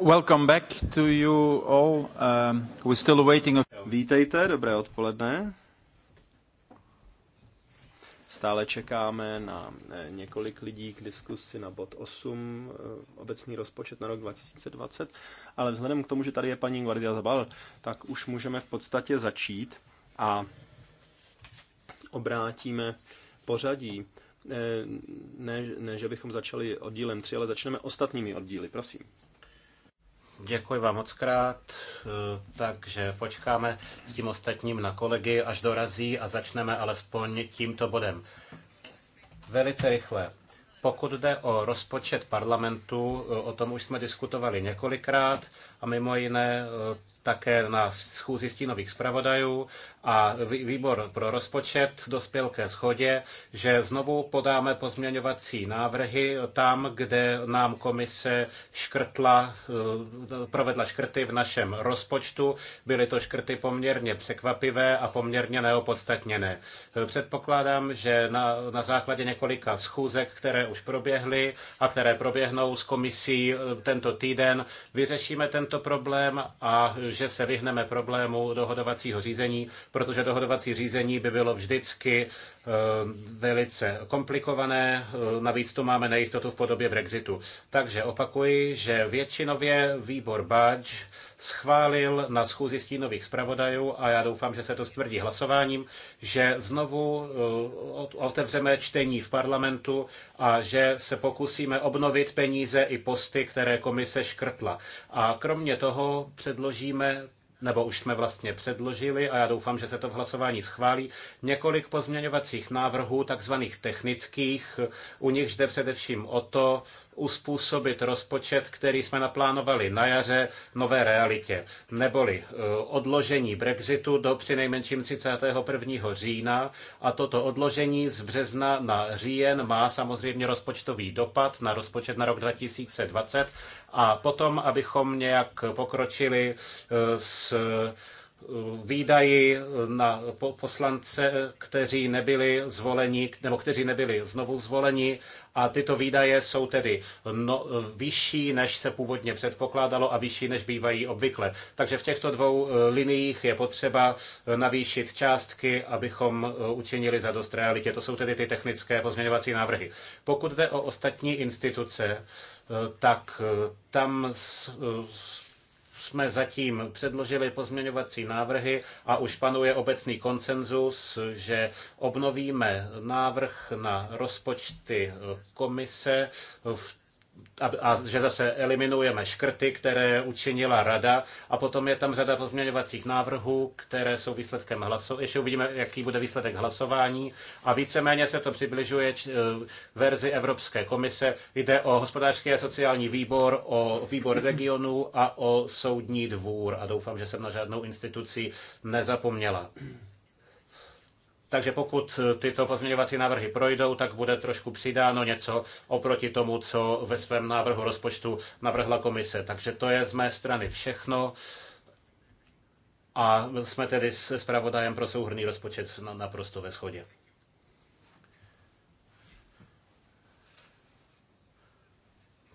Welcome back to you all. Um, we're still waiting. Vítejte, dobré odpoledne. Stále čekáme na eh, několik lidí k diskusi na bod 8, eh, obecný rozpočet na rok 2020, ale vzhledem k tomu, že tady je paní Guardia Zabal, tak už můžeme v podstatě začít a obrátíme pořadí ne, ne, že bychom začali oddílem 3, ale začneme ostatními oddíly, prosím. Děkuji vám moc krát, eh, takže počkáme s tím ostatním na kolegy, až dorazí a začneme alespoň tímto bodem. Velice rychle. Pokud jde o rozpočet parlamentu, eh, o tom už jsme diskutovali několikrát a mimo jiné eh, také na schůzi stínových zpravodajů a výbor pro rozpočet dospěl ke shodě, že znovu podáme pozměňovací návrhy tam, kde nám komise škrtla, eh, provedla škrty v našem rozpočtu. Byly to škrty poměrně překvapivé a poměrně neopodstatněné. Eh, předpokládám, že na, na základě několika schůzek, které už proběhly a které proběhnou s komisí eh, tento týden, vyřešíme tento problém a že se vyhneme problému dohodovacího řízení, protože dohodovací řízení by bylo vždycky Eh, velice komplikované, eh, navíc tu máme nejistotu v podobě Brexitu. Takže opakuji, že většinově výbor Budge schválil na schůzi stínových zpravodajů a já doufám, že se to stvrdí hlasováním, že znovu eh, otevřeme čtení v parlamentu a že se pokusíme obnovit peníze i posty, které komise škrtla. A kromě toho předložíme nebo už jsme vlastně předložili a já doufám, že se to v hlasování schválí, několik pozměňovacích návrhů, takzvaných technických, u nichž jde především o to, uspůsobit rozpočet, který jsme naplánovali na jaře, nové realitě. Neboli eh, odložení Brexitu do přinejmenším 31. října a toto odložení z března na říjen má samozřejmě rozpočtový dopad na rozpočet na rok 2020 a potom, abychom nějak pokročili eh, s eh, výdaji na poslance, kteří nebyli zvoleni, nebo kteří nebyli znovu zvoleni a tyto výdaje jsou tedy no, vyšší, než se původně předpokládalo a vyšší, než bývají obvykle. Takže v těchto dvou eh, liniích je potřeba eh, navýšit částky, abychom eh, učinili dost realitě. To jsou tedy ty technické pozměňovací návrhy. Pokud jde o ostatní instituce, tak tam s, s, jsme zatím předložili pozměňovací návrhy a už panuje obecný konsenzus, že obnovíme návrh na rozpočty komise v a, a že zase eliminujeme škrty, které učinila rada a potom je tam řada pozměňovacích návrhů, které jsou výsledkem hlasování, ještě uvidíme, jaký bude výsledek hlasování a víceméně se to přibližuje č- eh, verzi Evropské komise. Jde o hospodářský a sociální výbor, o výbor regionů a o soudní dvůr a doufám, že jsem na žádnou instituci nezapomněla. Takže pokud tyto pozměňovací návrhy projdou, tak bude trošku přidáno něco oproti tomu, co ve svém návrhu rozpočtu navrhla komise. Takže to je z mé strany všechno. A jsme tedy s zpravodajem pro souhrný rozpočet naprosto ve shodě.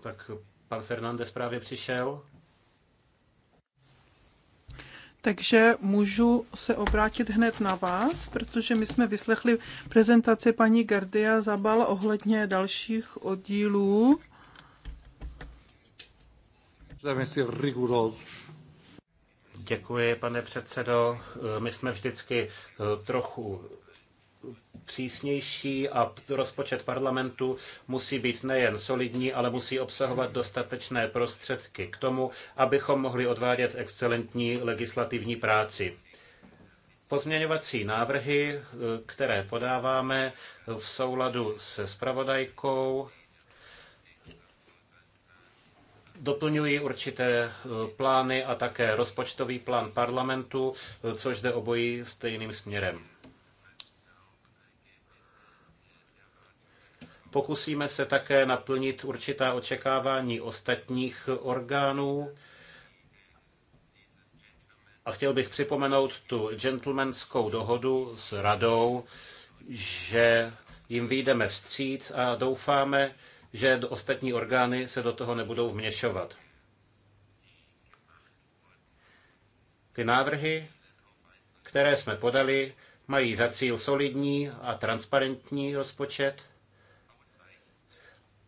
Tak pan Fernandez právě přišel takže můžu se obrátit hned na vás, protože my jsme vyslechli prezentaci paní Gardia Zabal ohledně dalších oddílů. Děkuji, pane předsedo. My jsme vždycky eh, trochu přísnější a rozpočet parlamentu musí být nejen solidní, ale musí obsahovat dostatečné prostředky k tomu, abychom mohli odvádět excelentní legislativní práci. Pozměňovací návrhy, které podáváme v souladu se spravodajkou, doplňují určité eh, plány a také rozpočtový plán parlamentu, eh, což jde obojí stejným směrem. Pokusíme se také naplnit určitá očekávání ostatních orgánů. A chtěl bych připomenout tu gentlemanskou dohodu s radou, že jim výjdeme vstříc a doufáme, že ostatní orgány se do toho nebudou vměšovat. Ty návrhy, které jsme podali, mají za cíl solidní a transparentní rozpočet,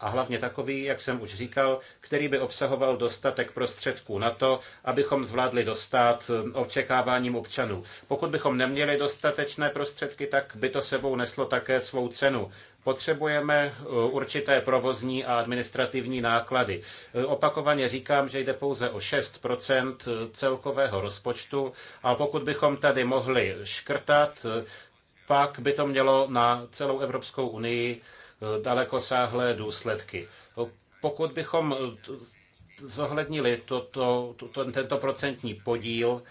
a hlavně takový, jak jsem už říkal, který by obsahoval dostatek prostředků na to, abychom zvládli dostat eh, očekáváním občanů. Pokud bychom neměli dostatečné prostředky, tak by to sebou neslo také svou cenu. Potřebujeme eh, určité provozní a administrativní náklady. Eh, opakovaně říkám, že jde pouze o 6 celkového rozpočtu a pokud bychom tady mohli škrtat, pak by to mělo na celou Evropskou unii dalekosáhlé důsledky. Pokud bychom eh, zohlednili toto, to, tento procentní podíl,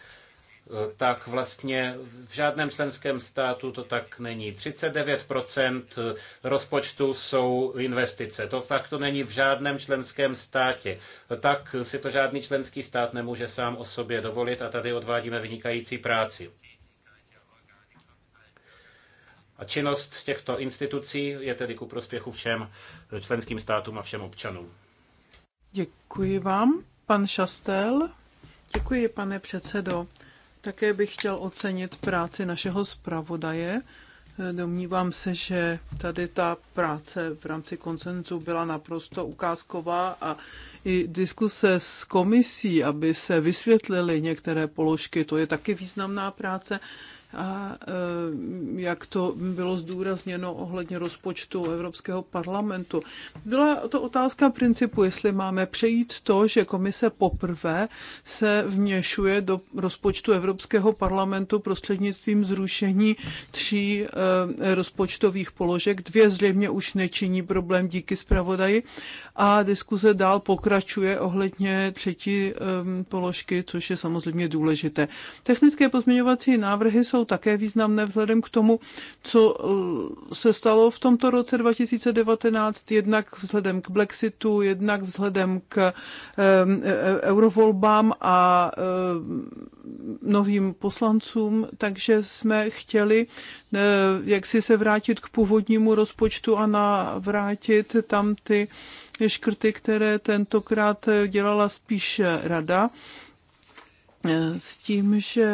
eh, tak vlastně v žádném členském státu to tak není. 39% eh, rozpočtu jsou investice. To fakt to není v žádném členském státě. Tak si to žádný členský stát nemůže sám o sobě dovolit a tady odvádíme vynikající práci. A činnost těchto institucí je tedy ku prospěchu všem členským státům a všem občanům. Děkuji vám, pan Šastel. Děkuji, pane předsedo. Také bych chtěl ocenit práci našeho zpravodaje. Domnívám se, že tady ta práce v rámci koncenzu byla naprosto ukázková a i diskuse s komisí, aby se vysvětlily některé položky, to je taky významná práce a eh, jak to bylo zdůrazněno ohledně rozpočtu Evropského parlamentu. Byla to otázka principu, jestli máme přejít to, že komise poprvé se vměšuje do rozpočtu Evropského parlamentu prostřednictvím zrušení tří eh, rozpočtových položek. Dvě zřejmě už nečiní problém díky zpravodaji a diskuze dál pokračuje ohledně třetí eh, položky, což je samozřejmě důležité. Technické pozměňovací návrhy jsou jsou také významné vzhledem k tomu, co eh, se stalo v tomto roce 2019, jednak vzhledem k Brexitu, jednak vzhledem k eh, e, e, eurovolbám a eh, novým poslancům, takže jsme chtěli jak si se vrátit k původnímu rozpočtu a navrátit tam ty škrty, které tentokrát dělala spíše rada Eh, s tím, že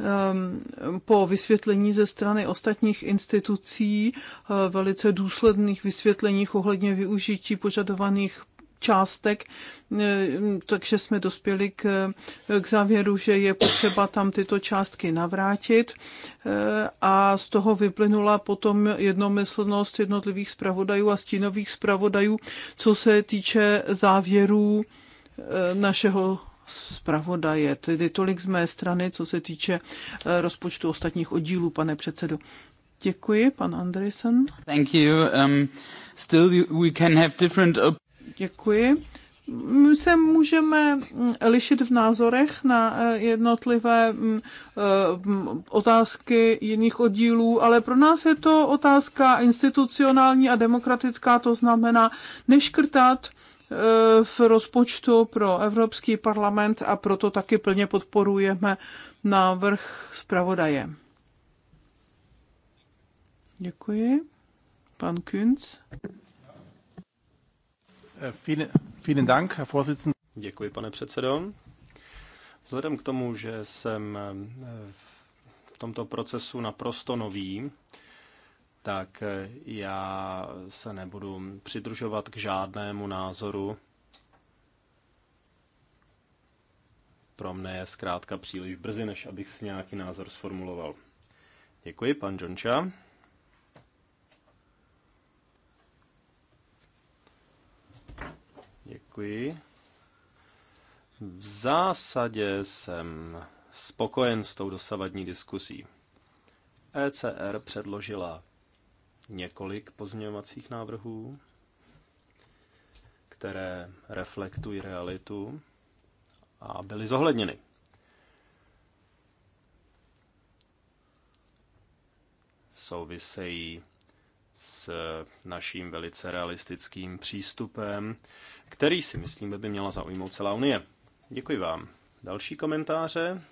ehm, po vysvětlení ze strany ostatních institucí, eh, velice důsledných vysvětleních ohledně využití požadovaných částek, eh, takže jsme dospěli k, k závěru, že je potřeba tam tyto částky navrátit a z toho vyplynula potom jednomyslnost jednotlivých zpravodajů a stínových zpravodajů, co se týče závěrů našeho zpravodaje. Tedy tolik z mé strany, co se týče eh, rozpočtu ostatních oddílů, pane předsedo. Děkuji, pan Andresen. Thank you. Um, still we can have different... Děkuji. My se můžeme lišit v názorech na eh, jednotlivé eh, otázky jiných oddílů, ale pro nás je to otázka institucionální a demokratická, to znamená neškrtat Eh, v rozpočtu pro Evropský parlament a proto taky plně podporujeme návrh zpravodaje. Děkuji. Pan Künz. Eh, Děkuji, pane předsedo. Vzhledem k tomu, že jsem eh, v tomto procesu naprosto nový, tak eh, já se nebudu přidružovat k žádnému názoru. Pro mne je zkrátka příliš brzy, než abych si nějaký názor sformuloval. Děkuji, pan Jonča. Děkuji. V zásadě jsem spokojen s tou dosavadní diskusí. ECR předložila několik pozměňovacích návrhů, které reflektují realitu a byly zohledněny. Souvisejí s naším velice realistickým přístupem, který si myslím, by měla zaujmout celá Unie. Děkuji vám. Další komentáře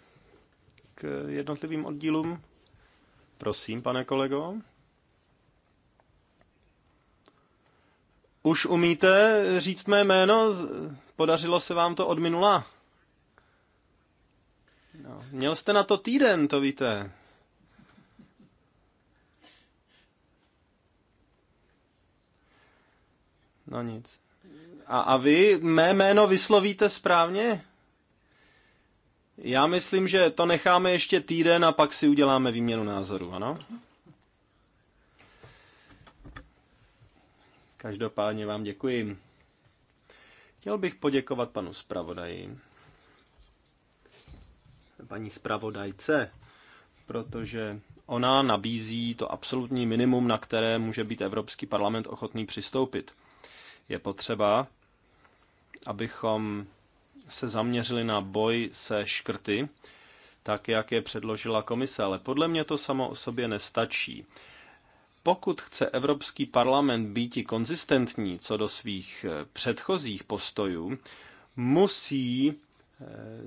k jednotlivým oddílům? Prosím, pane kolego. Už umíte říct mé jméno? Podařilo se vám to od minula? No, měl jste na to týden, to víte. No nic. A, a vy mé jméno vyslovíte správně? Já myslím, že to necháme ještě týden a pak si uděláme výměnu názoru, ano? Každopádně vám děkuji. Chtěl bych poděkovat panu zpravodaji, paní zpravodajce, protože ona nabízí to absolutní minimum, na které může být Evropský parlament ochotný přistoupit. Je potřeba, abychom se zaměřili na boj se škrty, tak jak je předložila komise, ale podle mě to samo o sobě nestačí pokud chce Evropský parlament být i konzistentní co do svých eh, předchozích postojů, musí eh,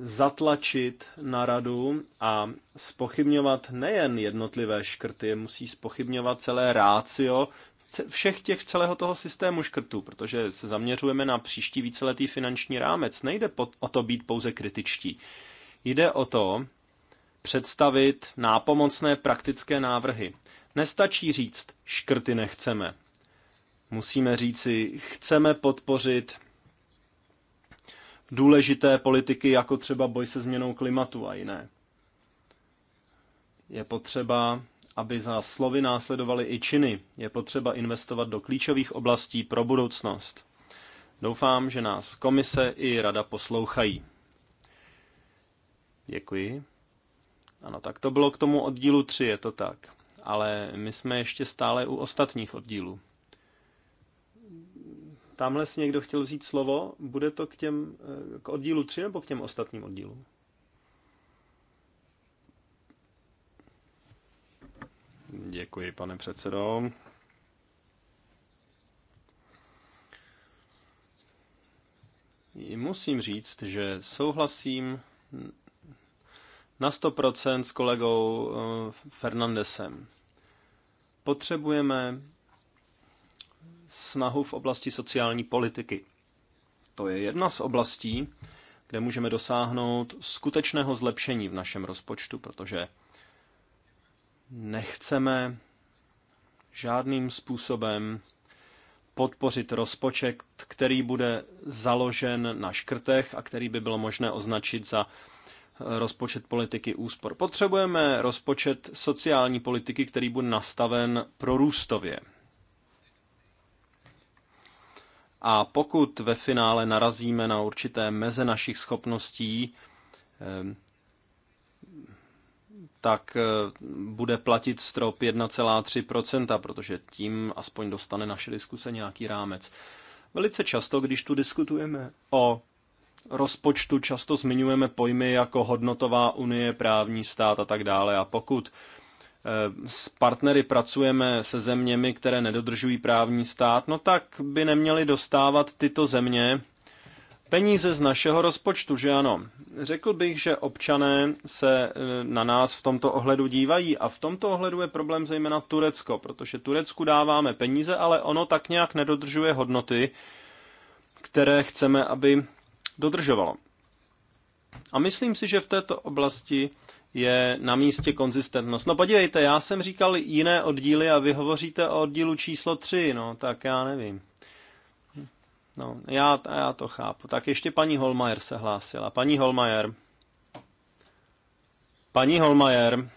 zatlačit na radu a spochybňovat nejen jednotlivé škrty, musí spochybňovat celé rácio všech těch celého toho systému škrtů, protože se zaměřujeme na příští víceletý finanční rámec. Nejde o to být pouze kritičtí. Jde o to představit nápomocné praktické návrhy. Nestačí říct, škrty nechceme. Musíme říci, chceme podpořit důležité politiky, jako třeba boj se změnou klimatu a jiné. Je potřeba, aby za slovy následovaly i činy. Je potřeba investovat do klíčových oblastí pro budoucnost. Doufám, že nás komise i rada poslouchají. Děkuji. Ano, tak to bylo k tomu oddílu 3, je to tak ale my jsme ještě stále u ostatních oddílů. Tamhle si někdo chtěl vzít slovo, bude to k těm, eh, k oddílu 3 nebo k těm ostatním oddílům? Děkuji, pane předsedo. Musím říct, že souhlasím na 100% s kolegou eh, Fernandesem. Potřebujeme snahu v oblasti sociální politiky. To je jedna z oblastí, kde můžeme dosáhnout skutečného zlepšení v našem rozpočtu, protože nechceme žádným způsobem podpořit rozpočet, který bude založen na škrtech a který by bylo možné označit za rozpočet politiky úspor. Potřebujeme rozpočet sociální politiky, který bude nastaven pro růstově. A pokud ve finále narazíme na určité meze našich schopností, eh, tak eh, bude platit strop 1,3%, protože tím aspoň dostane naše diskuse nějaký rámec. Velice často, když tu diskutujeme o rozpočtu často zmiňujeme pojmy jako hodnotová unie, právní stát a tak dále. A pokud eh, s partnery pracujeme se zeměmi, které nedodržují právní stát, no tak by neměly dostávat tyto země peníze z našeho rozpočtu, že ano. Řekl bych, že občané se eh, na nás v tomto ohledu dívají a v tomto ohledu je problém zejména Turecko, protože Turecku dáváme peníze, ale ono tak nějak nedodržuje hodnoty, které chceme, aby dodržovalo. A myslím si, že v této oblasti je na místě konzistentnost. No podívejte, já jsem říkal jiné oddíly a vy hovoříte o oddílu číslo 3, no tak já nevím. No, já, já to chápu. Tak ještě paní Holmajer se hlásila. Paní Holmajer. Paní Holmajer.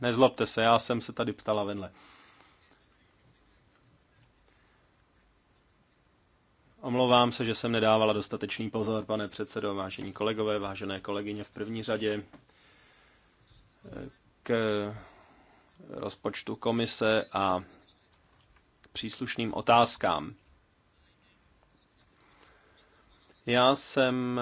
Nezlobte se, já jsem se tady ptala vedle. Omlouvám se, že jsem nedávala dostatečný pozor, pane předsedo, vážení kolegové, vážené kolegyně v první řadě. K rozpočtu komise a příslušným otázkám. Já jsem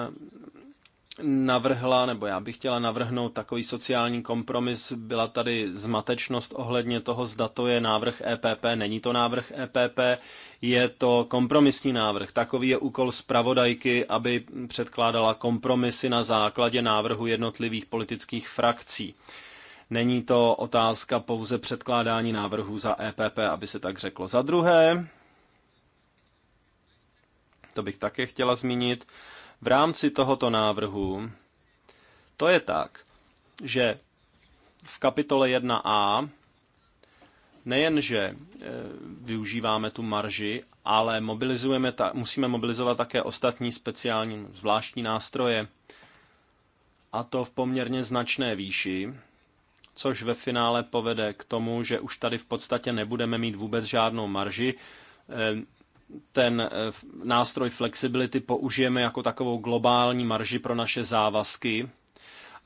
navrhla, nebo já bych chtěla navrhnout takový sociální kompromis. Byla tady zmatečnost ohledně toho, zda to je návrh EPP, není to návrh EPP, je to kompromisní návrh. Takový je úkol zpravodajky, aby předkládala kompromisy na základě návrhu jednotlivých politických frakcí. Není to otázka pouze předkládání návrhů za EPP, aby se tak řeklo. Za druhé, to bych také chtěla zmínit, v rámci tohoto návrhu, to je tak, že v kapitole 1a nejenže e, využíváme tu marži, ale mobilizujeme ta, musíme mobilizovat také ostatní speciální zvláštní nástroje, a to v poměrně značné výši, což ve finále povede k tomu, že už tady v podstatě nebudeme mít vůbec žádnou marži, e, ten eh, nástroj flexibility použijeme jako takovou globální marži pro naše závazky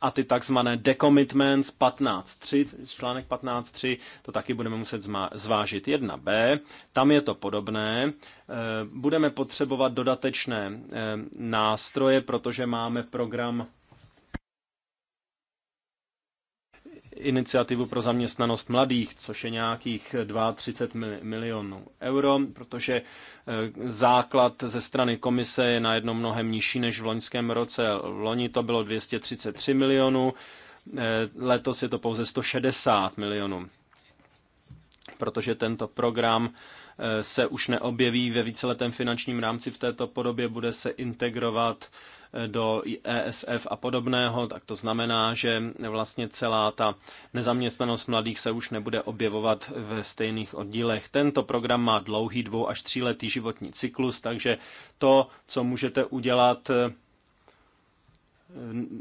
a ty takzvané decommitments 15.3, článek 15.3, to taky budeme muset zvážit 1b, tam je to podobné. Eh, budeme potřebovat dodatečné eh, nástroje, protože máme program iniciativu pro zaměstnanost mladých, což je nějakých 32 milionů euro, protože eh, základ ze strany komise je najednou mnohem nižší než v loňském roce. V loni to bylo 233 milionů, eh, letos je to pouze 160 milionů, protože tento program se už neobjeví ve víceletém finančním rámci v této podobě, bude se integrovat eh, do ESF a podobného, tak to znamená, že vlastně celá ta nezaměstnanost mladých se už nebude objevovat ve stejných oddílech. Tento program má dlouhý dvou až tříletý životní cyklus, takže to, co můžete udělat eh,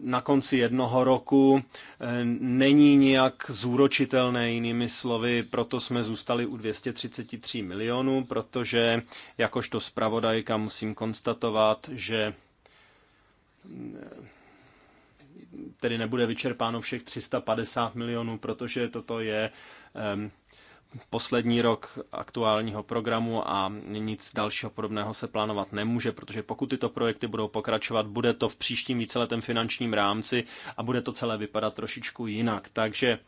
na konci jednoho roku eh, není nijak zúročitelné, jinými slovy, proto jsme zůstali u 233 milionů, protože jakožto zpravodajka musím konstatovat, že eh, tedy nebude vyčerpáno všech 350 milionů, protože toto je eh, poslední rok aktuálního programu a nic dalšího podobného se plánovat nemůže, protože pokud tyto projekty budou pokračovat, bude to v příštím víceletém finančním rámci a bude to celé vypadat trošičku jinak. Takže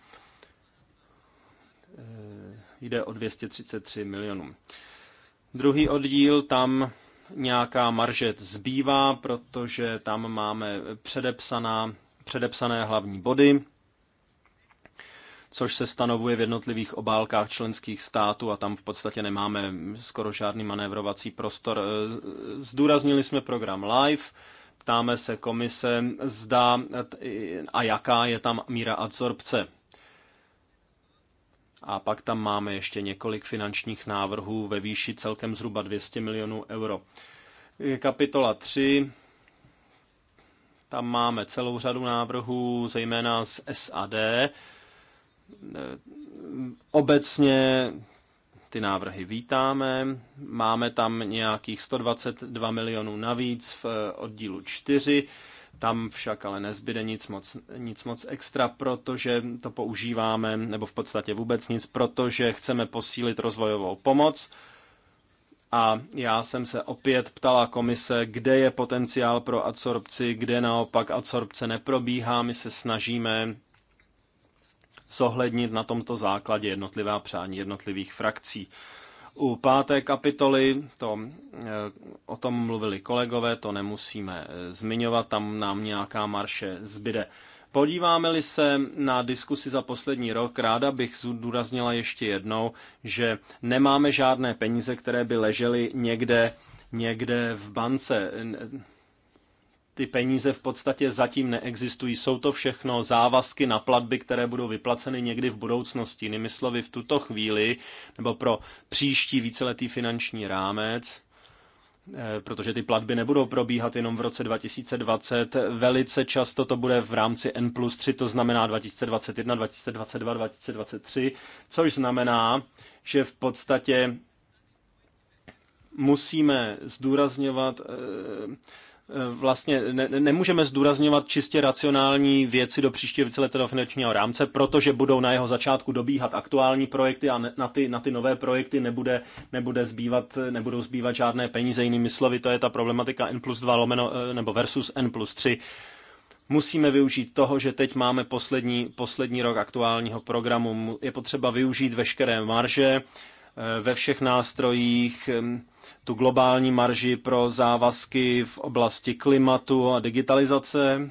eh, jde o 233 milionů. Druhý oddíl, tam nějaká marže zbývá, protože tam máme předepsaná, předepsané hlavní body, což se stanovuje v jednotlivých obálkách členských států a tam v podstatě nemáme skoro žádný manévrovací prostor. E, zdůraznili jsme program LIVE, ptáme se komise, zda a jaká je tam míra adsorpce. A pak tam máme ještě několik finančních návrhů ve výši celkem zhruba 200 milionů euro. Kapitola 3. Tam máme celou řadu návrhů, zejména z SAD, obecně ty návrhy vítáme. Máme tam nějakých 122 milionů navíc v eh, oddílu 4. Tam však ale nezbyde nic moc, nic moc extra, protože to používáme, nebo v podstatě vůbec nic, protože chceme posílit rozvojovou pomoc. A já jsem se opět ptala komise, kde je potenciál pro adsorpci, kde naopak adsorpce neprobíhá. My se snažíme zohlednit na tomto základě jednotlivá přání jednotlivých frakcí. U páté kapitoly, to, eh, o tom mluvili kolegové, to nemusíme eh, zmiňovat, tam nám nějaká marše zbyde. Podíváme-li se na diskusi za poslední rok, ráda bych zdůraznila ještě jednou, že nemáme žádné peníze, které by ležely někde, někde v bance ty peníze v podstatě zatím neexistují. Jsou to všechno závazky na platby, které budou vyplaceny někdy v budoucnosti. Jinými slovy, v tuto chvíli nebo pro příští víceletý finanční rámec eh, protože ty platby nebudou probíhat jenom v roce 2020. Velice často to bude v rámci N plus 3, to znamená 2021, 2022, 2023, což znamená, že v podstatě musíme zdůrazňovat eh, Eh, vlastně ne, nemůžeme zdůrazňovat čistě racionální věci do příštího víceletého finančního rámce, protože budou na jeho začátku dobíhat aktuální projekty a na ty, na ty nové projekty nebude, nebude zbývat, nebudou zbývat žádné peníze. Jinými slovy, to je ta problematika N plus 2 lomeno, eh, nebo versus N plus 3. Musíme využít toho, že teď máme poslední, poslední rok aktuálního programu. Je potřeba využít veškeré marže, ve všech nástrojích tu globální marži pro závazky v oblasti klimatu a digitalizace.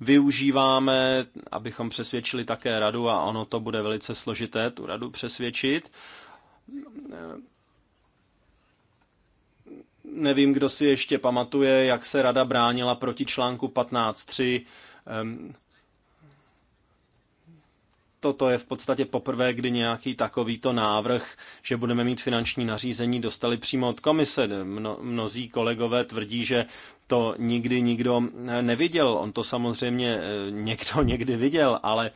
Využíváme, abychom přesvědčili také radu, a ono to bude velice složité tu radu přesvědčit. Nevím, kdo si ještě pamatuje, jak se rada bránila proti článku 15.3 toto je v podstatě poprvé, kdy nějaký takovýto návrh, že budeme mít finanční nařízení, dostali přímo od komise. Mno, mnozí kolegové tvrdí, že to nikdy nikdo neviděl. On to samozřejmě eh, někdo někdy viděl, ale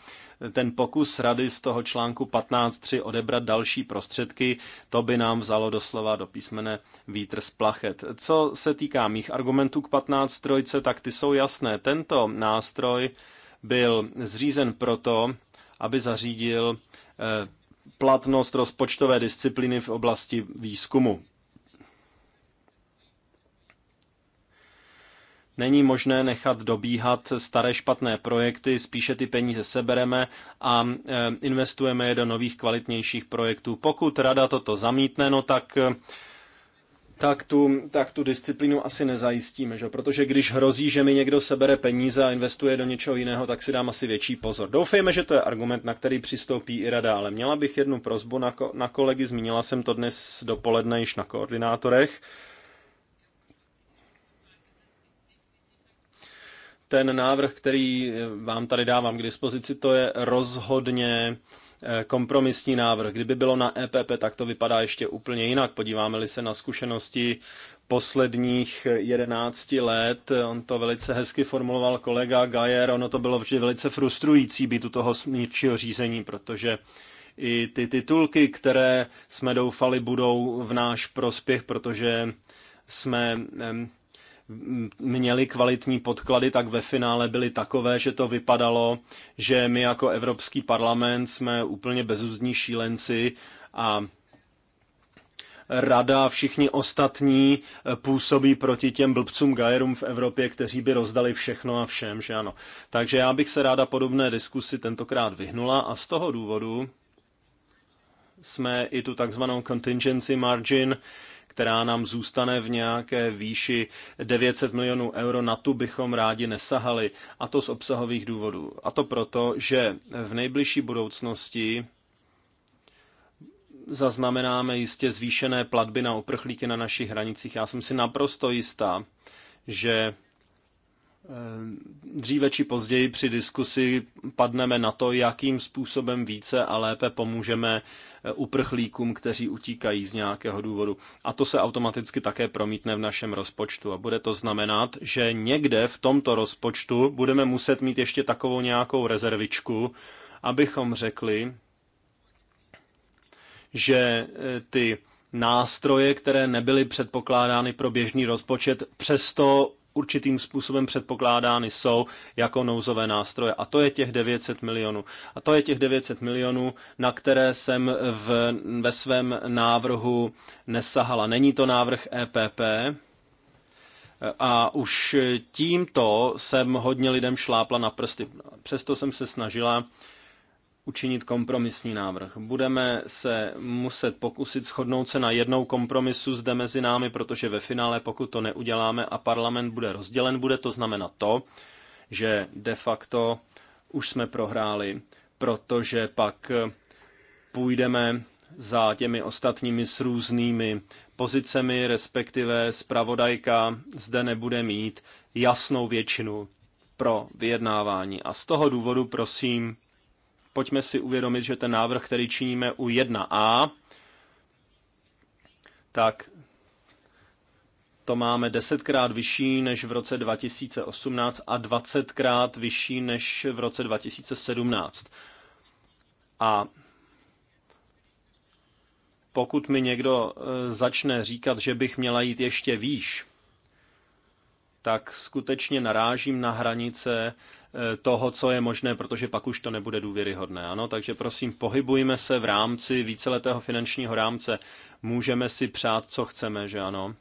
ten pokus rady z toho článku 15.3 odebrat další prostředky, to by nám vzalo doslova do písmene vítr z plachet. Co se týká mých argumentů k 15.3, tak ty jsou jasné. Tento nástroj byl zřízen proto, aby zařídil eh, platnost rozpočtové disciplíny v oblasti výzkumu. Není možné nechat dobíhat staré špatné projekty, spíše ty peníze sebereme a eh, investujeme je do nových kvalitnějších projektů. Pokud rada toto zamítne, no tak eh, tak tu, tak tu disciplínu asi nezajistíme, že? protože když hrozí, že mi někdo sebere peníze a investuje do něčeho jiného, tak si dám asi větší pozor. Doufejme, že to je argument, na který přistoupí i rada, ale měla bych jednu prozbu na, ko- na kolegy, zmínila jsem to dnes dopoledne již na koordinátorech. Ten návrh, který vám tady dávám k dispozici, to je rozhodně Eh, kompromisní návrh. Kdyby bylo na EPP, tak to vypadá ještě úplně jinak. Podíváme-li se na zkušenosti posledních 11 let. Eh, on to velice hezky formuloval kolega Gajer. Ono to bylo vždy velice frustrující být u toho smírčího řízení, protože i ty titulky, které jsme doufali budou v náš prospěch, protože jsme měli kvalitní podklady, tak ve finále byly takové, že to vypadalo, že my jako Evropský parlament jsme úplně bezuzdní šílenci a rada, všichni ostatní působí proti těm blbcům gajerům v Evropě, kteří by rozdali všechno a všem, že ano. Takže já bych se ráda podobné diskusy tentokrát vyhnula a z toho důvodu jsme i tu takzvanou contingency margin která nám zůstane v nějaké výši 900 milionů euro, na tu bychom rádi nesahali. A to z obsahových důvodů. A to proto, že v nejbližší budoucnosti zaznamenáme jistě zvýšené platby na uprchlíky na našich hranicích. Já jsem si naprosto jistá, že Eh, dříve či později při diskusi padneme na to, jakým způsobem více a lépe pomůžeme eh, uprchlíkům, kteří utíkají z nějakého důvodu. A to se automaticky také promítne v našem rozpočtu. A bude to znamenat, že někde v tomto rozpočtu budeme muset mít ještě takovou nějakou rezervičku, abychom řekli, že eh, ty nástroje, které nebyly předpokládány pro běžný rozpočet, přesto určitým způsobem předpokládány jsou jako nouzové nástroje. A to je těch 900 milionů. A to je těch 900 milionů, na které jsem v, ve svém návrhu nesahala. Není to návrh EPP, a už tímto jsem hodně lidem šlápla na prsty. Přesto jsem se snažila učinit kompromisní návrh. Budeme se muset pokusit shodnout se na jednou kompromisu zde mezi námi, protože ve finále, pokud to neuděláme a parlament bude rozdělen, bude to znamenat to, že de facto už jsme prohráli, protože pak půjdeme za těmi ostatními s různými pozicemi, respektive zpravodajka zde nebude mít jasnou většinu pro vyjednávání. A z toho důvodu prosím, pojďme si uvědomit, že ten návrh, který činíme u 1a, tak to máme desetkrát vyšší než v roce 2018 a 20krát vyšší než v roce 2017. A pokud mi někdo e, začne říkat, že bych měla jít ještě výš, tak skutečně narážím na hranice, Eh, toho, co je možné, protože pak už to nebude důvěryhodné. Ano? Takže prosím, pohybujme se v rámci víceletého finančního rámce. Můžeme si přát, co chceme, že ano?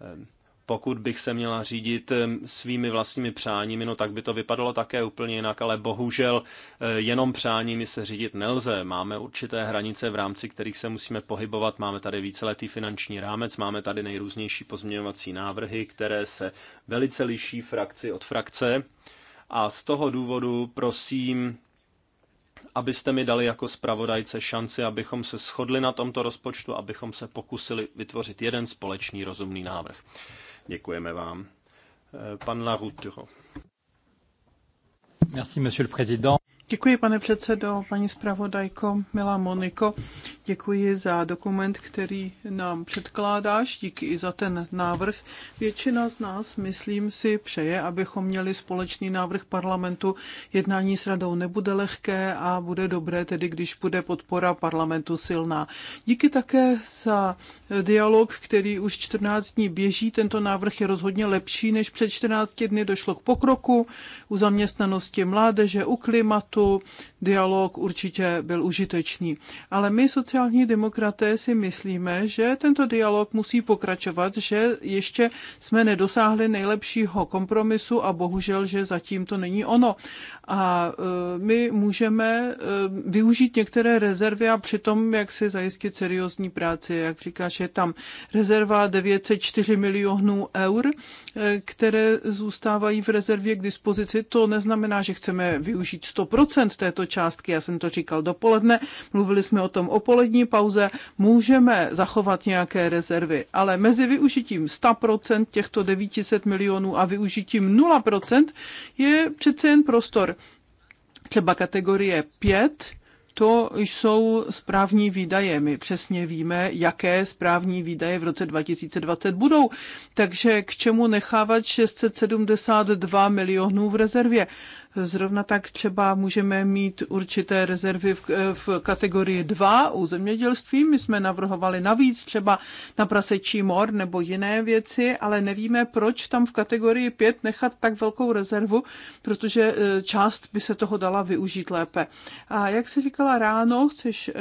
Ehm, pokud bych se měla řídit ehm, svými vlastními přáními, no tak by to vypadalo také úplně jinak, ale bohužel eh, jenom přáními se řídit nelze. Máme určité hranice, v rámci kterých se musíme pohybovat. Máme tady víceletý finanční rámec, máme tady nejrůznější pozměňovací návrhy, které se velice liší frakci od frakce a z toho důvodu prosím, abyste mi dali jako zpravodajce šanci, abychom se shodli na tomto rozpočtu, abychom se pokusili vytvořit jeden společný rozumný návrh. Děkujeme vám. Eh, pan Larouturo. Merci, monsieur le président. Děkuji, pane předsedo, paní zpravodajko, milá Moniko. Děkuji za dokument, který nám předkládáš, díky i za ten návrh. Většina z nás, myslím si, přeje, abychom měli společný návrh parlamentu. Jednání s radou nebude lehké a bude dobré tedy, když bude podpora parlamentu silná. Díky také za dialog, který už 14 dní běží. Tento návrh je rozhodně lepší než před 14 dny. Došlo k pokroku u zaměstnanosti mládeže, u klimatu, debatu, dialog určitě byl užitečný. Ale my, sociální demokraté, si myslíme, že tento dialog musí pokračovat, že ještě jsme nedosáhli nejlepšího kompromisu a bohužel, že zatím to není ono. A e, my můžeme e, využít některé rezervy a přitom, jak si zajistit seriózní práci, jak říkáš, je tam rezerva 904 milionů eur, e, které zůstávají v rezervě k dispozici. To neznamená, že chceme využít 100 této částky, já jsem to říkal dopoledne, mluvili jsme o tom o polední pauze, můžeme zachovat nějaké rezervy, ale mezi využitím 100% těchto 900 milionů a využitím 0% je přece jen prostor. Třeba kategorie 5, to jsou správní výdaje. My přesně víme, jaké správní výdaje v roce 2020 budou. Takže k čemu nechávat 672 milionů v rezervě? Zrovna tak třeba můžeme mít určité rezervy v, v kategorii 2 u zemědělství. My jsme navrhovali navíc třeba na prasečí mor nebo jiné věci, ale nevíme, proč tam v kategorii 5 nechat tak velkou rezervu, protože e, část by se toho dala využít lépe. A jak se říkala ráno, chceš e,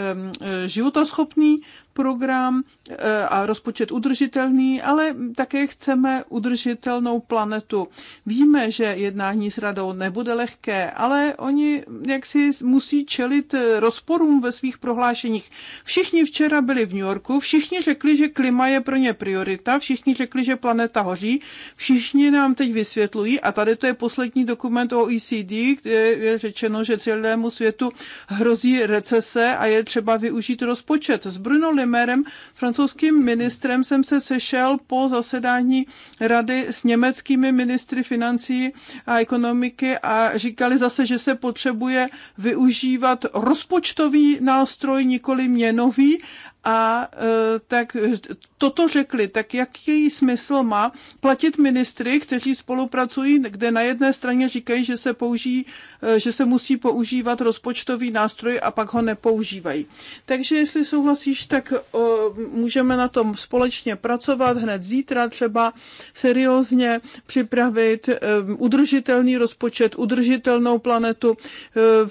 životoschopný program eh, a rozpočet udržitelný, ale také chceme udržitelnou planetu. Víme, že jednání s radou nebude lehké, ale oni jaksi musí čelit eh, rozporům ve svých prohlášeních. Všichni včera byli v New Yorku, všichni řekli, že klima je pro ně priorita, všichni řekli, že planeta hoří, všichni nám teď vysvětlují a tady to je poslední dokument o OECD, kde je řečeno, že celému světu hrozí recese a je třeba využít rozpočet. Z Bruno Nemerem, francouzským ministrem, jsem se sešel po zasedání rady s německými ministry financí a ekonomiky a říkali zase, že se potřebuje využívat rozpočtový nástroj, nikoli měnový, a e, tak toto řekli, tak jaký smysl má platit ministry, kteří spolupracují, kde na jedné straně říkají, že se, použijí, eh, že se musí používat rozpočtový nástroj a pak ho nepoužívají. Takže jestli souhlasíš, tak eh, můžeme na tom společně pracovat hned zítra třeba seriózně připravit eh, udržitelný rozpočet, udržitelnou planetu,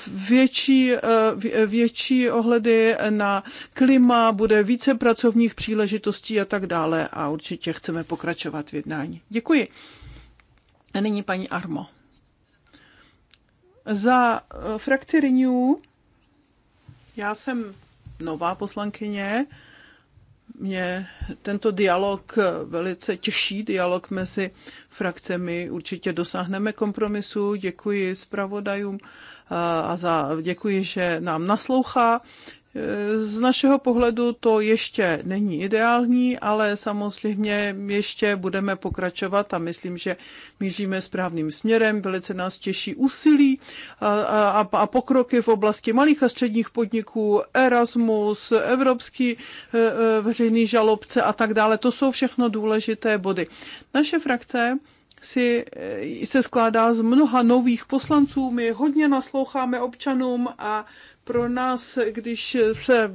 větší, větší ohledy na klima, bude více pracovních příležitostí a tak dále a určitě chceme pokračovat v jednání. Děkuji. A nyní paní Armo. Za eh, frakci Renew já jsem nová poslankyně, mě tento dialog velice těší, dialog mezi frakcemi. Určitě dosáhneme kompromisu. Děkuji zpravodajům eh, a za, děkuji, že nám naslouchá z našeho pohledu to ještě není ideální, ale samozřejmě ještě budeme pokračovat a myslím, že míříme správným směrem. Velice nás těší úsilí a, a, a pokroky v oblasti malých a středních podniků, Erasmus, Evropský e, e, veřejný žalobce a tak dále. To jsou všechno důležité body. Naše frakce si, eh, se skládá z mnoha nových poslanců. My hodně nasloucháme občanům a pro nás, když se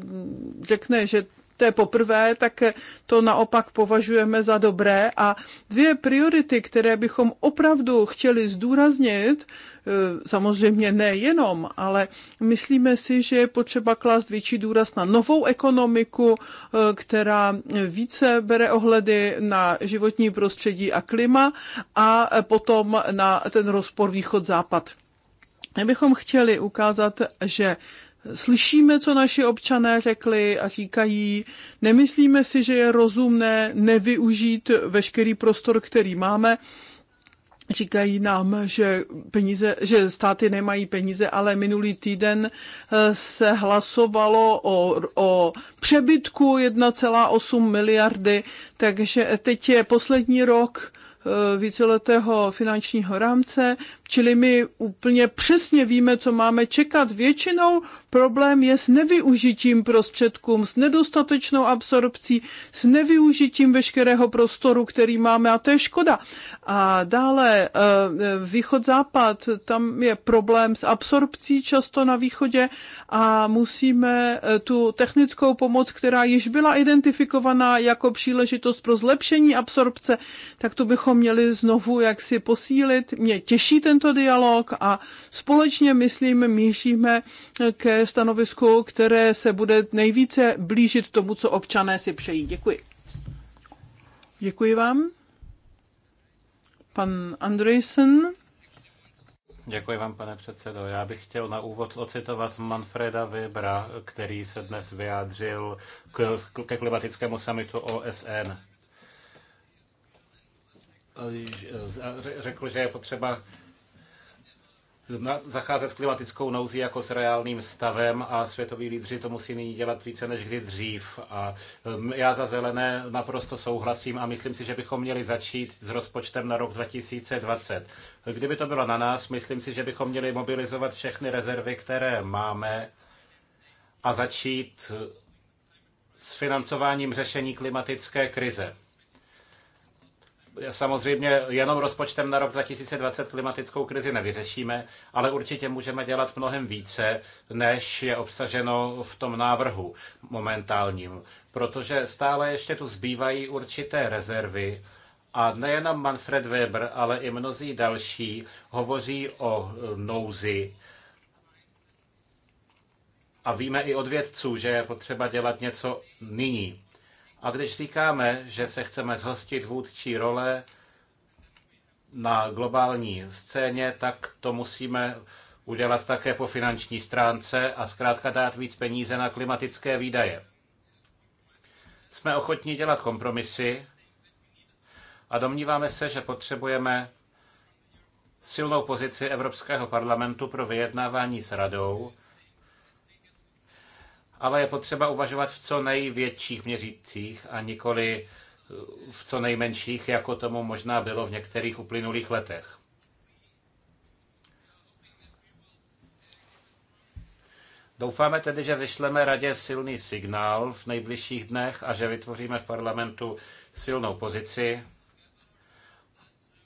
řekne, že to je poprvé, tak to naopak považujeme za dobré. A dvě priority, které bychom opravdu chtěli zdůraznit, Eh, samozřejmě nejenom, ale myslíme si, že je potřeba klást větší důraz na novou ekonomiku, eh, která více bere ohledy na životní prostředí a klima a eh, potom na ten rozpor východ-západ. My bychom chtěli ukázat, že slyšíme, co naši občané řekli a říkají, nemyslíme si, že je rozumné nevyužít veškerý prostor, který máme, Říkají nám, že, peníze, že státy nemají peníze, ale minulý týden eh, se hlasovalo o, o přebytku 1,8 miliardy, takže teď je poslední rok Eh, víceletého finančního rámce, čili my úplně přesně víme, co máme čekat. Většinou problém je s nevyužitím prostředkům, s nedostatečnou absorpcí, s nevyužitím veškerého prostoru, který máme a to je škoda. A dále eh, východ-západ, tam je problém s absorpcí často na východě a musíme eh, tu technickou pomoc, která již byla identifikovaná jako příležitost pro zlepšení absorpce, tak tu bychom bychom měli znovu jaksi posílit. Mě těší tento dialog a společně, myslím, míříme ke stanovisku, které se bude nejvíce blížit tomu, co občané si přejí. Děkuji. Děkuji vám. Pan Andrejsen. Děkuji vám, pane předsedo. Já bych chtěl na úvod ocitovat Manfreda Webera, který se dnes vyjádřil ke klimatickému samitu OSN Eh, eh, řekl, že je potřeba zacházet s klimatickou nouzí jako s reálným stavem a světoví lídři to musí nyní dělat více než kdy dřív. A ehm, já za zelené naprosto souhlasím a myslím si, že bychom měli začít s rozpočtem na rok 2020. Kdyby to bylo na nás, myslím si, že bychom měli mobilizovat všechny rezervy, které máme a začít s financováním řešení klimatické krize. Samozřejmě jenom rozpočtem na rok 2020 klimatickou krizi nevyřešíme, ale určitě můžeme dělat mnohem více, než je obsaženo v tom návrhu momentálním, protože stále ještě tu zbývají určité rezervy, a nejenom Manfred Weber, ale i mnozí další hovoří o nouzi. A víme i od vědců, že je potřeba dělat něco nyní. A když říkáme, že se chceme zhostit vůdčí role na globální scéně, tak to musíme udělat také po finanční stránce a zkrátka dát víc peníze na klimatické výdaje. Jsme ochotní dělat kompromisy a domníváme se, že potřebujeme silnou pozici Evropského parlamentu pro vyjednávání s radou ale je potřeba uvažovat v co největších měřících a nikoli eh, v co nejmenších, jako tomu možná bylo v některých uplynulých letech. Doufáme tedy, že vyšleme radě silný signál v nejbližších dnech a že vytvoříme v parlamentu silnou pozici.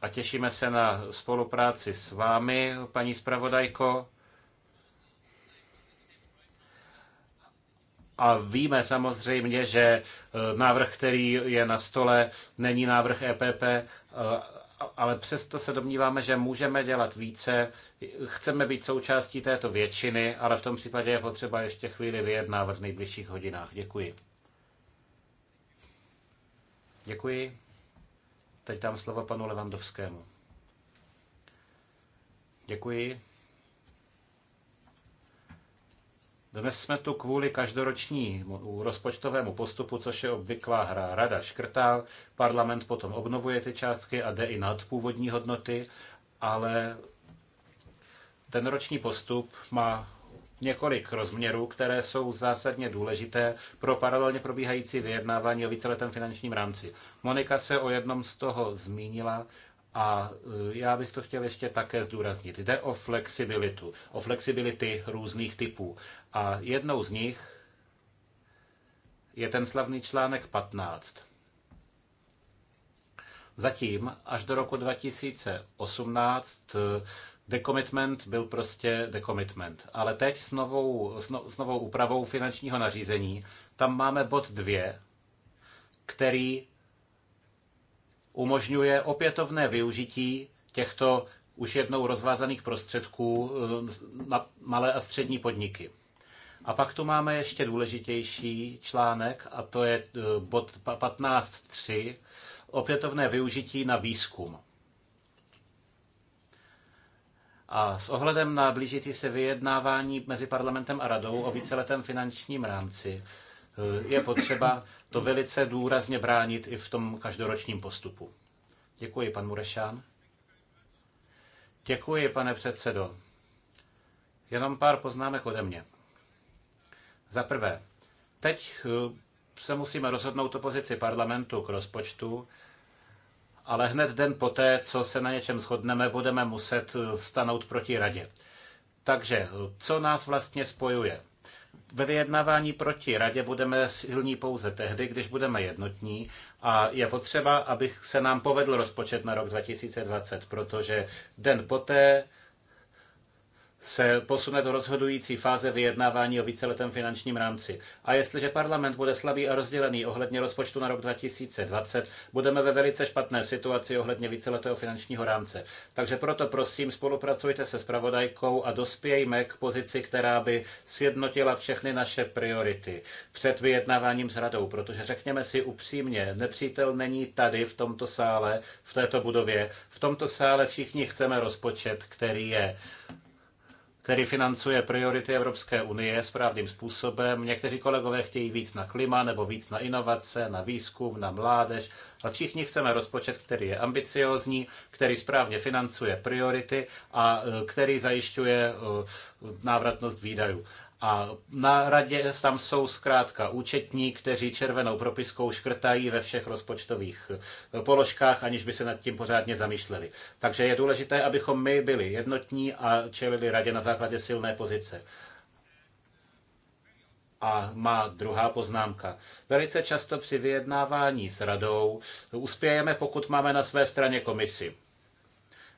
A těšíme se na spolupráci s vámi, paní zpravodajko, A víme samozřejmě, že e, návrh, který je na stole, není návrh EPP, e, ale přesto se domníváme, že můžeme dělat více. Chceme být součástí této většiny, ale v tom případě je potřeba ještě chvíli vyjednávat v nejbližších hodinách. Děkuji. Děkuji. Teď dám slovo panu Levandovskému. Děkuji. Dnes jsme tu kvůli každoročnímu rozpočtovému postupu, což je obvyklá hra. Rada škrtá, parlament potom obnovuje ty částky a jde i nad původní hodnoty, ale ten roční postup má několik rozměrů, které jsou zásadně důležité pro paralelně probíhající vyjednávání o víceletém finančním rámci. Monika se o jednom z toho zmínila a e, já bych to chtěl ještě také zdůraznit. Jde o flexibilitu, o flexibility různých typů. A jednou z nich je ten slavný článek 15. Zatím až do roku 2018 eh, Decommitment byl prostě decommitment. Ale teď s novou, s, no, s novou úpravou finančního nařízení, tam máme bod 2, který umožňuje opětovné využití těchto už jednou rozvázaných prostředků eh, na malé a střední podniky. A pak tu máme ještě důležitější článek, a to je eh, bod 15.3, opětovné využití na výzkum. A s ohledem na blížící se vyjednávání mezi parlamentem a radou o víceletém finančním rámci eh, je potřeba to velice důrazně bránit i v tom každoročním postupu. Děkuji, pan Murešán. Děkuji, pane předsedo. Jenom pár poznámek ode mě. Za prvé, teď eh, se musíme rozhodnout o pozici parlamentu k rozpočtu, ale hned den poté, co se na něčem shodneme, budeme muset eh, stanout proti radě. Takže, eh, co nás vlastně spojuje? Ve vyjednávání proti radě budeme silní pouze tehdy, když budeme jednotní a je potřeba, aby se nám povedl rozpočet na rok 2020, protože den poté se posune do rozhodující fáze vyjednávání o víceletém finančním rámci. A jestliže parlament bude slabý a rozdělený ohledně rozpočtu na rok 2020, budeme ve velice špatné situaci ohledně víceletého finančního rámce. Takže proto prosím, spolupracujte se spravodajkou a dospějme k pozici, která by sjednotila všechny naše priority před vyjednáváním s radou, protože řekněme si upřímně, nepřítel není tady v tomto sále, v této budově. V tomto sále všichni chceme rozpočet, který je který financuje priority Evropské unie správným způsobem. Někteří kolegové chtějí víc na klima nebo víc na inovace, na výzkum, na mládež. A všichni chceme rozpočet, který je ambiciozní, který správně financuje priority a e, který zajišťuje e, návratnost výdajů. A na radě tam jsou zkrátka účetní, kteří červenou propiskou škrtají ve všech rozpočtových eh, položkách, aniž by se nad tím pořádně zamýšleli. Takže je důležité, abychom my byli jednotní a čelili radě na základě silné pozice. A má druhá poznámka. Velice často při vyjednávání s radou eh, uspějeme, pokud máme na své straně komisi.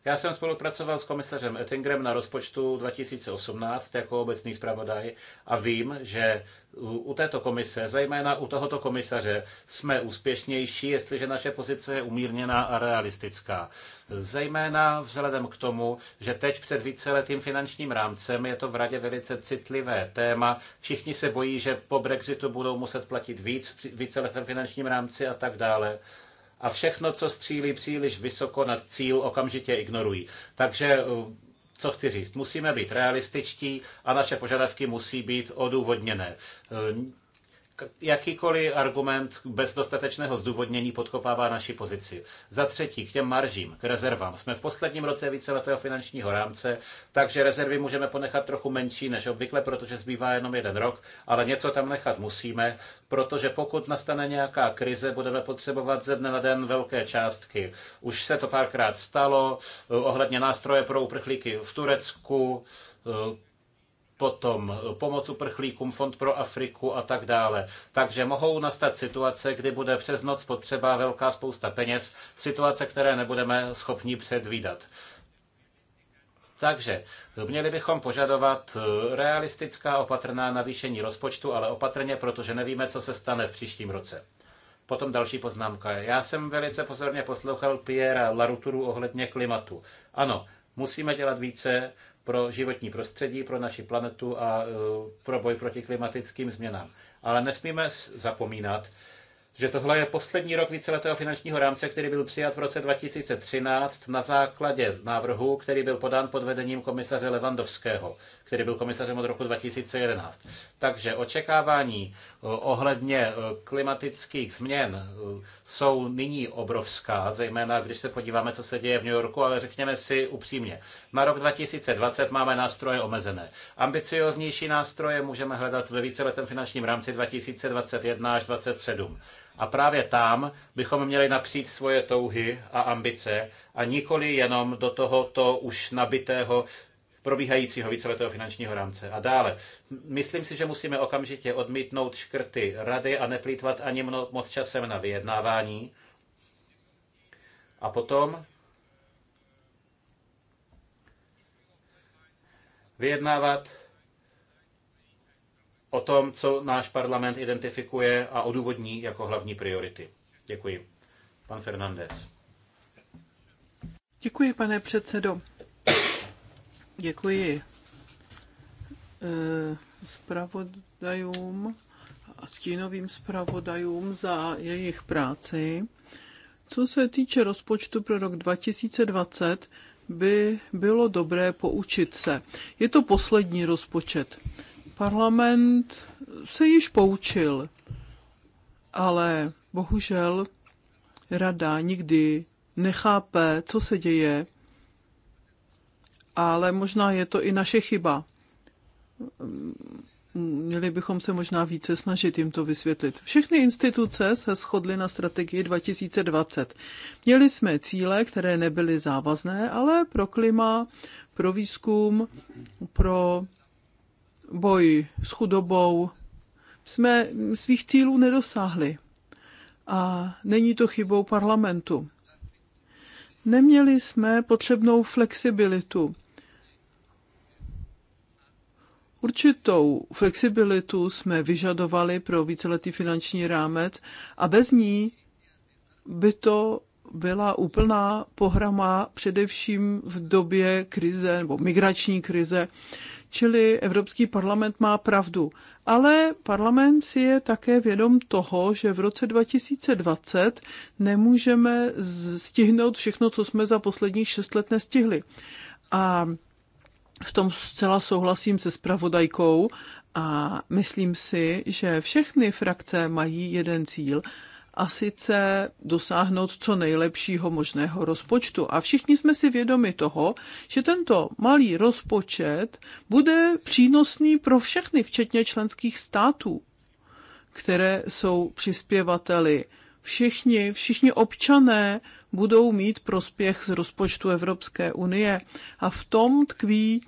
Já jsem spolupracoval s komisařem Ettingrem na rozpočtu 2018 jako obecný zpravodaj a vím, že u této komise, zejména u tohoto komisaře, jsme úspěšnější, jestliže naše pozice je umírněná a realistická. Zejména vzhledem k tomu, že teď před víceletým finančním rámcem je to v radě velice citlivé téma. Všichni se bojí, že po Brexitu budou muset platit víc v víceletém finančním rámci a tak dále a všechno, co střílí příliš vysoko nad cíl, okamžitě ignorují. Takže eh, co chci říct, musíme být realističtí a naše požadavky musí být odůvodněné. Eh, jakýkoliv argument bez dostatečného zdůvodnění podkopává naši pozici. Za třetí, k těm maržím, k rezervám. Jsme v posledním roce víceletého finančního rámce, takže rezervy můžeme ponechat trochu menší než obvykle, protože zbývá jenom jeden rok, ale něco tam nechat musíme, protože pokud nastane nějaká krize, budeme potřebovat ze dne na den velké částky. Už se to párkrát stalo eh, ohledně nástroje pro uprchlíky v Turecku, eh, potom eh, pomoc uprchlíkům, Fond pro Afriku a tak dále. Takže mohou nastat situace, kdy bude přes noc potřeba velká spousta peněz, situace, které nebudeme schopni předvídat. Takže eh, měli bychom požadovat eh, realistická opatrná navýšení rozpočtu, ale opatrně, protože nevíme, co se stane v příštím roce. Potom další poznámka. Já jsem velice pozorně poslouchal Piera Laruturu ohledně klimatu. Ano, musíme dělat více, pro životní prostředí, pro naši planetu a e, pro boj proti klimatickým změnám. Ale nesmíme zapomínat, že tohle je poslední rok víceletého finančního rámce, který byl přijat v roce 2013 na základě návrhu, který byl podán pod vedením komisaře Levandovského který byl komisařem od roku 2011. Takže očekávání eh, ohledně eh, klimatických změn eh, jsou nyní obrovská, zejména když se podíváme, co se děje v New Yorku, ale řekněme si upřímně. Na rok 2020 máme nástroje omezené. Ambicioznější nástroje můžeme hledat ve víceletém finančním rámci 2021 až 2027. A právě tam bychom měli napřít svoje touhy a ambice a nikoli jenom do tohoto už nabitého probíhajícího víceletého finančního rámce. A dále, myslím si, že musíme okamžitě odmítnout škrty rady a neplýtvat ani moc časem na vyjednávání. A potom vyjednávat o tom, co náš parlament identifikuje a odůvodní jako hlavní priority. Děkuji. Pan Fernandez. Děkuji, pane předsedo. Děkuji eh, zpravodajům a stínovým zpravodajům za jejich práci. Co se týče rozpočtu pro rok 2020, by bylo dobré poučit se. Je to poslední rozpočet. Parlament se již poučil, ale bohužel rada nikdy nechápe, co se děje ale možná je to i naše chyba. Měli bychom se možná více snažit jim to vysvětlit. Všechny instituce se shodly na strategii 2020. Měli jsme cíle, které nebyly závazné, ale pro klima, pro výzkum, pro boj s chudobou jsme svých cílů nedosáhli. A není to chybou parlamentu. Neměli jsme potřebnou flexibilitu Určitou flexibilitu jsme vyžadovali pro víceletý finanční rámec a bez ní by to byla úplná pohrama především v době krize nebo migrační krize, čili Evropský parlament má pravdu. Ale parlament si je také vědom toho, že v roce 2020 nemůžeme stihnout všechno, co jsme za posledních šest let nestihli. A v tom zcela souhlasím se spravodajkou a myslím si, že všechny frakce mají jeden cíl a sice dosáhnout co nejlepšího možného rozpočtu. A všichni jsme si vědomi toho, že tento malý rozpočet bude přínosný pro všechny, včetně členských států, které jsou přispěvateli. Všichni, všichni občané budou mít prospěch z rozpočtu Evropské unie. A v tom tkví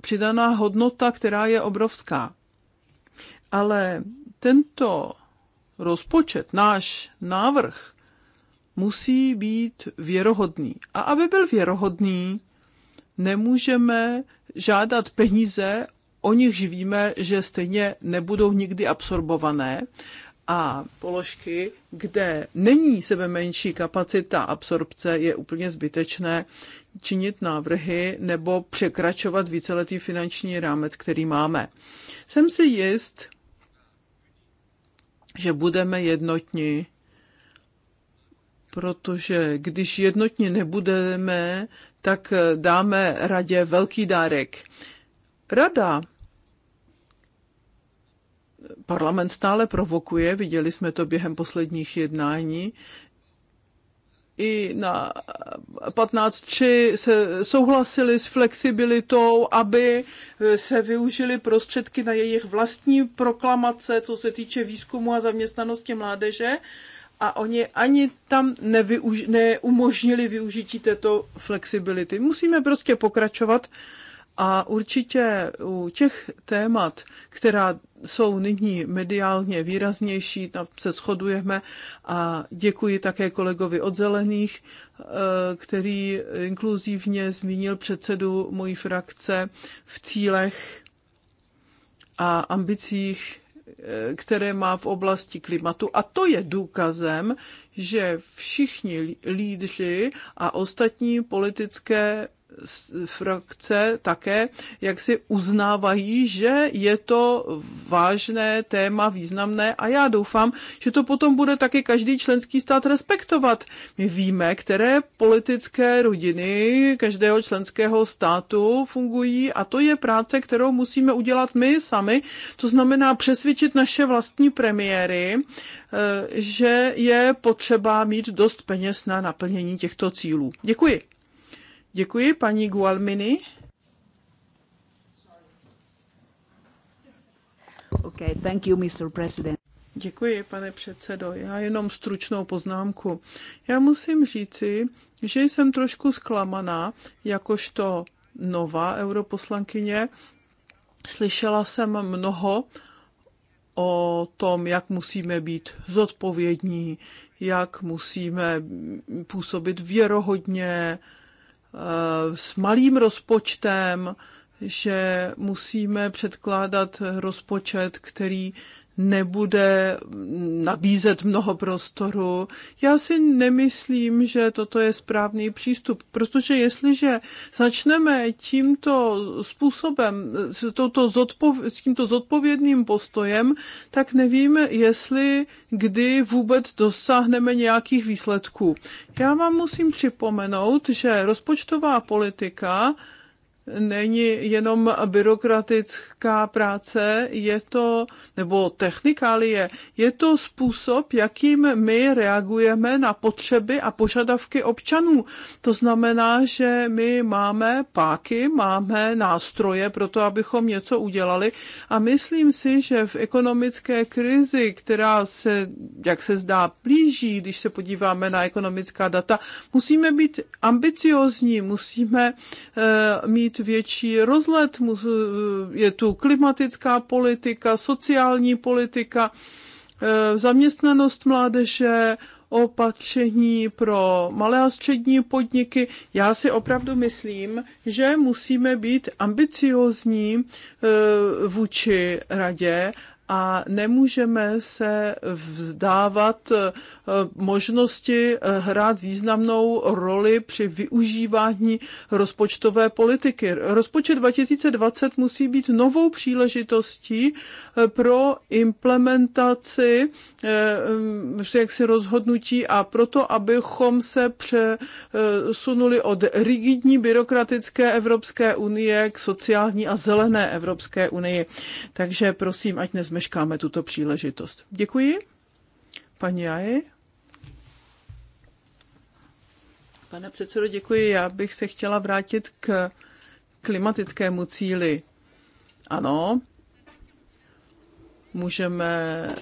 přidaná hodnota, která je obrovská. Ale tento rozpočet, náš návrh, musí být věrohodný. A aby byl věrohodný, nemůžeme žádat peníze, o nichž víme, že stejně nebudou nikdy absorbované a položky, kde není sebe menší kapacita absorpce, je úplně zbytečné činit návrhy nebo překračovat víceletý finanční rámec, který máme. Jsem si jist, že budeme jednotní, protože když jednotní nebudeme, tak dáme radě velký dárek. Rada parlament stále provokuje, viděli jsme to během posledních jednání, i na 15.3 se souhlasili s flexibilitou, aby se využili prostředky na jejich vlastní proklamace, co se týče výzkumu a zaměstnanosti mládeže. A oni ani tam nevyuž- neumožnili využití této flexibility. Musíme prostě pokračovat uh, a určitě u těch témat, která jsou nyní mediálně výraznější, tam se shodujeme a děkuji také kolegovi od Zelených, eh, který inkluzivně zmínil předsedu mojí frakce v cílech a ambicích, eh, které má v oblasti klimatu. A to je důkazem, že všichni lídři a ostatní politické frakce také, jak si uznávají, že je to vážné téma, významné a já doufám, že to potom bude taky každý členský stát respektovat. My víme, které politické rodiny každého členského státu fungují a to je práce, kterou musíme udělat my sami, to znamená přesvědčit naše vlastní premiéry, eh, že je potřeba mít dost peněz na naplnění těchto cílů. Děkuji. Děkuji, paní Gualmini. Okay, thank you, Mr. President. Děkuji, pane předsedo. Já jenom stručnou poznámku. Já musím říci, že jsem trošku zklamaná, jakožto nová europoslankyně. Slyšela jsem mnoho o tom, jak musíme být zodpovědní, jak musíme působit věrohodně, Eh, s malým rozpočtem, že musíme předkládat rozpočet, který nebude nabízet mnoho prostoru. Já si nemyslím, že toto je správný přístup, protože jestliže začneme tímto způsobem, s, touto zodpov- s tímto zodpovědným postojem, tak nevíme, jestli kdy vůbec dosáhneme nějakých výsledků. Já vám musím připomenout, že rozpočtová politika není jenom byrokratická práce, je to, nebo technikálie, je to způsob, jakým my reagujeme na potřeby a požadavky občanů. To znamená, že my máme páky, máme nástroje pro to, abychom něco udělali a myslím si, že v ekonomické krizi, která se, jak se zdá, plíží, když se podíváme na ekonomická data, musíme být ambiciozní, musíme uh, mít mít větší rozlet, eh, je tu klimatická politika, sociální politika, eh, zaměstnanost mládeže, opatření pro malé a střední podniky. Já si opravdu myslím, že musíme být ambiciozní eh, vůči radě a nemůžeme se vzdávat eh, možnosti eh, hrát významnou roli při využívání rozpočtové politiky. Rozpočet 2020 musí být novou příležitostí eh, pro implementaci jaksi rozhodnutí a proto, abychom se přesunuli od rigidní byrokratické Evropské unie k sociální a zelené Evropské unii. Takže prosím, ať nezme nezmeškáme tuto příležitost. Děkuji. Paní Jaje. Pane předsedo, děkuji. Já bych se chtěla vrátit k klimatickému cíli. Ano, můžeme eh,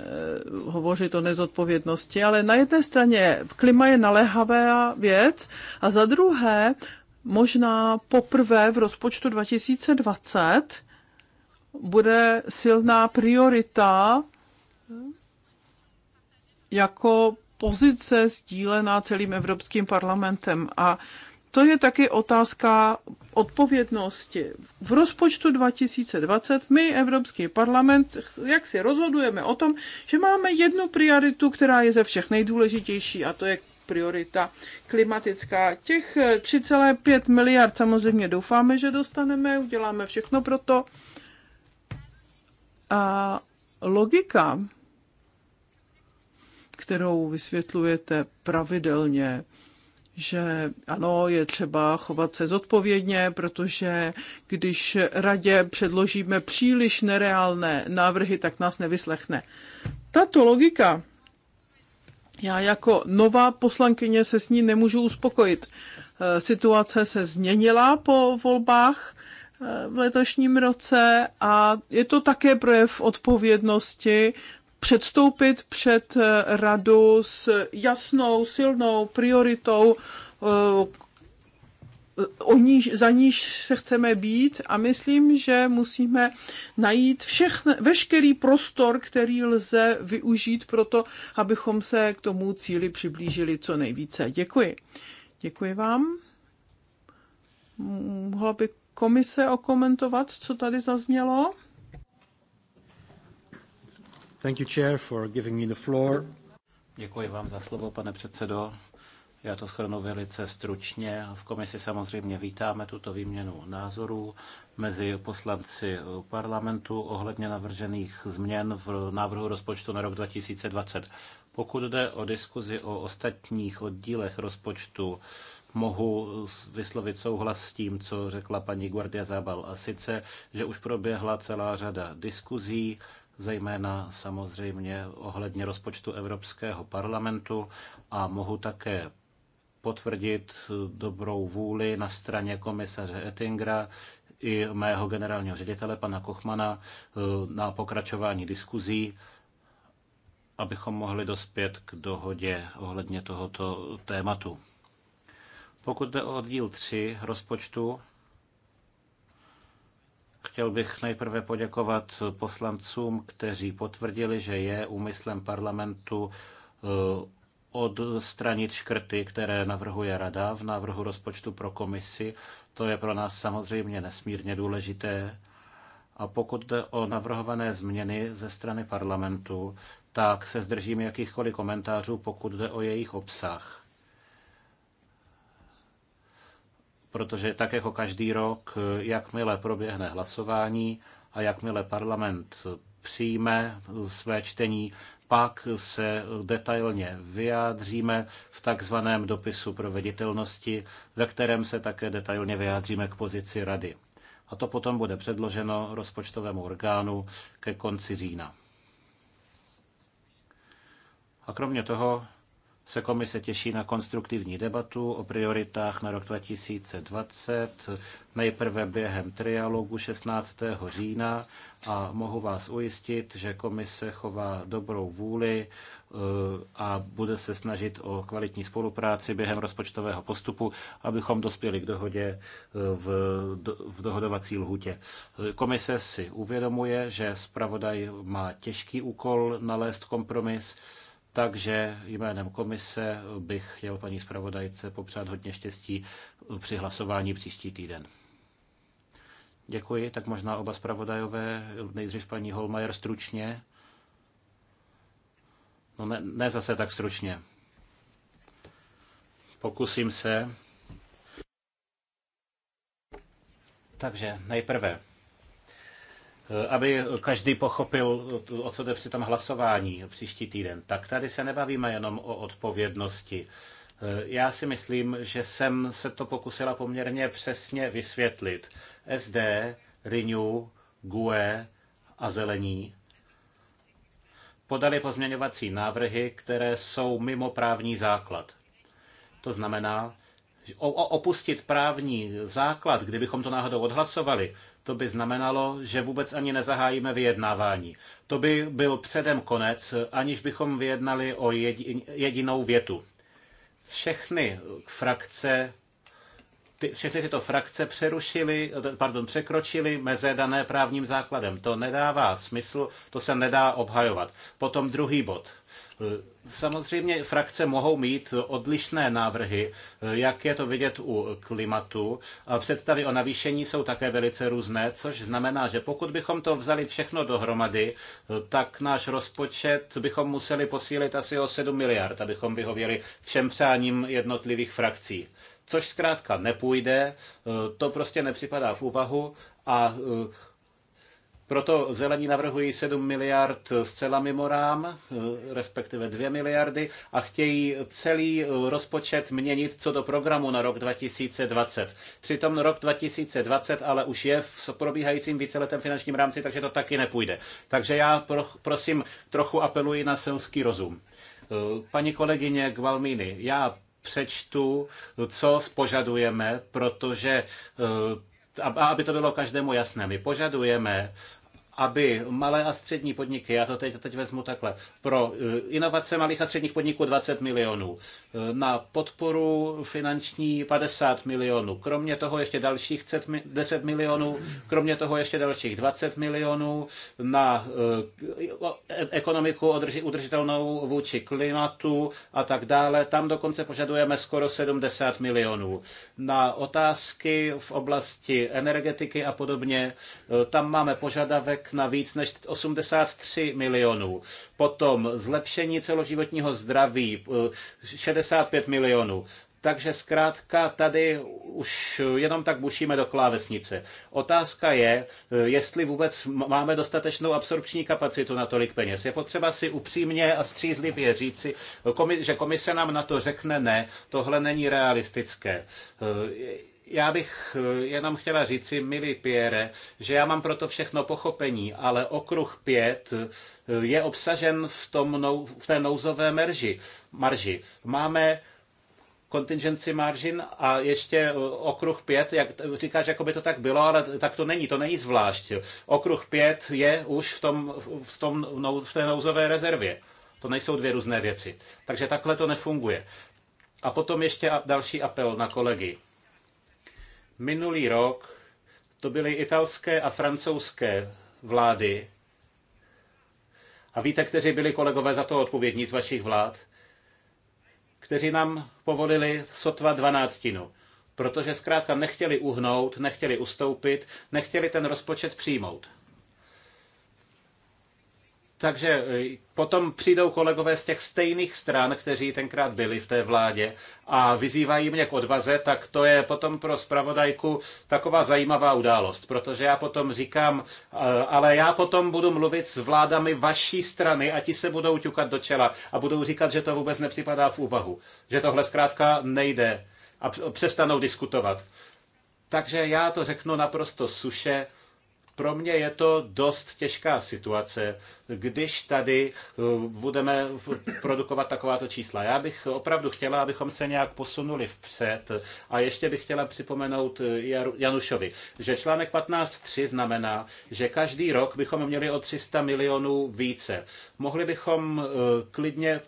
hovořit o nezodpovědnosti, ale na jedné straně klima je naléhavá věc a za druhé možná poprvé v rozpočtu 2020 bude silná priorita jako pozice sdílená celým Evropským parlamentem. A to je taky otázka odpovědnosti. V rozpočtu 2020 my, Evropský parlament, jak si rozhodujeme o tom, že máme jednu prioritu, která je ze všech nejdůležitější, a to je priorita klimatická. Těch 3,5 miliard samozřejmě doufáme, že dostaneme, uděláme všechno pro to. A logika, kterou vysvětlujete pravidelně, že ano, je třeba chovat se zodpovědně, protože když radě předložíme příliš nereálné návrhy, tak nás nevyslechne. Tato logika, já jako nová poslankyně se s ní nemůžu uspokojit. E, situace se změnila po volbách v letošním roce a je to také projev odpovědnosti předstoupit před radu s jasnou, silnou prioritou, eh, o níž, za níž se chceme být a myslím, že musíme najít všechny, veškerý prostor, který lze využít pro to, abychom se k tomu cíli přiblížili co nejvíce. Děkuji. Děkuji vám. Mohla by komise okomentovat, co tady zaznělo? Thank you, Chair, for giving me the floor. Děkuji vám za slovo, pane předsedo. Já to shrnu velice stručně. V komisi samozřejmě vítáme tuto výměnu názorů mezi poslanci parlamentu ohledně navržených změn v návrhu rozpočtu na rok 2020. Pokud jde o diskuzi o ostatních oddílech rozpočtu, mohu vyslovit souhlas s tím, co řekla paní Guardia Zabal. A sice, že už proběhla celá řada diskuzí, zejména samozřejmě ohledně rozpočtu Evropského parlamentu a mohu také potvrdit dobrou vůli na straně komisaře Ettingera i mého generálního ředitele pana Kochmana eh, na pokračování diskuzí, abychom mohli dospět k dohodě ohledně tohoto tématu. Pokud jde o díl 3 rozpočtu, chtěl bych nejprve poděkovat poslancům, kteří potvrdili, že je úmyslem parlamentu eh, odstranit škrty, které navrhuje Rada v návrhu rozpočtu pro komisi. To je pro nás samozřejmě nesmírně důležité. A pokud jde o navrhované změny ze strany parlamentu, tak se zdržím jakýchkoliv komentářů, pokud jde o jejich obsah. protože tak jako každý rok, jakmile proběhne hlasování a jakmile parlament přijme své čtení, pak se detailně vyjádříme v takzvaném dopisu proveditelnosti, ve kterém se také detailně vyjádříme k pozici rady. A to potom bude předloženo rozpočtovému orgánu ke konci října. A kromě toho se komise těší na konstruktivní debatu o prioritách na rok 2020, nejprve během trialogu 16. října a mohu vás ujistit, že komise chová dobrou vůli e, a bude se snažit o kvalitní spolupráci během rozpočtového postupu, abychom dospěli k dohodě e, v, v dohodovací lhutě. E, komise si uvědomuje, že zpravodaj má těžký úkol nalézt kompromis, takže jménem komise bych chtěl paní zpravodajce popřát hodně štěstí při hlasování příští týden. Děkuji, tak možná oba zpravodajové, nejdřív paní Holmajer stručně. No ne, ne zase tak stručně. Pokusím se. Takže nejprve Eh, aby každý pochopil, o co jde při tom hlasování příští týden, tak tady se nebavíme jenom o odpovědnosti. Eh, já si myslím, že jsem se to pokusila poměrně přesně vysvětlit. SD, Renew, GUE a Zelení podali pozměňovací návrhy, které jsou mimo právní základ. To znamená, opustit právní základ, kdybychom to náhodou odhlasovali, to by znamenalo, že vůbec ani nezahájíme vyjednávání. To by byl předem konec, aniž bychom vyjednali o jedinou větu. Všechny frakce ty, všechny tyto frakce přerušily, pardon, překročily meze dané právním základem. To nedává smysl, to se nedá obhajovat. Potom druhý bod. Samozřejmě frakce mohou mít odlišné návrhy, jak je to vidět u klimatu. Představy o navýšení jsou také velice různé, což znamená, že pokud bychom to vzali všechno dohromady, tak náš rozpočet bychom museli posílit asi o 7 miliard, abychom vyhověli všem přáním jednotlivých frakcí což zkrátka nepůjde, e, to prostě nepřipadá v úvahu a e, proto zelení navrhují 7 miliard zcela mimo rám, e, respektive 2 miliardy, a chtějí celý rozpočet měnit co do programu na rok 2020. Přitom rok 2020 ale už je v probíhajícím víceletém finančním rámci, takže to taky nepůjde. Takže já pro, prosím, trochu apeluji na selský rozum. Paní kolegyně Gvalmíny, já přečtu, co požadujeme, protože eh, aby to bylo každému jasné, my požadujeme, aby malé a střední podniky, já to teď, teď vezmu takhle, pro eh, inovace malých a středních podniků 20 milionů, eh, na podporu finanční 50 milionů, kromě toho ještě dalších 10 milionů, kromě toho ještě dalších 20 milionů na eh, e, ekonomiku udržitelnou vůči klimatu a tak dále. Tam dokonce požadujeme skoro 70 milionů. Na otázky v oblasti energetiky a podobně, tam máme požadavek na víc než 83 milionů. Potom zlepšení celoživotního zdraví 65 eh, milionů. Takže zkrátka tady už jenom tak bušíme do klávesnice. Otázka je, eh, jestli vůbec máme dostatečnou absorpční kapacitu na tolik peněz. Je potřeba si upřímně a střízlivě říci, že komise nám na to řekne ne, tohle není realistické eh, já bych eh, jenom chtěla říci, milý Pierre, že já mám proto všechno pochopení, ale okruh 5 eh, je obsažen v, tom, v té nouzové merži, marži. Máme contingency margin a ještě eh, okruh 5, jak říkáš, jako by to tak bylo, ale tak to není, to není zvlášť. Okruh 5 je už v, tom, v, tom, v té nouzové rezervě. To nejsou dvě různé věci. Takže takhle to nefunguje. A potom ještě další apel na kolegy. Minulý rok to byly italské a francouzské vlády. A víte, kteří byli kolegové za to odpovědní z vašich vlád? Kteří nám povolili sotva dvanáctinu. Protože zkrátka nechtěli uhnout, nechtěli ustoupit, nechtěli ten rozpočet přijmout. Takže e, potom přijdou kolegové z těch stejných stran, kteří tenkrát byli v té vládě a vyzývají mě k odvaze, tak to je potom pro spravodajku taková zajímavá událost, protože já potom říkám, e, ale já potom budu mluvit s vládami vaší strany a ti se budou ťukat do čela a budou říkat, že to vůbec nepřipadá v úvahu, že tohle zkrátka nejde a přestanou diskutovat. Takže já to řeknu naprosto suše, pro mě je to dost těžká situace, když tady eh, budeme produkovat takováto čísla. Já bych opravdu chtěla, abychom se nějak posunuli vpřed a ještě bych chtěla připomenout eh, Janušovi, že článek 15.3 znamená, že každý rok bychom měli o 300 milionů více. Mohli bychom eh, klidně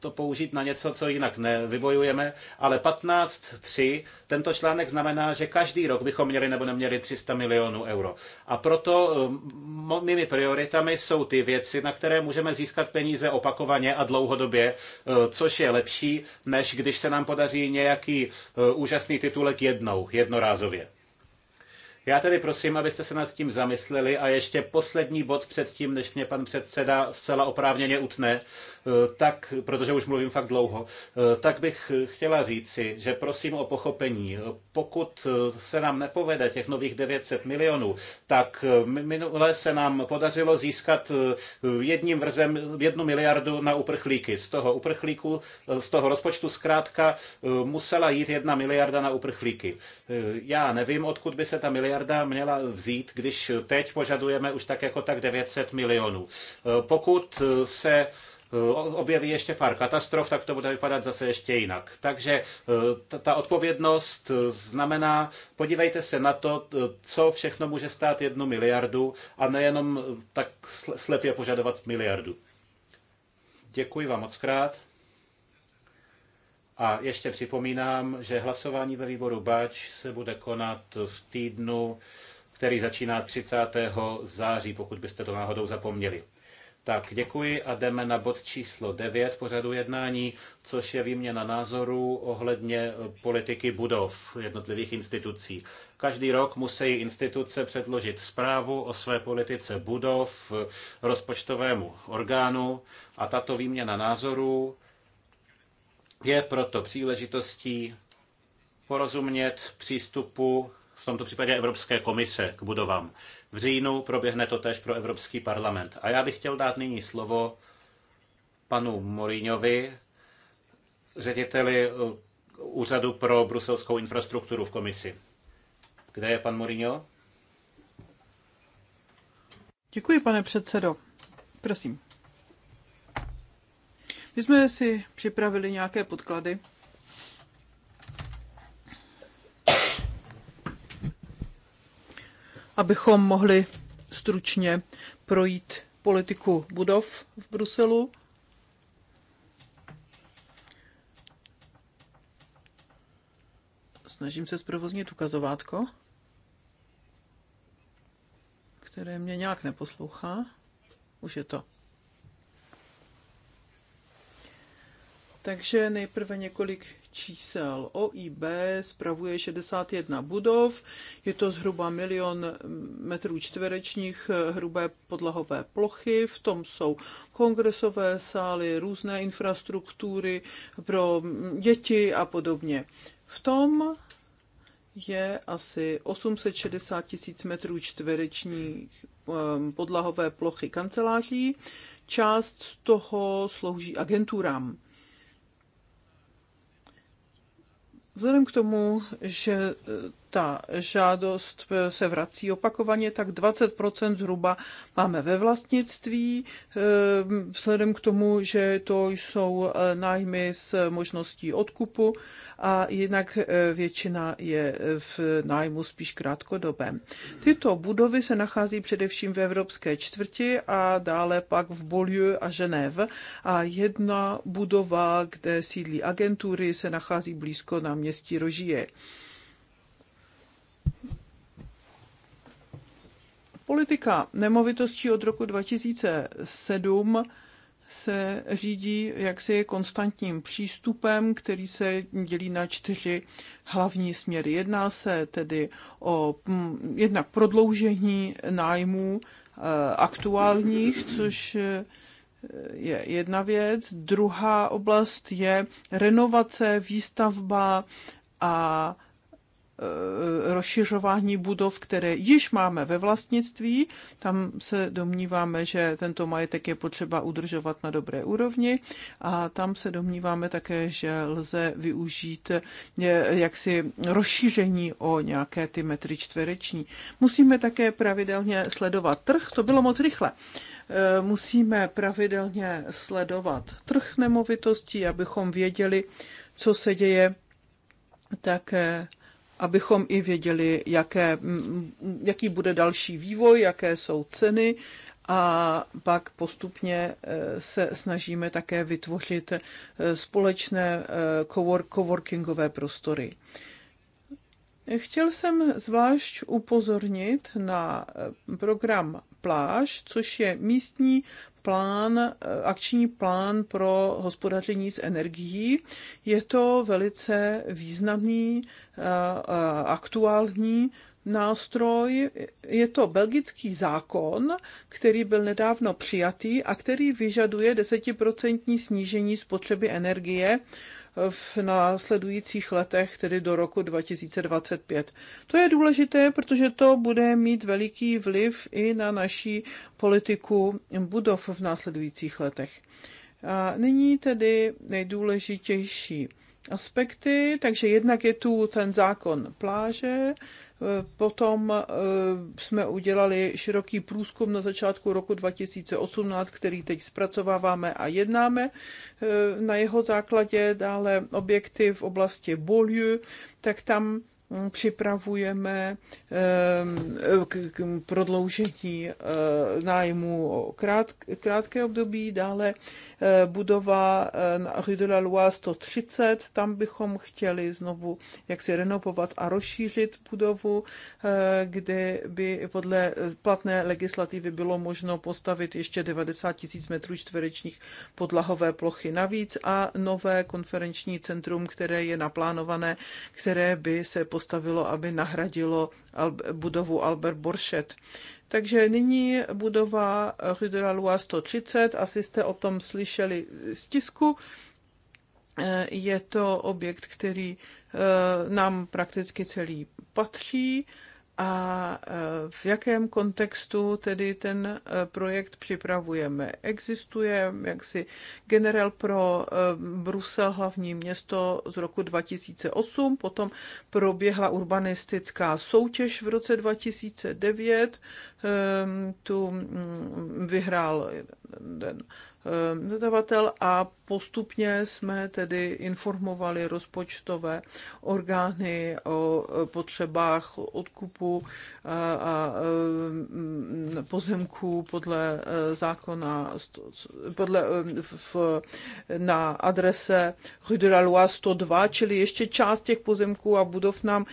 to použít na něco, co jinak nevybojujeme, ale 15.3, tento článek znamená, že každý rok bychom měli nebo neměli 300 milionů euro. A proto mými prioritami jsou ty věci, věci, na které můžeme získat peníze opakovaně a dlouhodobě, eh, což je lepší, než když se nám podaří nějaký eh, úžasný titulek jednou, jednorázově. Já tedy prosím, abyste se nad tím zamysleli a ještě poslední bod předtím, než mě pan předseda zcela oprávněně utne, Eh, tak, protože už mluvím fakt dlouho, eh, tak bych chtěla říci, že prosím o pochopení. Pokud eh, se nám nepovede těch nových 900 milionů, tak minule se nám podařilo získat jedním vrzem jednu miliardu na uprchlíky. Z toho uprchlíku, z toho rozpočtu zkrátka musela jít jedna miliarda na uprchlíky. Já nevím, odkud by se ta miliarda měla vzít, když teď požadujeme už tak jako tak 900 milionů. Pokud se Eh, objeví ještě pár katastrof, tak to bude vypadat zase ještě jinak. Takže eh, ta odpovědnost eh, znamená, podívejte se na to, co všechno může stát jednu miliardu a nejenom tak slepě požadovat miliardu. Děkuji vám moc krát. A ještě připomínám, že hlasování ve výboru Bač se bude konat v týdnu, který začíná 30. září, pokud byste to náhodou zapomněli. Tak děkuji a jdeme na bod číslo 9 pořadu jednání, což je výměna názorů ohledně eh, politiky budov jednotlivých institucí. Každý rok musí instituce předložit zprávu o své politice budov eh, rozpočtovému orgánu a tato výměna názorů je proto příležitostí porozumět přístupu v tomto případě Evropské komise k budovám. V říjnu proběhne to tež pro Evropský parlament. A já bych chtěl dát nyní slovo panu Moríňovi, řediteli uh, Úřadu pro bruselskou infrastrukturu v komisi. Kde je pan Moríňo? Děkuji, pane předsedo. Prosím. My jsme si připravili nějaké podklady abychom mohli stručně projít politiku budov v Bruselu. Snažím se zprovoznit ukazovátko, které mě nějak neposlouchá. Už je to. Takže nejprve několik čísel. OIB spravuje 61 budov, je to zhruba milion metrů čtverečních hrubé podlahové plochy, v tom jsou kongresové sály, různé infrastruktury pro děti a podobně. V tom je asi 860 tisíc metrů čtverečních ehm, podlahové plochy kanceláří. Část z toho slouží agenturám. Vzhledem k tomu, že eh, ta žádost eh, se vrací opakovaně, tak 20% zhruba máme ve vlastnictví, eh, vzhledem k tomu, že to jsou eh, nájmy s možností odkupu a jinak většina je v nájmu spíš krátkodobém. Tyto budovy se nachází především v Evropské čtvrti a dále pak v Bolju a Ženev a jedna budova, kde sídlí agentury, se nachází blízko na městí Rožije. Politika nemovitostí od roku 2007 se řídí jaksi konstantním přístupem, který se dělí na čtyři hlavní směry. Jedná se tedy o mm, jednak prodloužení nájmů eh, aktuálních, což eh, je jedna věc. Druhá oblast je renovace, výstavba a Eh, rozšiřování budov, které již máme ve vlastnictví. Tam se domníváme, že tento majetek je potřeba udržovat na dobré úrovni a tam se domníváme také, že lze využít eh, jaksi rozšíření o nějaké ty metry čtvereční. Musíme také pravidelně sledovat trh, to bylo moc rychle eh, musíme pravidelně sledovat trh nemovitostí, abychom věděli, co se děje také abychom i věděli, jaké, mm, jaký bude další vývoj, jaké jsou ceny a pak postupně eh, se snažíme také vytvořit eh, společné eh, coworkingové prostory. Chtěl jsem zvlášť upozornit na program Pláž, což je místní plán, eh, akční plán pro hospodaření s energií. Je to velice významný, eh, eh, aktuální nástroj. Je to belgický zákon, který byl nedávno přijatý a který vyžaduje desetiprocentní snížení spotřeby energie v následujících letech, tedy do roku 2025. To je důležité, protože to bude mít veliký vliv i na naší politiku budov v následujících letech. A nyní tedy nejdůležitější aspekty, takže jednak je tu ten zákon pláže, e, Potom e, jsme udělali široký průzkum na začátku roku 2018, který teď zpracováváme a jednáme. E, na jeho základě dále objekty v oblasti Beaulieu, tak tam připravujeme k prodloužení eh, nájmu o krátké období, dále eh, budova eh, Rue de la Loire 130, tam bychom chtěli znovu jaksi renovovat a rozšířit budovu, kde by podle platné legislativy bylo možno postavit ještě 90 tisíc metrů čtverečních podlahové plochy navíc a nové konferenční centrum, které je naplánované, které by se postavilo, aby nahradilo budovu Albert Borchet. Takže nyní budova Rue de la Loi 130, asi jste o tom slyšeli z tisku. Eh, je to objekt, který eh, nám prakticky celý patří a e, v jakém kontextu tedy ten e, projekt připravujeme. Existuje jaksi generál pro e, Brusel, hlavní město z roku 2008, potom proběhla urbanistická soutěž v roce 2009, tu mm, vyhrál ten Eh, zadavatel a postupně jsme tedy informovali rozpočtové orgány o eh, potřebách odkupu eh, a pozemků podle zákona podle, v, na adrese Rue 102, čili ještě část těch pozemků a budov nám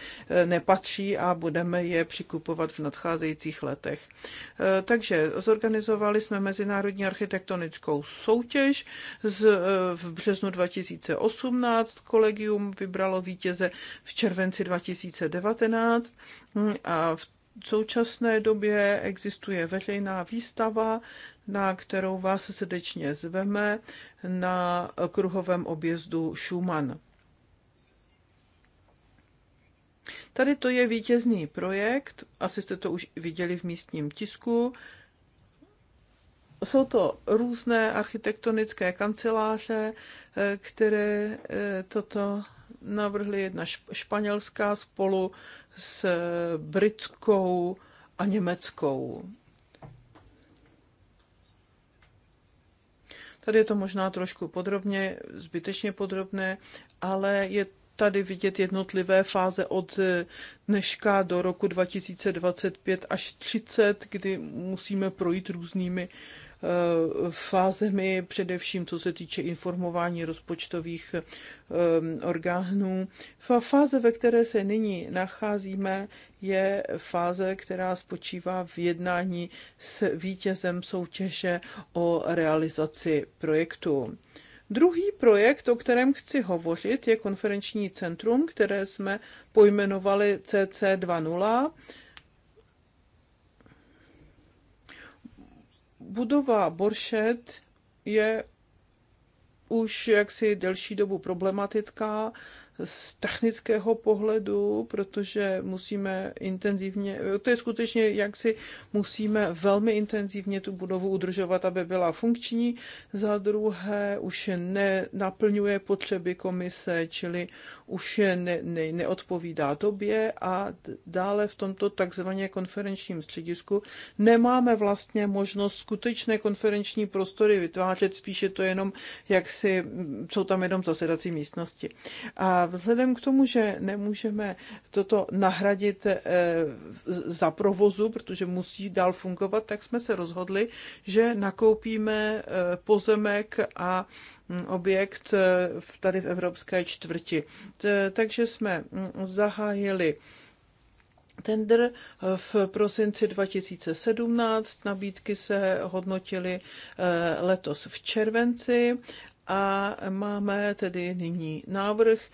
nepatří a budeme je přikupovat v nadcházejících letech. Takže zorganizovali jsme Mezinárodní architektonickou veřejnou soutěž z, eh, v březnu 2018. Kolegium vybralo vítěze v červenci 2019 mm, a v současné době existuje veřejná výstava, na kterou vás srdečně zveme na kruhovém objezdu Schumann. Tady to je vítězný projekt, asi jste to už viděli v místním tisku jsou to různé architektonické kanceláře, eh, které eh, toto navrhly jedna španělská spolu s eh, britskou a německou. Tady je to možná trošku podrobně, zbytečně podrobné, ale je tady vidět jednotlivé fáze od dneška do roku 2025 až 30, kdy musíme projít různými uh, Eh, fázemi, především co se týče informování rozpočtových eh, orgánů. Fáze, ve které se nyní nacházíme, je fáze, která spočívá v jednání s vítězem soutěže o realizaci projektu. Druhý projekt, o kterém chci hovořit, je konferenční centrum, které jsme pojmenovali CC20 budova Boršet je už jaksi delší dobu problematická z technického pohledu, protože musíme intenzivně, to je skutečně, jak si musíme velmi intenzivně tu budovu udržovat, aby byla funkční. Za druhé, už nenaplňuje potřeby komise, čili už ne, ne, neodpovídá době a dále v tomto takzvaně konferenčním středisku nemáme vlastně možnost skutečné konferenční prostory vytvářet, spíše to jenom, jak si, jsou tam jenom zasedací místnosti. A vzhledem k tomu, že nemůžeme toto nahradit eh, za provozu, protože musí dál fungovat, tak jsme se rozhodli, že nakoupíme eh, pozemek a hm, objekt eh, tady v Evropské čtvrti. Takže jsme hm, zahájili tender v prosinci 2017. Nabídky se hodnotily letos v červenci a máme tedy nyní návrh. E,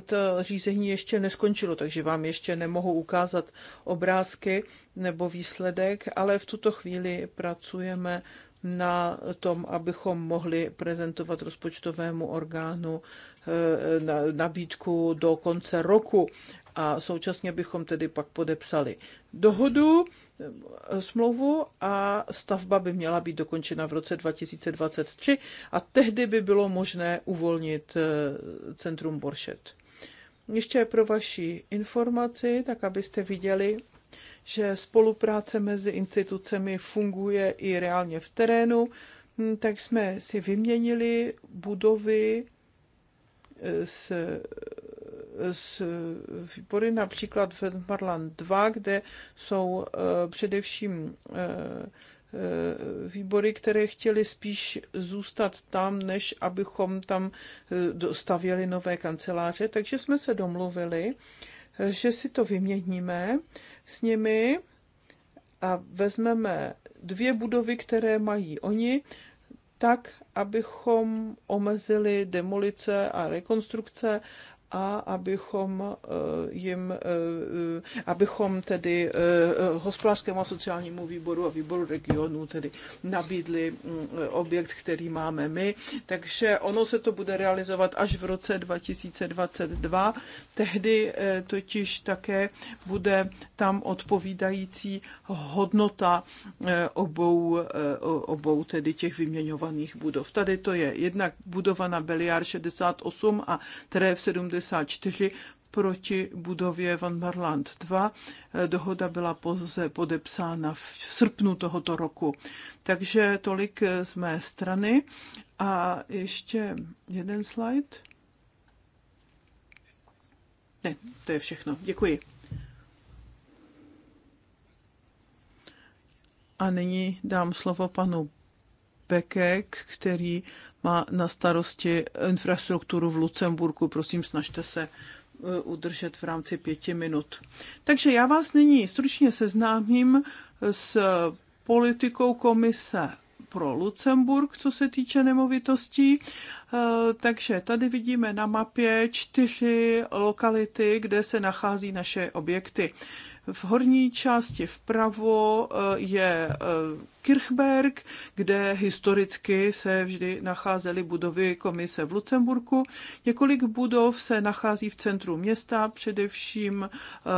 to řízení ještě neskončilo, takže vám ještě nemohu ukázat obrázky nebo výsledek, ale v tuto chvíli pracujeme na tom, abychom mohli prezentovat rozpočtovému orgánu e, nabídku do konce roku a současně bychom tedy pak podepsali dohodu, eh, smlouvu a stavba by měla být dokončena v roce 2023 a tehdy by bylo možné uvolnit eh, centrum Boršet. Ještě pro vaši informaci, tak abyste viděli, že spolupráce mezi institucemi funguje i reálně v terénu, hm, tak jsme si vyměnili budovy eh, s s výbory, například v Fermarland 2, kde jsou eh, především eh, eh, výbory, které chtěly spíš zůstat tam, než abychom tam dostavěli nové kanceláře. Takže jsme se domluvili, že si to vyměníme s nimi a vezmeme dvě budovy, které mají oni, tak, abychom omezili demolice a rekonstrukce a abychom eh, jim, eh, eh, abychom tedy hospodářskému a sociálnímu výboru a výboru regionů tedy nabídli mm, objekt, který máme my. Takže ono se to bude realizovat až v roce 2022. Tehdy totiž také bude tam odpovídající hodnota obou, obou tedy těch vyměňovaných budov. Tady to je jednak budova na Beliar 68 a Trev 70 74 proti budově Van Marland 2. Eh, dohoda byla pouze podepsána v srpnu tohoto roku. Takže tolik eh, z mé strany. A ještě jeden slide. Ne, to je všechno. Děkuji. A nyní dám slovo panu Pekek, který má na starosti infrastrukturu v Lucemburku. Prosím, snažte se eh, udržet v rámci pěti minut. Takže já vás nyní stručně seznámím s politikou komise pro Lucemburg, co se týče nemovitostí. Eh, takže tady vidíme na mapě čtyři lokality, kde se nachází naše objekty. V horní části vpravo eh, je Kirchberg, kde historicky se vždy nacházely budovy komise v Lucemburku. Několik budov se nachází v centru města, především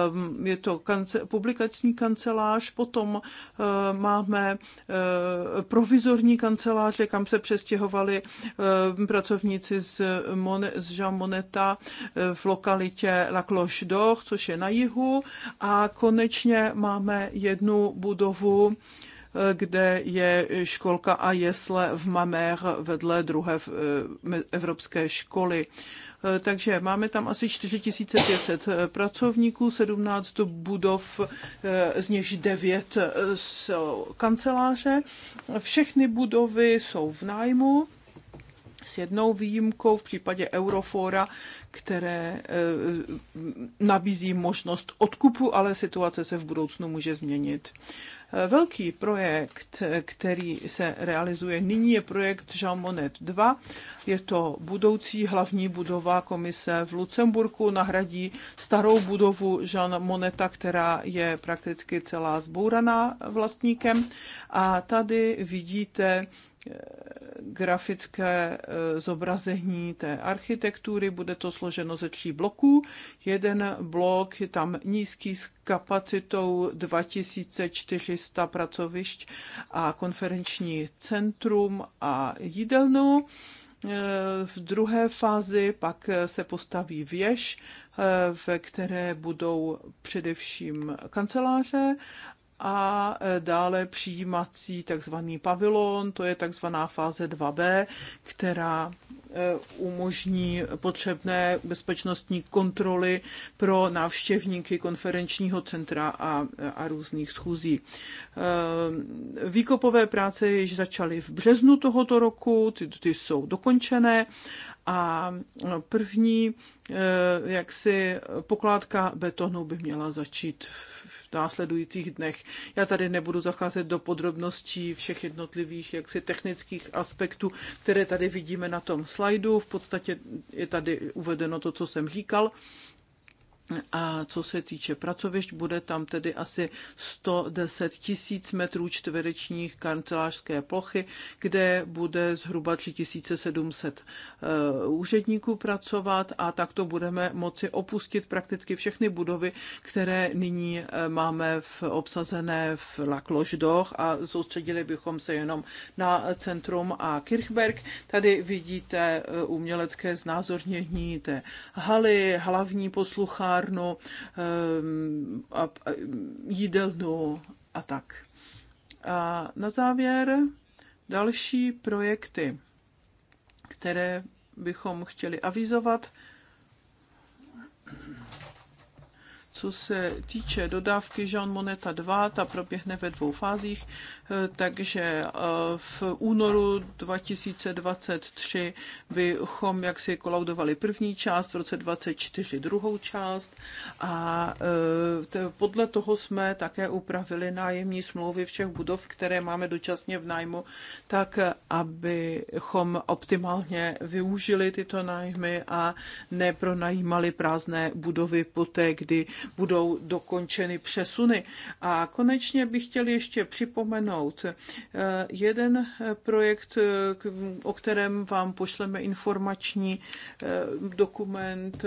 ehm, je to kance, publikační kancelář, potom ehm, máme ehm, provizorní kanceláře, kam se přestěhovali pracovníci z, Mon- z Jean Moneta v lokalitě La Cloche d'Or, což je na jihu. A konečně máme jednu budovu, kde je školka a jesle v Mamer vedle druhé eh, evropské školy. Eh, takže máme tam asi 4500 eh, pracovníků, 17 budov, z nichž 9 jsou kanceláře. Všechny budovy jsou v nájmu s jednou výjimkou v případě Eurofora, které nabízí možnost odkupu, ale situace se v budoucnu může změnit. Velký projekt, který se realizuje nyní, je projekt Jean Monnet 2. Je to budoucí hlavní budova komise v Lucemburku, nahradí starou budovu Jean Moneta, která je prakticky celá zbouraná vlastníkem. A tady vidíte grafické eh, zobrazení té architektury. Bude to složeno ze tří bloků. Jeden blok je tam nízký s kapacitou 2400 pracovišť a konferenční centrum a jídelnu. Eh, v druhé fázi pak eh, se postaví věž, ve které budou především kanceláře a e, dále přijímací takzvaný pavilon, to je takzvaná fáze 2b, která e, umožní potřebné bezpečnostní kontroly pro návštěvníky konferenčního centra a, a různých schůzí. E, výkopové práce již začaly v březnu tohoto roku, ty, ty jsou dokončené a no, první jaksi pokládka betonu by měla začít v následujících dnech. Já tady nebudu zacházet do podrobností všech jednotlivých jaksi technických aspektů, které tady vidíme na tom slajdu. V podstatě je tady uvedeno to, co jsem říkal. A co se týče pracovišť, bude tam tedy asi 110 tisíc metrů čtverečních kancelářské plochy, kde bude zhruba 3700 eh, úředníků pracovat a takto budeme moci opustit prakticky všechny budovy, které nyní eh, máme v obsazené v Lakloždoch a soustředili bychom se jenom na centrum a Kirchberg. Tady vidíte eh, umělecké znázornění té haly, hlavní posluchář, továrnu, ehm, jídelnu a tak. A na závěr další projekty, které bychom chtěli avizovat, Co se týče dodávky Jean Moneta 2, ta proběhne ve dvou fázích, eh, takže eh, v únoru 2023 bychom jaksi kolaudovali první část, v roce 2024 druhou část a eh, podle toho jsme také upravili nájemní smlouvy všech budov, které máme dočasně v nájmu, tak abychom optimálně využili tyto nájmy a nepronajímali prázdné budovy poté, kdy budou dokončeny přesuny. A konečně bych chtěl ještě připomenout eh, jeden eh, projekt, eh, o kterém vám pošleme informační dokument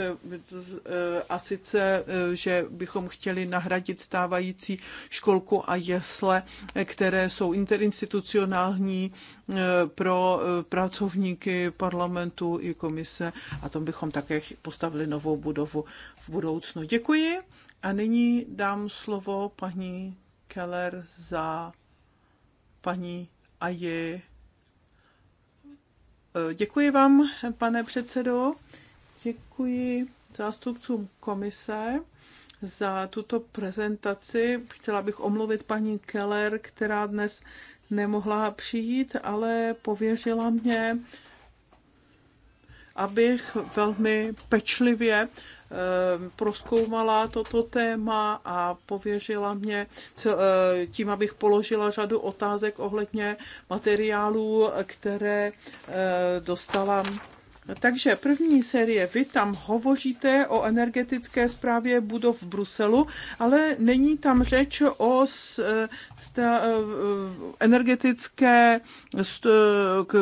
a sice, že bychom chtěli nahradit stávající školku a jesle, které jsou interinstitucionální pro pracovníky parlamentu i komise a tam bychom také postavili novou budovu v budoucnu. Děkuji a nyní dám slovo paní Keller za paní Aji. Eh, děkuji vám, pane předsedo. Děkuji zástupcům komise za tuto prezentaci. Chtěla bych omluvit paní Keller, která dnes nemohla přijít, ale pověřila mě abych velmi pečlivě eh, proskoumala toto téma a pověřila mě eh, tím, abych položila řadu otázek ohledně materiálů, které eh, dostala takže první série, vy tam hovoříte o energetické zprávě budov v Bruselu, ale není tam řeč o e, e, energetické, st, k,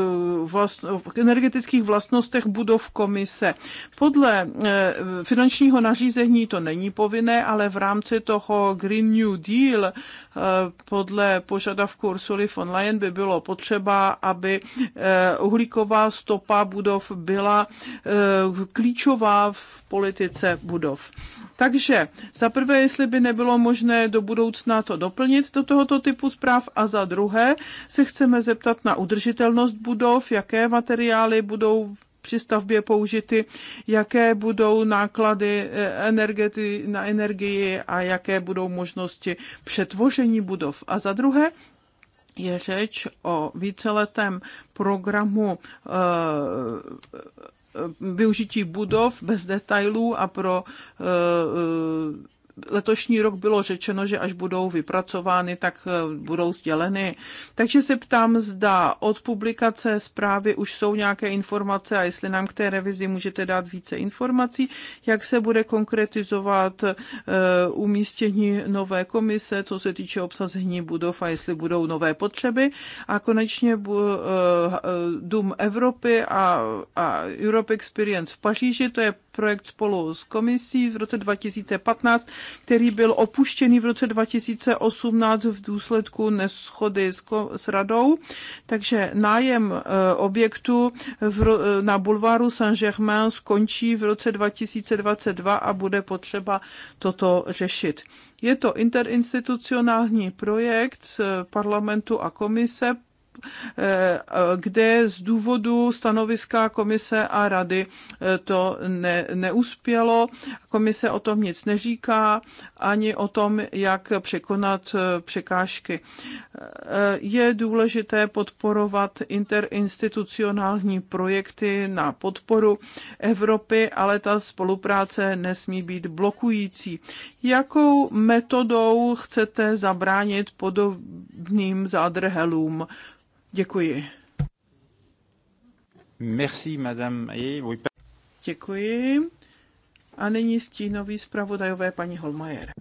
vlast, k energetických vlastnostech budov komise. Podle e, finančního nařízení to není povinné, ale v rámci toho Green New Deal podle požadavku Ursuly von Leyen by bylo potřeba, aby uhlíková stopa budov by byla eh, klíčová v politice budov. Takže za prvé, jestli by nebylo možné do budoucna to doplnit do tohoto typu zpráv a za druhé se chceme zeptat na udržitelnost budov, jaké materiály budou při stavbě použity, jaké budou náklady eh, energety, na energii a jaké budou možnosti přetvoření budov. A za druhé, je řeč o víceletém programu eh, využití budov bez detailů a pro eh, letošní rok bylo řečeno, že až budou vypracovány, tak eh, budou sděleny. Takže se ptám, zda od publikace zprávy už jsou nějaké informace a jestli nám k té revizi můžete dát více informací, jak se bude konkretizovat eh, umístění nové komise, co se týče obsazení budov a jestli budou nové potřeby. A konečně eh, Dům Evropy a, a Europe Experience v Paříži, to je projekt spolu s komisí v roce 2015, který byl opuštěný v roce 2018 v důsledku neschody s, s radou. Takže nájem e, objektu v, e, na bulváru Saint-Germain skončí v roce 2022 a bude potřeba toto řešit. Je to interinstitucionální projekt e, parlamentu a komise Eh, eh, kde z důvodu stanoviska komise a rady eh, to ne, neuspělo. Komise o tom nic neříká, ani o tom, jak překonat překážky. Je důležité podporovat interinstitucionální projekty na podporu Evropy, ale ta spolupráce nesmí být blokující. Jakou metodou chcete zabránit podobným zádrhelům? Děkuji. Merci, madame. Děkuji. A nyní stínový zpravodajové paní Holmajer.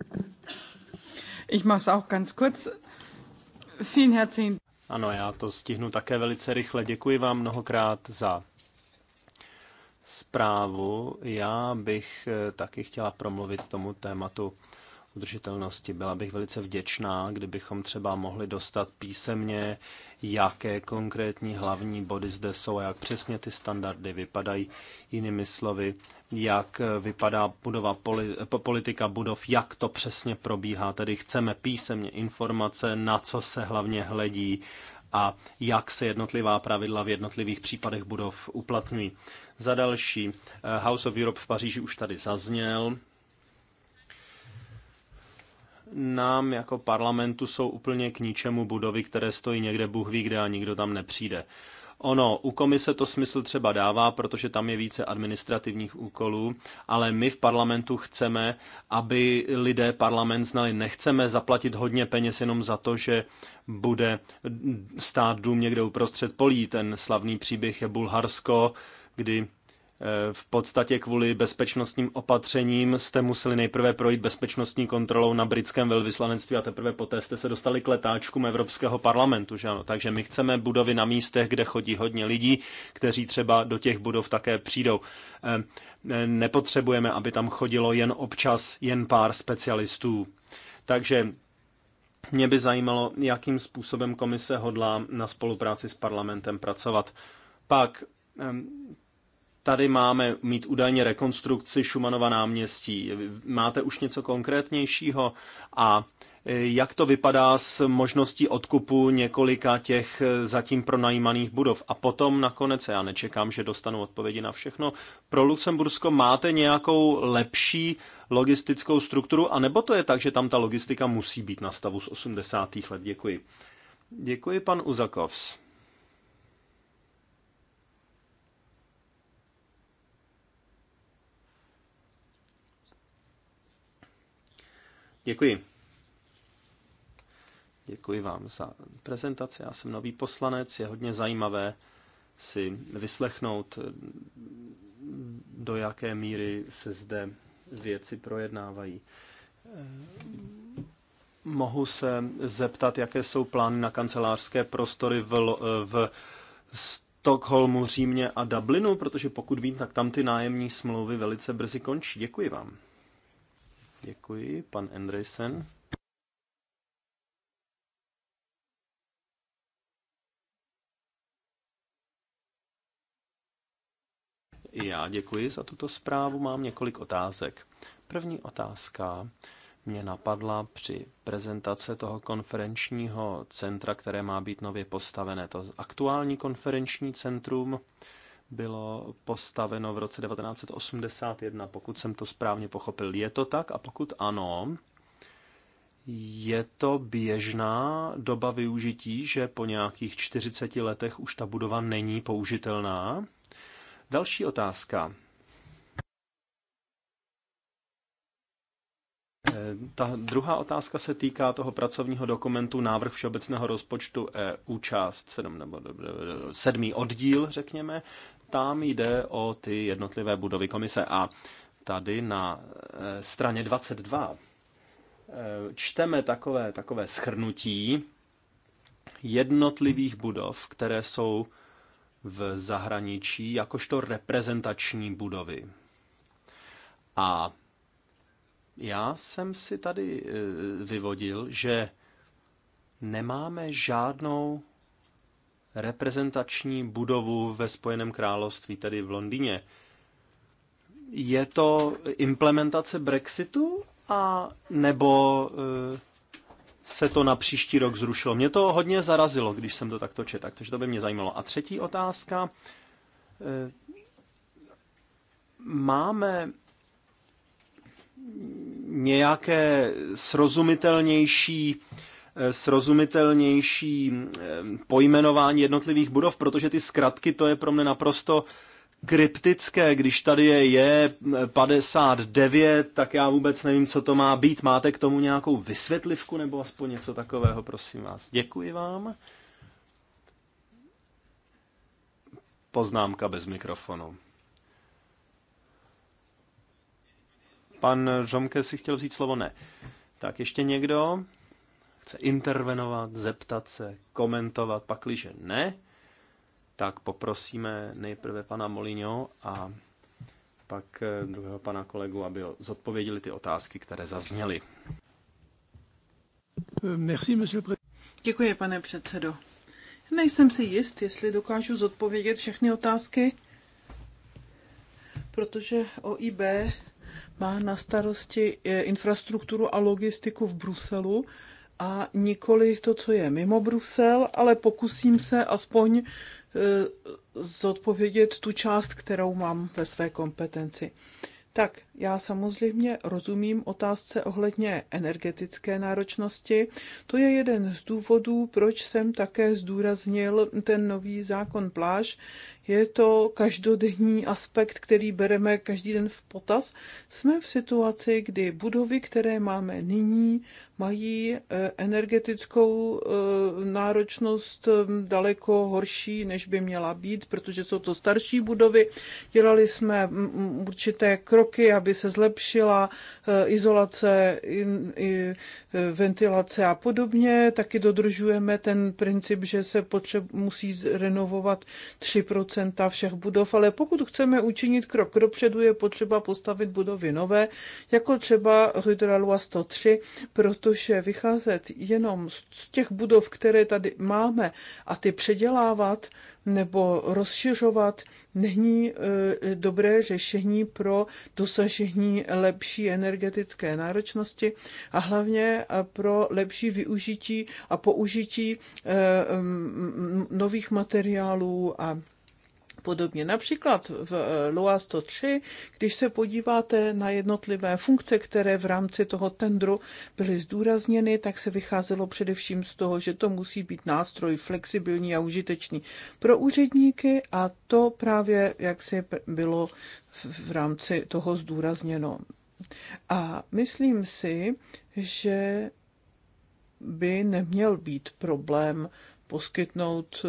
Ich mach's auch ganz kurz. Vielen herzlichen Ano, já to stihnu také velice rychle. Děkuji vám mnohokrát za zprávu. Já bych eh, taky chtěla promluvit k tomu tématu udržitelnosti. Byla bych velice vděčná, kdybychom třeba mohli dostat písemně, jaké konkrétní hlavní body zde jsou a jak přesně ty standardy vypadají. Jinými slovy, jak vypadá budova politika budov, jak to přesně probíhá. Tedy chceme písemně informace, na co se hlavně hledí a jak se jednotlivá pravidla v jednotlivých případech budov uplatňují. Za další, eh, House of Europe v Paříži už tady zazněl nám jako parlamentu jsou úplně k ničemu budovy, které stojí někde Bůh ví kde a nikdo tam nepřijde. Ono, u komise to smysl třeba dává, protože tam je více administrativních úkolů, ale my v parlamentu chceme, aby lidé parlament znali. Nechceme zaplatit hodně peněz jenom za to, že bude stát dům někde uprostřed polí. Ten slavný příběh je Bulharsko, kdy Eh, v podstatě kvůli bezpečnostním opatřením jste museli nejprve projít bezpečnostní kontrolou na britském velvyslanectví a teprve poté jste se dostali k letáčkům Evropského parlamentu. Že ano? Takže my chceme budovy na místech, kde chodí hodně lidí, kteří třeba do těch budov také přijdou. Eh, eh, nepotřebujeme, aby tam chodilo jen občas jen pár specialistů. Takže mě by zajímalo, jakým způsobem komise hodlá na spolupráci s parlamentem pracovat. Pak Tady máme mít údajně rekonstrukci Šumanova náměstí. Máte už něco konkrétnějšího? A e, jak to vypadá s možností odkupu několika těch e, zatím pronajímaných budov. A potom nakonec, já nečekám, že dostanu odpovědi na všechno, pro Lucembursko máte nějakou lepší logistickou strukturu, anebo to je tak, že tam ta logistika musí být na stavu z 80. let? Děkuji. Děkuji, pan Uzakovs. Děkuji. Děkuji vám za prezentaci. Já jsem nový poslanec, je hodně zajímavé si vyslechnout, do jaké míry se zde věci projednávají. Mohu se zeptat, jaké jsou plány na kancelářské prostory v, v Stockholmu, Římě a Dublinu, protože pokud vím, tak tam ty nájemní smlouvy velice brzy končí. Děkuji vám. Děkuji. Pan Andresen. já děkuji za tuto zprávu. Mám několik otázek. První otázka mě napadla při prezentace toho konferenčního centra, které má být nově postavené. To aktuální konferenční centrum bylo postaveno v roce 1981, pokud jsem to správně pochopil. Je to tak? A pokud ano, je to běžná doba využití, že po nějakých 40 letech už ta budova není použitelná? Další otázka. Eh, ta druhá otázka se týká toho pracovního dokumentu Návrh všeobecného rozpočtu EU, část 7, nebo 7. oddíl, řekněme. Tam jde o ty jednotlivé budovy komise a tady na eh, straně 22 eh, čteme takové, takové schrnutí jednotlivých budov, které jsou v zahraničí jakožto reprezentační budovy. A já jsem si tady eh, vyvodil, že nemáme žádnou reprezentační budovu ve Spojeném království, tedy v Londýně. Je to implementace Brexitu a nebo eh, se to na příští rok zrušilo? Mě to hodně zarazilo, když jsem to takto četl, takže to by mě zajímalo. A třetí otázka. Eh, máme nějaké srozumitelnější srozumitelnější eh, pojmenování jednotlivých budov, protože ty zkratky, to je pro mě naprosto kryptické, když tady je J59, eh, tak já vůbec nevím, co to má být. Máte k tomu nějakou vysvětlivku nebo aspoň něco takového, prosím vás. Děkuji vám. Poznámka bez mikrofonu. Pan Žomke si chtěl vzít slovo? Ne. Tak ještě někdo? chce intervenovat, zeptat se, komentovat, pakliže ne, tak poprosíme nejprve pana Molino a pak eh, druhého pana kolegu, aby zodpověděli ty otázky, které zazněly. Merci, Děkuji, pane předsedo. Nejsem si jist, jestli dokážu zodpovědět všechny otázky, protože OIB má na starosti eh, infrastrukturu a logistiku v Bruselu a nikoli to, co je mimo Brusel, ale pokusím se aspoň e, zodpovědět tu část, kterou mám ve své kompetenci. Tak, já samozřejmě rozumím otázce ohledně energetické náročnosti. To je jeden z důvodů, proč jsem také zdůraznil ten nový zákon pláž je to každodenní aspekt, který bereme každý den v potaz. Jsme v situaci, kdy budovy, které máme nyní, mají eh, energetickou eh, náročnost eh, daleko horší, než by měla být, protože jsou to starší budovy. Dělali jsme mm, mm, určité kroky, aby se zlepšila E, izolace, e, ventilace a podobně. Taky dodržujeme ten princip, že se potřeb, musí renovovat 3 všech budov, ale pokud chceme učinit krok dopředu, je potřeba postavit budovy nové, jako třeba Hydralua 103, protože vycházet jenom z těch budov, které tady máme a ty předělávat, nebo rozšiřovat, není eh, dobré řešení pro dosažení lepší energetické náročnosti a hlavně eh, pro lepší využití a použití eh, nových materiálů a podobně. Například v eh, LOA 103, když se podíváte na jednotlivé funkce, které v rámci toho tendru byly zdůrazněny, tak se vycházelo především z toho, že to musí být nástroj flexibilní a užitečný pro úředníky a to právě, jak se bylo v rámci toho zdůrazněno. A myslím si, že by neměl být problém poskytnout eh,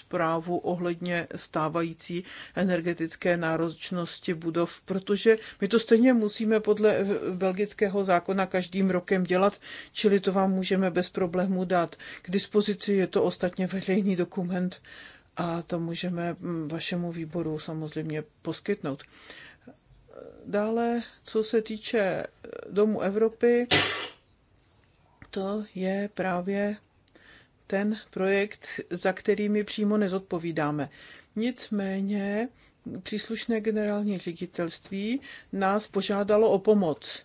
zprávu ohledně stávající energetické náročnosti budov, protože my to stejně musíme podle belgického zákona každým rokem dělat, čili to vám můžeme bez problémů dát. K dispozici je to ostatně veřejný dokument a to můžeme mm, vašemu výboru samozřejmě poskytnout. Dále, co se týče Domu Evropy, to je právě ten projekt, za který my přímo nezodpovídáme. Nicméně příslušné generální ředitelství nás požádalo o pomoc.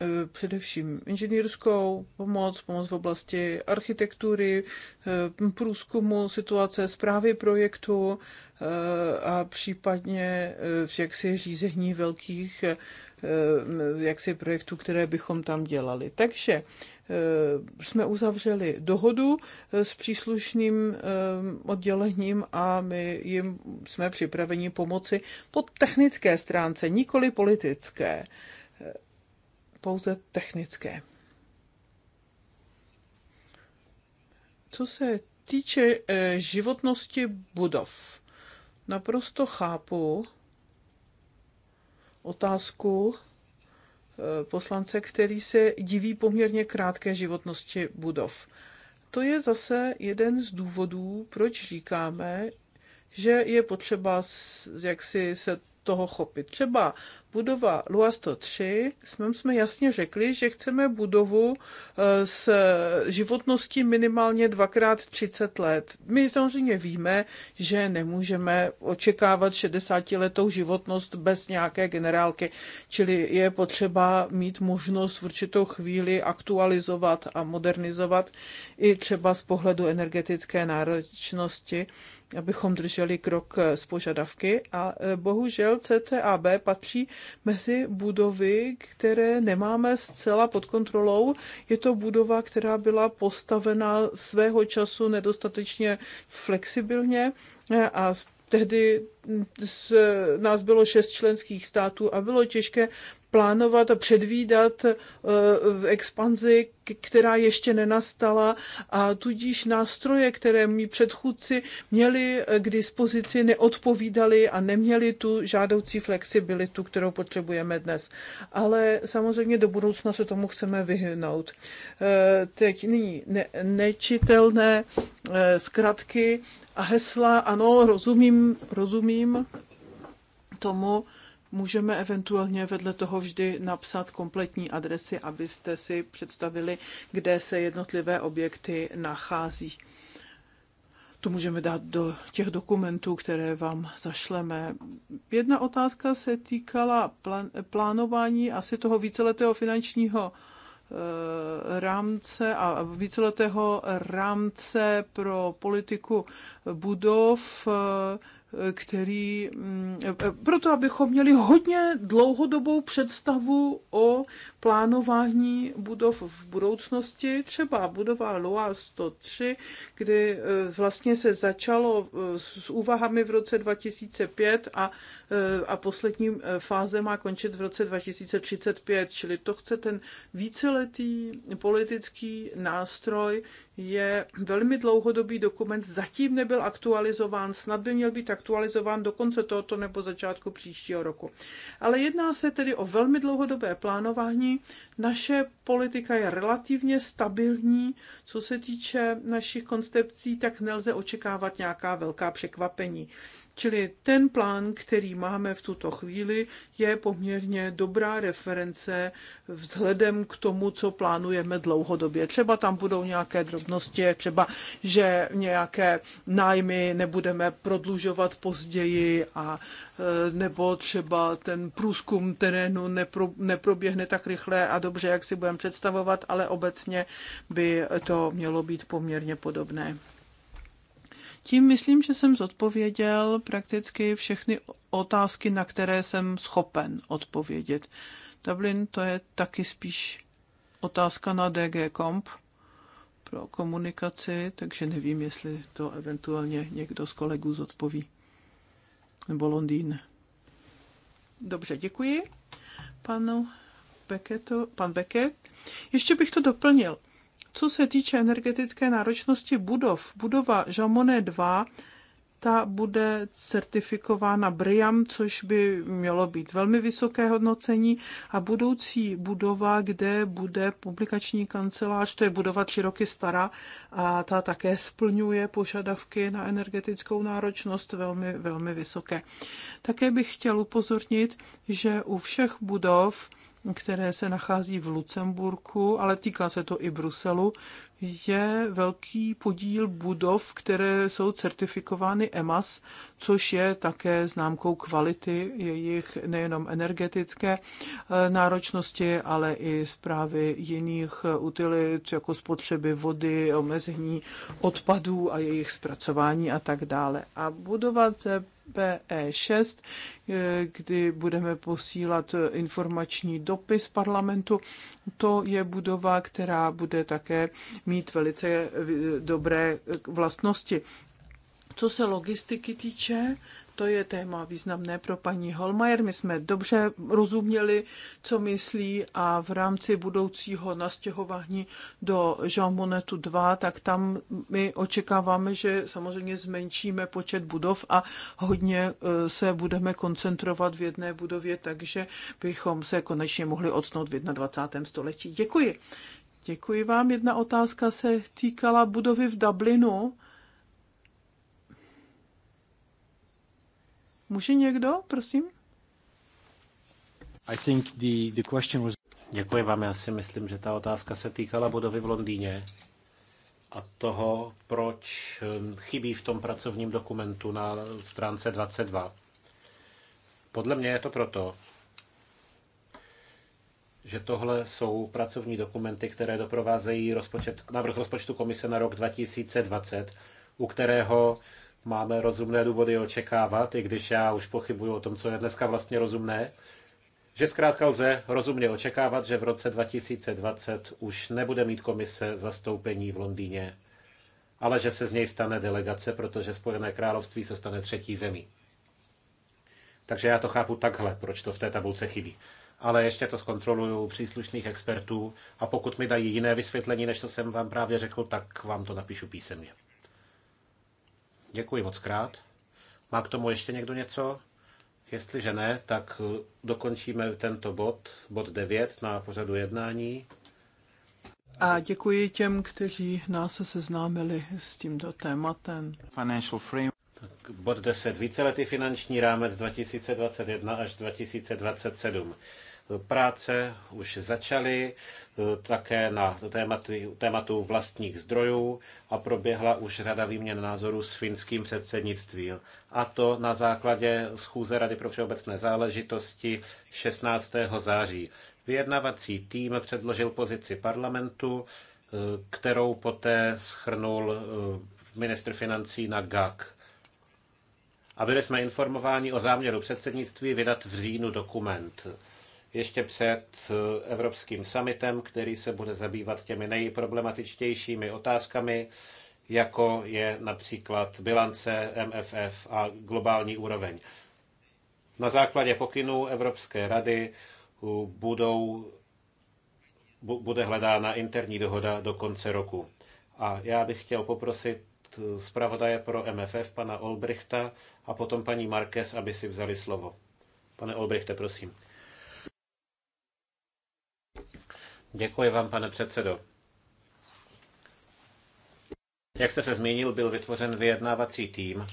E, především inženýrskou pomoc, pomoc v oblasti architektury, e, průzkumu situace, zprávy projektu e, a případně v jaksi řízení velkých Eh, jaksi projektů, které bychom tam dělali. Takže eh, jsme uzavřeli dohodu eh, s příslušným oddělením a my jim jsme připraveni pomoci po technické stránce, nikoli politické, pouze technické. Co se týče životnosti budov, naprosto chápu, otázku eh, poslance, který se diví poměrně krátké životnosti budov. To je zase jeden z důvodů, proč říkáme, že je potřeba jaksi se toho chopit. Třeba budova Lua 103, jsme, jsme jasně řekli, že chceme budovu e, s životností minimálně dvakrát 30 let. My samozřejmě víme, že nemůžeme očekávat 60 letou životnost bez nějaké generálky, čili je potřeba mít možnost v určitou chvíli aktualizovat a modernizovat i třeba z pohledu energetické náročnosti abychom drželi krok s požadavky a e, bohužel CCAB patří mezi budovy, které nemáme zcela pod kontrolou. Je to budova, která byla postavena svého času nedostatečně flexibilně eh, a tehdy mm, nás bylo šest členských států a bylo těžké plánovat a předvídat eh, v expanzi, která ještě nenastala a tudíž nástroje, které mi předchůdci měli eh, k dispozici, neodpovídali a neměli tu žádoucí flexibilitu, kterou potřebujeme dnes. Ale samozřejmě do budoucna se tomu chceme vyhnout. Eh, teď nyní ne, nečitelné zkratky a hesla, ano, rozumím, rozumím tomu, Můžeme eventuálně vedle toho vždy napsat kompletní adresy, abyste si představili, kde se jednotlivé objekty nachází. To můžeme dát do těch dokumentů, které vám zašleme. Jedna otázka se týkala plánování asi toho víceletého finančního eh, rámce a víceletého rámce pro politiku budov eh, který, mm, e, e, proto abychom měli hodně dlouhodobou představu o plánování budov v budoucnosti, třeba budova LOA 103, kdy e, vlastně se začalo e, s úvahami v roce 2005 a, e, a poslední fáze má končit v roce 2035, čili to chce ten víceletý politický nástroj, je velmi dlouhodobý dokument, zatím nebyl aktualizován, snad by měl být aktualizován do konce tohoto nebo začátku příštího roku. Ale jedná se tedy o velmi dlouhodobé plánování, stabilní. Naše politika je relativně stabilní. Co se týče našich koncepcí, tak nelze očekávat nějaká velká překvapení. Čili ten plán, který máme v tuto chvíli, je poměrně dobrá reference vzhledem k tomu, co plánujeme dlouhodobě. Třeba tam budou nějaké drobnosti, třeba, že nějaké nájmy nebudeme prodlužovat později a e, nebo třeba ten průzkum terénu nepro, neproběhne tak rychle a dobře, jak si budeme představovat, ale obecně by to mělo být poměrně podobné. Tím myslím, že jsem zodpověděl prakticky všechny otázky, na které jsem schopen odpovědět. Dublin to je taky spíš otázka na DG Comp pro komunikaci, takže nevím, jestli to eventuálně někdo z kolegů zodpoví. Nebo Londýn. Dobře, děkuji panu Beketu, pan Beket. Ještě bych to doplnil. Co se týče energetické náročnosti budov, budova Žamone 2 ta bude certifikována BRIAM, což by mělo být velmi vysoké hodnocení a budoucí budova, kde bude publikační kancelář, to je budova tři roky stará a ta také splňuje požadavky na energetickou náročnost velmi, velmi vysoké. Také bych chtěl upozornit, že u všech budov které se nachází v Lucemburku, ale týká se to i Bruselu, je velký podíl budov, které jsou certifikovány EMAS, což je také známkou kvality jejich nejenom energetické eh, náročnosti, ale i zprávy jiných eh, utilit, jako spotřeby vody, omezení odpadů a jejich zpracování a tak dále. A budovat PE6, kdy budeme posílat informační dopis parlamentu. To je budova, která bude také mít velice eh, dobré eh, vlastnosti. Co se logistiky týče, to je téma významné pro paní Holmajer. My jsme dobře rozuměli, co myslí a v rámci budoucího nastěhování do Jean Monnetu 2, tak tam my očekáváme, že samozřejmě zmenšíme počet budov a hodně e, se budeme koncentrovat v jedné budově, takže bychom se konečně mohli odsnout v 21. století. Děkuji. Děkuji vám. Jedna otázka se týkala budovy v Dublinu. Může někdo, prosím? I think the, the question was... Děkuji vám, já si myslím, že ta otázka se týkala budovy v Londýně a toho, proč hm, chybí v tom pracovním dokumentu na stránce 22. Podle mě je to proto, že tohle jsou pracovní dokumenty, které doprovázejí rozpočet, návrh rozpočtu komise na rok 2020, u kterého máme rozumné důvody očekávat, i když já už pochybuju o tom, co je dneska vlastně rozumné, že zkrátka lze rozumně očekávat, že v roce 2020 už nebude mít komise zastoupení v Londýně, ale že se z něj stane delegace, protože Spojené království se stane třetí zemí. Takže já to chápu takhle, proč to v té tabulce chybí. Ale ještě to zkontroluju u příslušných expertů a pokud mi dají jiné vysvětlení, než to jsem vám právě řekl, tak vám to napíšu písemně. Děkuji moc krát. Má k tomu ještě někdo něco? Jestliže ne, tak eh, dokončíme tento bod, bod 9 na pořadu jednání. A děkuji těm, kteří nás se seznámili s tímto tématem. Financial frame. Tak bod 10. Víceletý finanční rámec 2021 až 2027. Práce už začaly eh, také na tématu, tématu vlastních zdrojů a proběhla už rada výměn názorů s finským předsednictvím. A to na základě schůze Rady pro všeobecné záležitosti 16. září. Vyjednavací tým předložil pozici parlamentu, eh, kterou poté schrnul eh, ministr financí na GAK. A byli jsme informováni o záměru předsednictví vydat v říjnu dokument ještě před eh, Evropským summitem, který se bude zabývat těmi nejproblematičtějšími otázkami, jako je například bilance MFF a globální úroveň. Na základě pokynů Evropské rady eh, budou, bude hledána interní dohoda do konce roku. A já bych chtěl poprosit eh, zpravodaje pro MFF, pana Olbrichta, a potom paní Marques, aby si vzali slovo. Pane Olbrichte, prosím. Děkuji vám, pane předsedo. Jak jste se zmínil, byl vytvořen vyjednávací tým.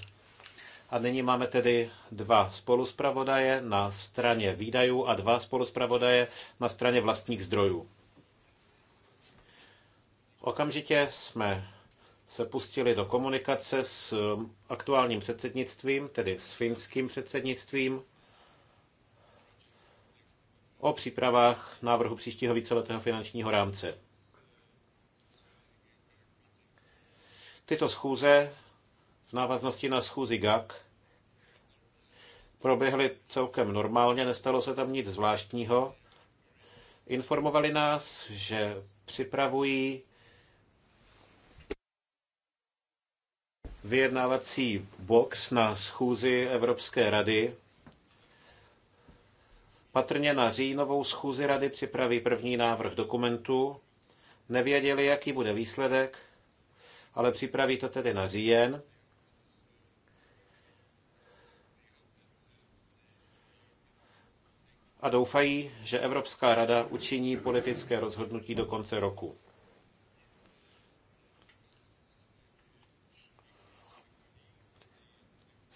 A nyní máme tedy dva spoluspravodaje na straně výdajů a dva spoluspravodaje na straně vlastních zdrojů. Okamžitě jsme se pustili do komunikace s aktuálním předsednictvím, tedy s finským předsednictvím, o přípravách návrhu příštího víceletého finančního rámce. Tyto schůze v návaznosti na schůzi GAK proběhly celkem normálně, nestalo se tam nic zvláštního. Informovali nás, že připravují vyjednávací box na schůzi Evropské rady Patrně na říjnovou schůzi rady připraví první návrh dokumentu. Nevěděli, jaký bude výsledek, ale připraví to tedy na říjen. A doufají, že Evropská rada učiní politické rozhodnutí do konce roku.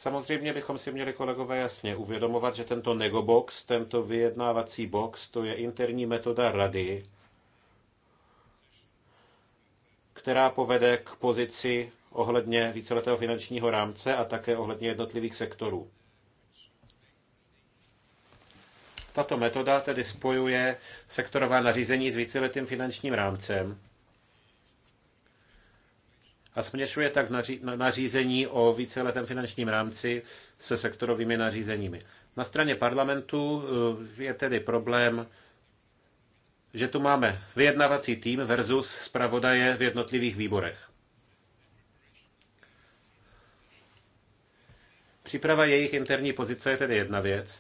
Samozřejmě bychom si měli kolegové jasně uvědomovat, že tento negobox, tento vyjednávací box, to je interní metoda rady, která povede k pozici ohledně víceletého finančního rámce a také ohledně jednotlivých sektorů. Tato metoda tedy spojuje sektorová nařízení s víceletým finančním rámcem a směšuje tak naří, nařízení o víceletém finančním rámci se sektorovými nařízeními. Na straně parlamentu eh, je tedy problém, že tu máme vyjednavací tým versus zpravodaje v jednotlivých výborech. Příprava jejich interní pozice je tedy jedna věc.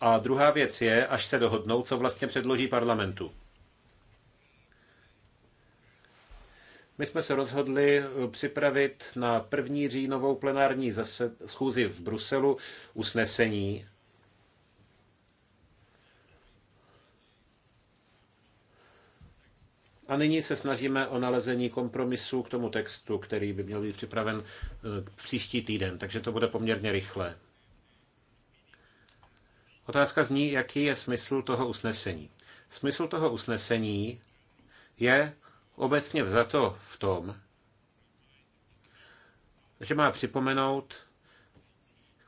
A druhá věc je, až se dohodnou, co vlastně předloží parlamentu. My jsme se rozhodli eh, připravit na první říjnovou plenární schůzi v Bruselu usnesení, A nyní se snažíme o nalezení kompromisu k tomu textu, který by měl být připraven eh, příští týden, takže to bude poměrně rychlé. Otázka zní, jaký je smysl toho usnesení. Smysl toho usnesení je obecně vzato v tom, že má připomenout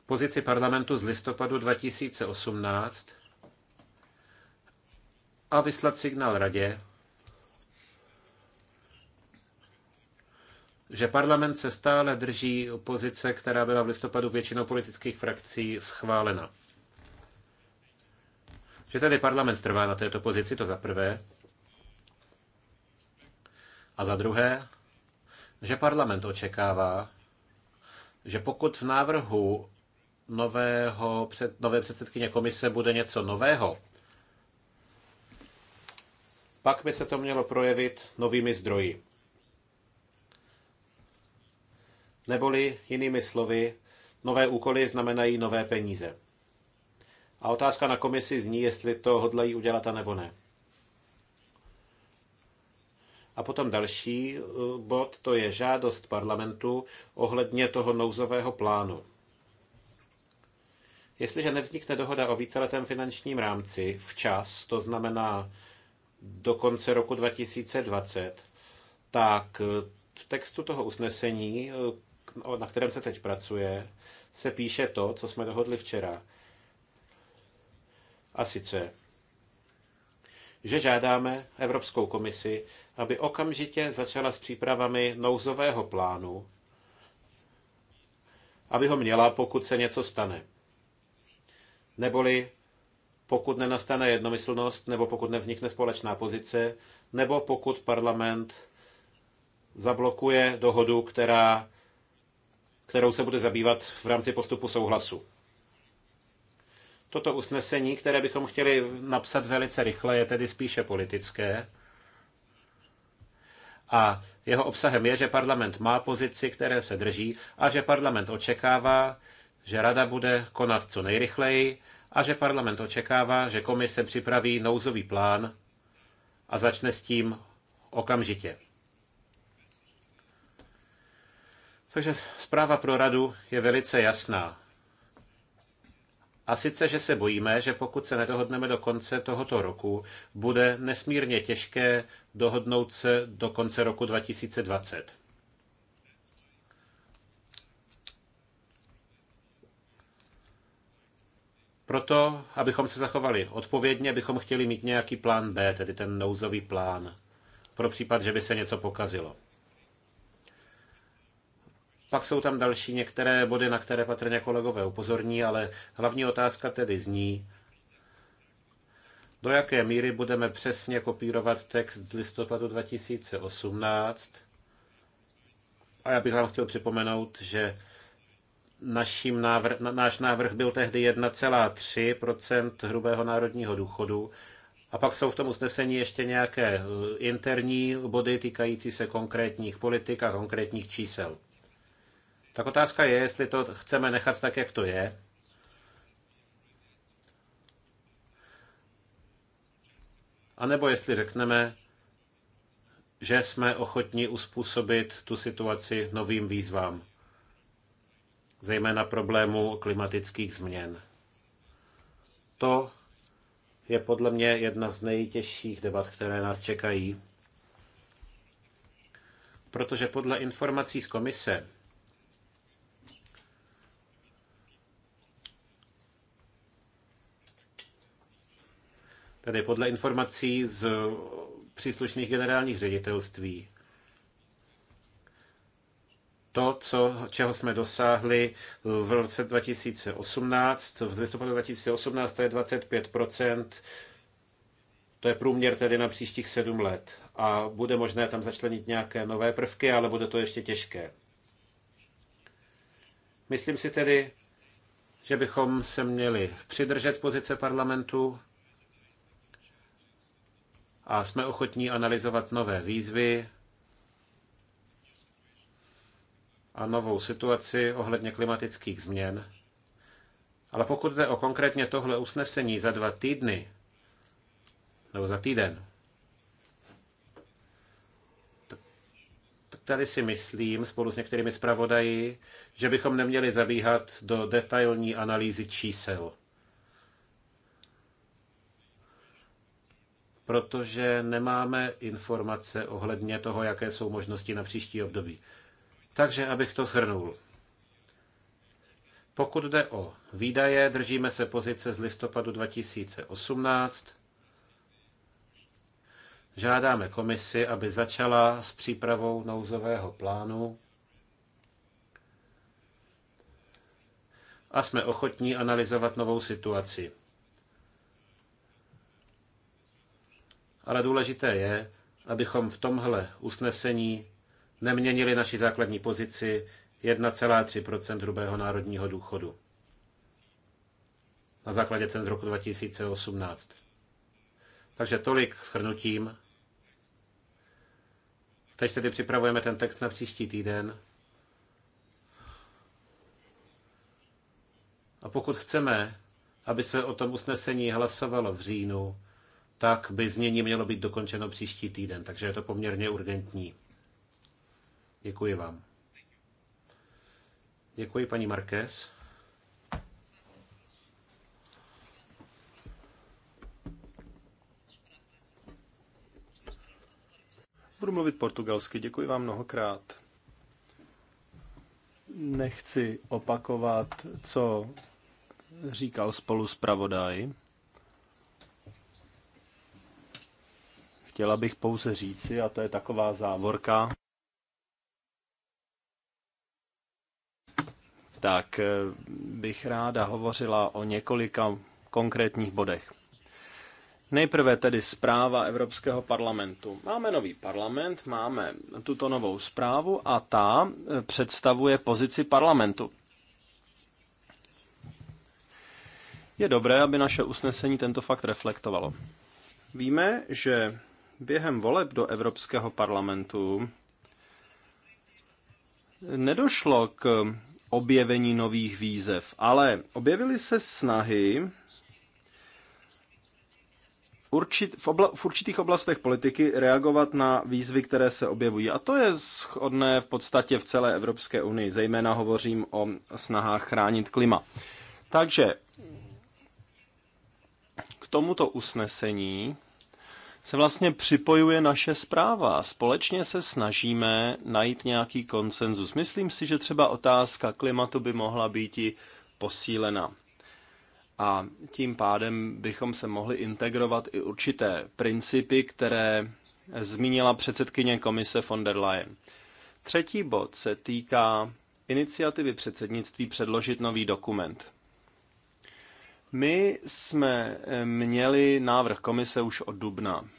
pozici parlamentu z listopadu 2018 a vyslat signál radě, že parlament se stále drží pozice, která byla v listopadu většinou politických frakcí schválena. Že tedy parlament trvá na této pozici, to za prvé. A za druhé, že parlament očekává, že pokud v návrhu nového, před, nové předsedkyně komise bude něco nového, pak by se to mělo projevit novými zdroji. Neboli jinými slovy, nové úkoly znamenají nové peníze. A otázka na komisi zní, jestli to hodlají udělat a nebo ne. A potom další eh, bod, to je žádost parlamentu ohledně toho nouzového plánu. Jestliže nevznikne dohoda o víceletém finančním rámci včas, to znamená do konce roku 2020, tak eh, v textu toho usnesení, eh, na kterém se teď pracuje, se píše to, co jsme dohodli včera. A sice, že žádáme Evropskou komisi, aby okamžitě začala s přípravami nouzového plánu, aby ho měla, pokud se něco stane. Neboli pokud nenastane jednomyslnost, nebo pokud nevznikne společná pozice, nebo pokud parlament zablokuje dohodu, která, kterou se bude zabývat v rámci postupu souhlasu. Toto usnesení, které bychom chtěli napsat velice rychle, je tedy spíše politické a jeho obsahem je, že parlament má pozici, které se drží a že parlament očekává, že rada bude konat co nejrychleji a že parlament očekává, že komise připraví nouzový plán a začne s tím okamžitě. Takže zpráva pro radu je velice jasná. A sice, že se bojíme, že pokud se nedohodneme do konce tohoto roku, bude nesmírně těžké dohodnout se do konce roku 2020. Proto, abychom se zachovali odpovědně, bychom chtěli mít nějaký plán B, tedy ten nouzový plán, pro případ, že by se něco pokazilo. Pak jsou tam další některé body, na které patrně kolegové upozorní, ale hlavní otázka tedy zní, do jaké míry budeme přesně kopírovat text z listopadu 2018. A já bych vám chtěl připomenout, že naším návr- náš návrh byl tehdy 1,3 hrubého národního důchodu. A pak jsou v tom usnesení ještě nějaké eh, interní body týkající se konkrétních politik a konkrétních čísel. Tak otázka je, jestli to chceme nechat tak, jak to je, a nebo jestli řekneme, že jsme ochotní uspůsobit tu situaci novým výzvám, zejména problému klimatických změn. To je podle mě jedna z nejtěžších debat, které nás čekají, protože podle informací z komise Tedy podle informací z příslušných generálních ředitelství. To, co, čeho jsme dosáhli v roce 2018, v listopadu 2018 to je 25 to je průměr tedy na příštích sedm let. A bude možné tam začlenit nějaké nové prvky, ale bude to ještě těžké. Myslím si tedy, že bychom se měli přidržet pozice parlamentu a jsme ochotní analyzovat nové výzvy a novou situaci ohledně klimatických změn. Ale pokud jde o konkrétně tohle usnesení za dva týdny, nebo za týden, tady si myslím, spolu s některými zpravodaji, že bychom neměli zabíhat do detailní analýzy čísel. protože nemáme informace ohledně toho, jaké jsou možnosti na příští období. Takže abych to shrnul. Pokud jde o výdaje, držíme se pozice z listopadu 2018. Žádáme komisi, aby začala s přípravou nouzového plánu. A jsme ochotní analyzovat novou situaci. ale důležité je, abychom v tomhle usnesení neměnili naši základní pozici 1,3 hrubého národního důchodu na základě cen z roku 2018. Takže tolik shrnutím. Teď tedy připravujeme ten text na příští týden. A pokud chceme, aby se o tom usnesení hlasovalo v říjnu, tak by znění mělo být dokončeno příští týden, takže je to poměrně urgentní. Děkuji vám. Děkuji, paní Marquez. Budu mluvit portugalsky, děkuji vám mnohokrát. Nechci opakovat, co říkal spolu zpravodaj. Chtěla bych pouze říci, a to je taková závorka, tak eh, bych ráda hovořila o několika konkrétních bodech. Nejprve tedy zpráva Evropského parlamentu. Máme nový parlament, máme tuto novou zprávu a ta eh, představuje pozici parlamentu. Je dobré, aby naše usnesení tento fakt reflektovalo. Víme, že během voleb do Evropského parlamentu nedošlo k objevení nových výzev, ale objevily se snahy určit, v, obla, v určitých oblastech politiky reagovat na výzvy, které se objevují. A to je shodné v podstatě v celé Evropské unii, zejména hovořím o snahách chránit klima. Takže k tomuto usnesení se vlastně připojuje naše zpráva. Společně se snažíme najít nějaký konsenzus. Myslím si, že třeba otázka klimatu by mohla být i posílena. A tím pádem bychom se mohli integrovat i určité principy, které zmínila předsedkyně komise von der Leyen. Třetí bod se týká iniciativy předsednictví předložit nový dokument. My jsme eh, měli návrh komise už od dubna.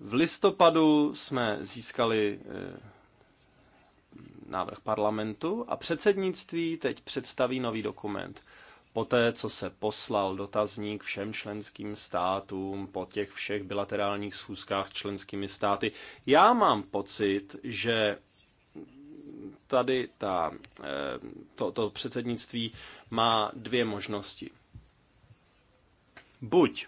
V listopadu jsme získali eh, návrh parlamentu a předsednictví teď představí nový dokument. Poté, co se poslal dotazník všem členským státům po těch všech bilaterálních schůzkách s členskými státy, já mám pocit, že tady ta, eh, to, to předsednictví má dvě možnosti. Buď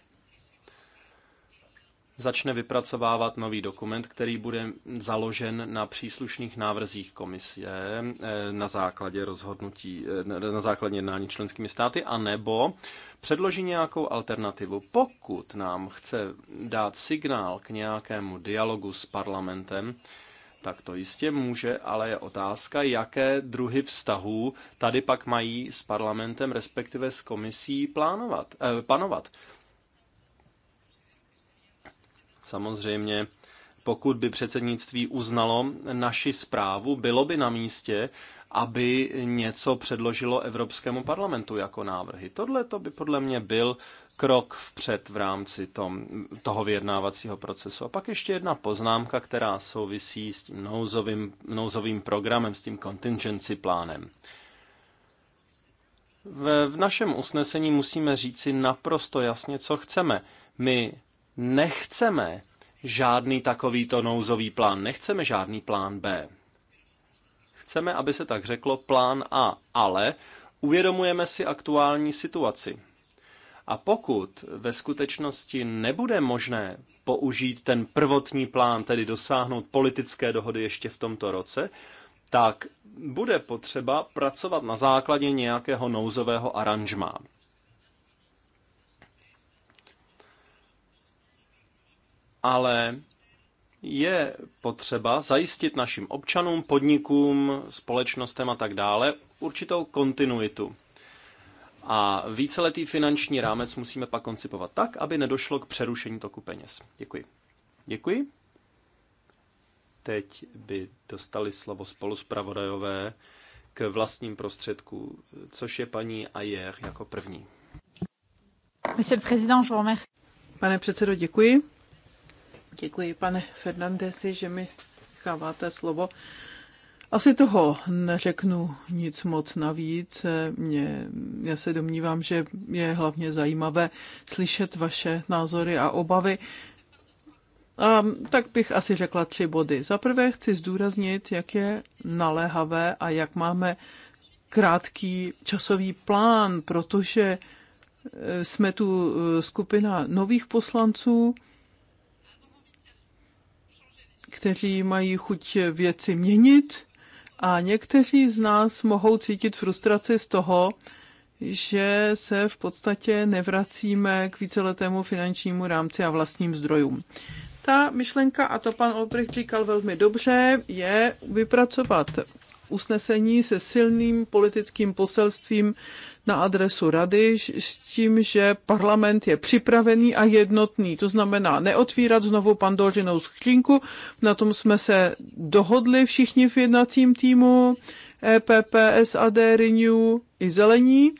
začne vypracovávat nový dokument, který bude založen na příslušných návrzích komise eh, na základě rozhodnutí, eh, na základě jednání členskými státy, anebo předloží nějakou alternativu. Pokud nám chce dát signál k nějakému dialogu s parlamentem, tak to jistě může, ale je otázka, jaké druhy vztahů tady pak mají s parlamentem, respektive s komisí plánovat, eh, panovat. Samozřejmě, pokud by předsednictví uznalo naši zprávu, bylo by na místě, aby něco předložilo Evropskému parlamentu jako návrhy. Tohle to by podle mě byl krok vpřed v rámci tom, toho vyjednávacího procesu. A pak ještě jedna poznámka, která souvisí s tím nouzovým, nouzovým programem, s tím contingency plánem. V, v našem usnesení musíme říci naprosto jasně, co chceme. My nechceme žádný takovýto nouzový plán, nechceme žádný plán B. Chceme, aby se tak řeklo, plán A, ale uvědomujeme si aktuální situaci a pokud ve skutečnosti nebude možné použít ten prvotní plán, tedy dosáhnout politické dohody ještě v tomto roce, tak bude potřeba pracovat na základě nějakého nouzového aranžmá. Ale je potřeba zajistit našim občanům, podnikům, společnostem a tak dále určitou kontinuitu. A víceletý finanční rámec musíme pak koncipovat tak, aby nedošlo k přerušení toku peněz. Děkuji. Děkuji. Teď by dostali slovo spoluspravodajové k vlastním prostředku, což je paní Ayer jako první. Monsieur le Président, je Pane předsedo, děkuji. Děkuji, pane Fernandesi, že mi cháváte slovo asi toho neřeknu nic moc navíc. Mě, já se domnívám, že je hlavně zajímavé slyšet vaše názory a obavy. A, tak bych asi řekla tři body. Za prvé chci zdůraznit, jak je naléhavé a jak máme krátký časový plán, protože e, jsme tu e, skupina nových poslanců, kteří mají chuť věci měnit a někteří z nás mohou cítit frustraci z toho, že se v podstatě nevracíme k víceletému finančnímu rámci a vlastním zdrojům. Ta myšlenka, a to pan Olbrich říkal velmi dobře, je vypracovat usnesení se silným politickým poselstvím na adresu rady s tím, že parlament je připravený a jednotný. To znamená neotvírat znovu pandořinou skřínku. Na tom jsme se dohodli všichni v jednacím týmu EPP, SAD, Renew i Zelení.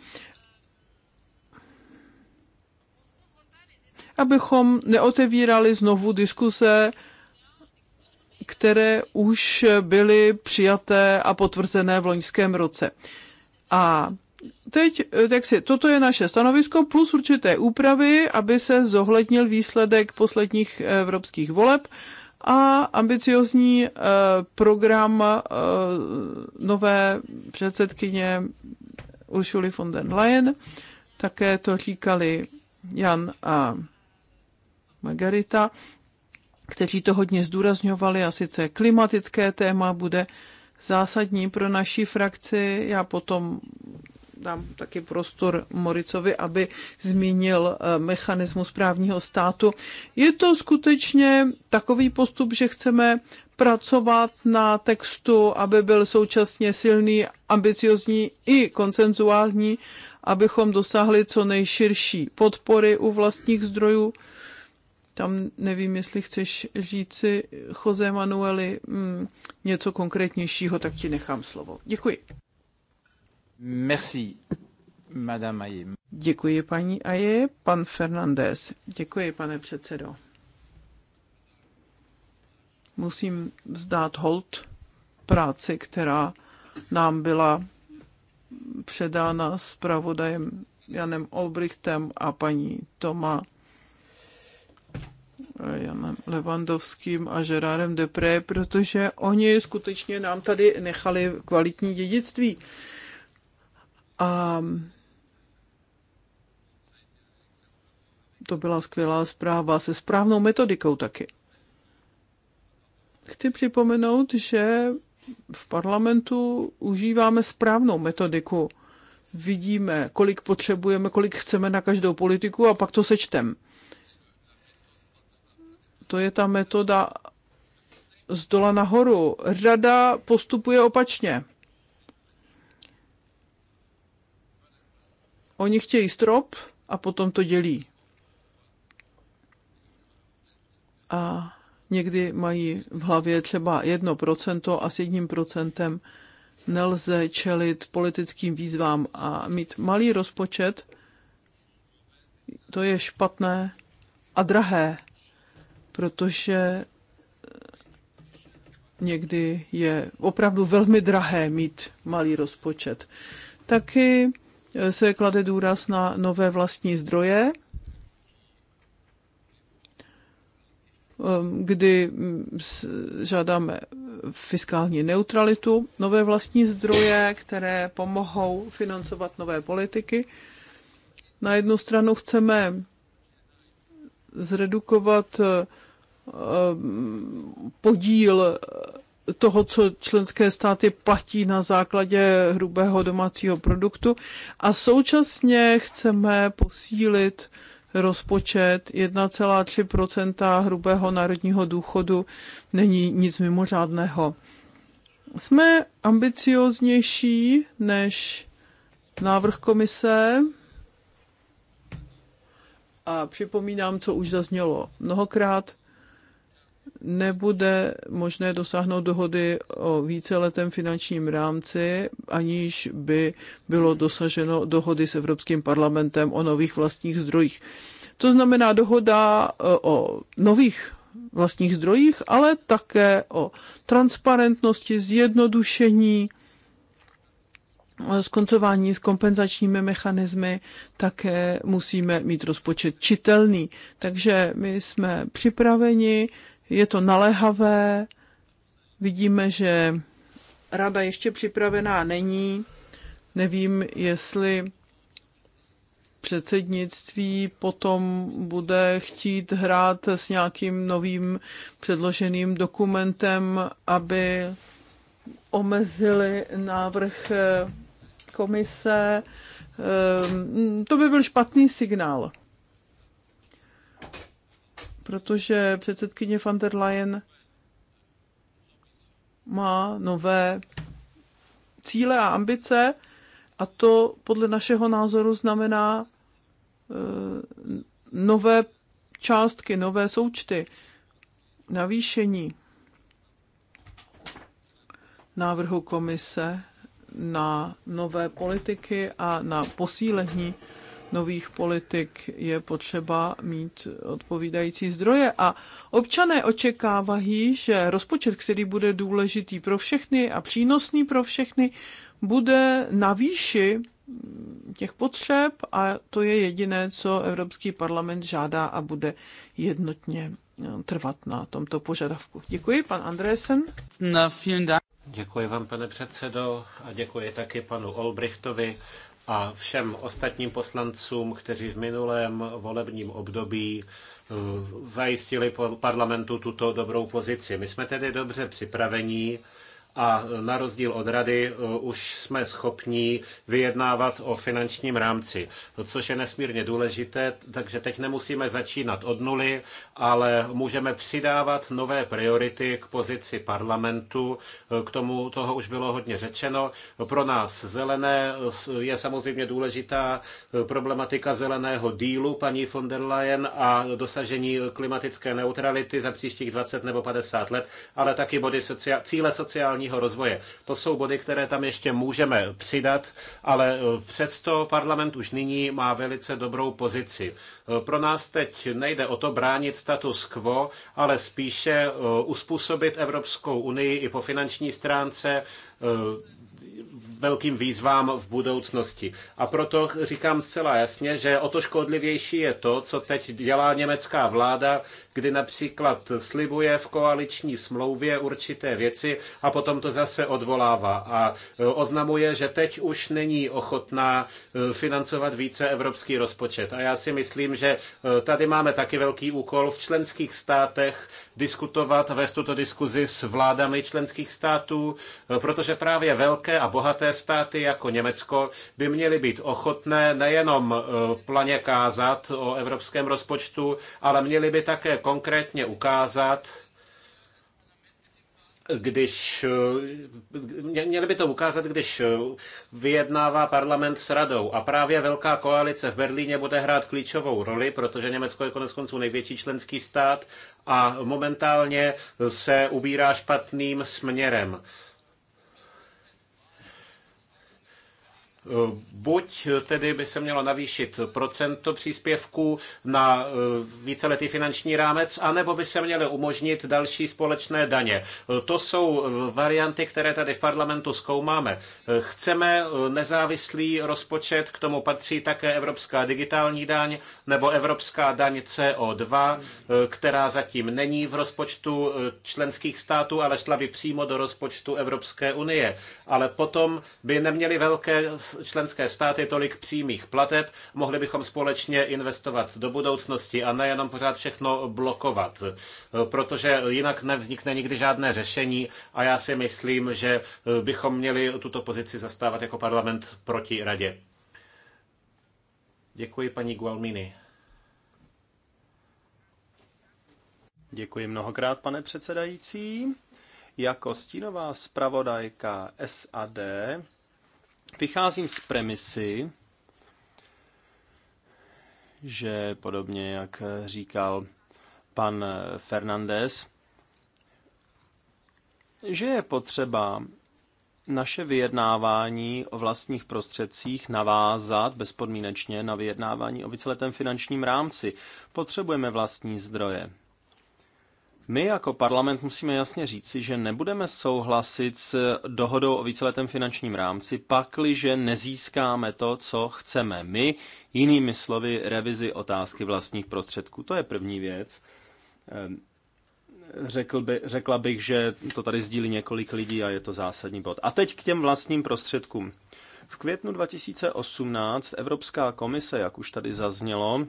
abychom neotevírali znovu diskuse, které už byly přijaté a potvrzené v loňském roce. A teď, eh, tak si, toto je naše stanovisko plus určité úpravy, aby se zohlednil výsledek posledních eh, evropských voleb a ambiciozní eh, program nové předsedkyně Uršuly von den Leyen. Také to říkali Jan a Margarita, kteří to hodně zdůrazňovali, a sice klimatické téma bude zásadní pro naši frakci. Já potom dám taky prostor Moricovi, aby zmínil eh, mechanismus právního státu. Je to skutečně takový postup, že chceme pracovat na textu, aby byl současně silný, ambiciozní i koncenzuální, abychom dosáhli co nejširší podpory u vlastních zdrojů. Tam nevím, jestli chceš říci Jose Manueli mm, něco konkrétnějšího, tak ti nechám slovo. Děkuji. Merci, Madame Aye. Děkuji, paní Aje. Pan Fernandez. Děkuji, pane předsedo. Musím vzdát hold práci, která nám byla předána s pravodajem Janem Olbrichtem a paní Toma eh, Janem Levandovským a Gerardem Depré, protože oni skutečně nám tady nechali kvalitní dědictví. A to byla skvělá zpráva se správnou metodikou taky. Chci připomenout, že v parlamentu užíváme správnou metodiku. Vidíme, kolik potřebujeme, kolik chceme na každou politiku a pak to sečtem. To je ta metoda z dola nahoru. Rada postupuje opačně. Oni chtějí strop a potom to dělí. A někdy mají v hlavě třeba 1% a s jedním procentem nelze čelit politickým výzvám a mít malý rozpočet, to je špatné a drahé, protože někdy je opravdu velmi drahé mít malý rozpočet. Taky se klade důraz na nové vlastní zdroje, um, kdy mm, žádáme fiskální neutralitu, nové vlastní zdroje, které pomohou financovat nové politiky. Na jednu stranu chceme zredukovat um, podíl toho, co členské státy platí na základě hrubého domácího produktu a současně chceme posílit rozpočet 1,3 hrubého národního důchodu není nic mimořádného. Jsme ambicioznější než návrh komise a připomínám, co už zaznělo mnohokrát nebude možné dosáhnout dohody o víceletém finančním rámci, aniž by bylo dosaženo dohody s Evropským parlamentem o nových vlastních zdrojích. To znamená dohoda e, o nových vlastních zdrojích, ale také o transparentnosti, zjednodušení, e, skoncování s kompenzačními mechanismy také musíme mít rozpočet čitelný. Takže my jsme připraveni je to naléhavé, vidíme, že rada ještě připravená není, nevím, jestli předsednictví potom bude chtít hrát s nějakým novým předloženým dokumentem, aby omezili návrh eh, komise. Ehm, to by byl špatný signál protože předsedkyně van der Leyen má nové cíle a ambice a to podle našeho názoru znamená eh, nové částky, nové součty, navýšení návrhu komise na nové politiky a na posílení nových politik je potřeba mít odpovídající zdroje a občané očekávají, že rozpočet, který bude důležitý pro všechny a přínosný pro všechny, bude na výši těch potřeb a to je jediné, co Evropský parlament žádá a bude jednotně trvat na tomto požadavku. Děkuji, pan Andresen. Na vielen Dank. Děkuji vám, pane předsedo, a děkuji taky panu Olbrichtovi a všem ostatním poslancům, kteří v minulém volebním období eh, zajistili parlamentu tuto dobrou pozici. My jsme tedy dobře připraveni a na rozdíl od rady eh, už jsme schopni vyjednávat o finančním rámci, což je nesmírně důležité, takže teď nemusíme začínat od nuly, ale můžeme přidávat nové priority k pozici parlamentu, eh, k tomu toho už bylo hodně řečeno. Pro nás zelené eh, je samozřejmě důležitá problematika zeleného dílu paní von der Leyen a dosažení klimatické neutrality za příštích 20 nebo 50 let, ale taky body socia- cíle sociální regionálního rozvoje. To jsou body, které tam ještě můžeme přidat, ale e, přesto parlament už nyní má velice dobrou pozici. E, pro nás teď nejde o to bránit status quo, ale spíše e, uspůsobit Evropskou unii i po finanční stránce velkým výzvám v budoucnosti. A proto říkám zcela jasně, že o to škodlivější je to, co teď dělá německá vláda, kdy například slibuje v koaliční smlouvě určité věci a potom to zase odvolává a e, oznamuje, že teď už není ochotná e, financovat více evropský rozpočet. A já si myslím, že e, tady máme taky velký úkol v členských státech diskutovat a vést tuto diskuzi s vládami členských států, protože právě velké a bohaté státy jako Německo by měly být ochotné nejenom e, planě kázat o evropském rozpočtu, ale měly by také konkrétně ukázat, když, e, měli by to ukázat, když e, vyjednává parlament s radou. A právě velká koalice v Berlíně bude hrát klíčovou roli, protože Německo je konec konců největší členský stát a momentálně se ubírá špatným směrem. Buď tedy by se mělo navýšit procento příspěvku na e, víceletý finanční rámec, anebo by se měly umožnit další společné daně. E, to jsou e, varianty, které tady v parlamentu zkoumáme. Chceme nezávislý rozpočet, k tomu patří také Evropská digitální daň nebo Evropská daň CO2, která zatím není v rozpočtu členských států, ale šla by přímo do rozpočtu Evropské unie. Ale potom by neměly velké členské státy tolik přímých plateb, mohli bychom společně investovat do budoucnosti a nejenom pořád všechno blokovat, protože jinak nevznikne nikdy žádné řešení a já si myslím, že bychom měli tuto pozici zastávat jako parlament proti radě. Děkuji paní Gualmini. Děkuji mnohokrát, pane předsedající. Jako stínová zpravodajka SAD Vycházím z premisy, že podobně jak říkal pan Fernandez, že je potřeba naše vyjednávání o vlastních prostředcích navázat bezpodmínečně na vyjednávání o víceletém finančním rámci. Potřebujeme vlastní zdroje. My jako parlament musíme jasně říci, že nebudeme souhlasit s dohodou o víceletém finančním rámci, pakliže nezískáme to, co chceme my, jinými slovy revizi otázky vlastních prostředků. To je první věc. Ehm, řekl by, řekla bych, že to tady sdílí několik lidí a je to zásadní bod. A teď k těm vlastním prostředkům. V květnu 2018 Evropská komise, jak už tady zaznělo,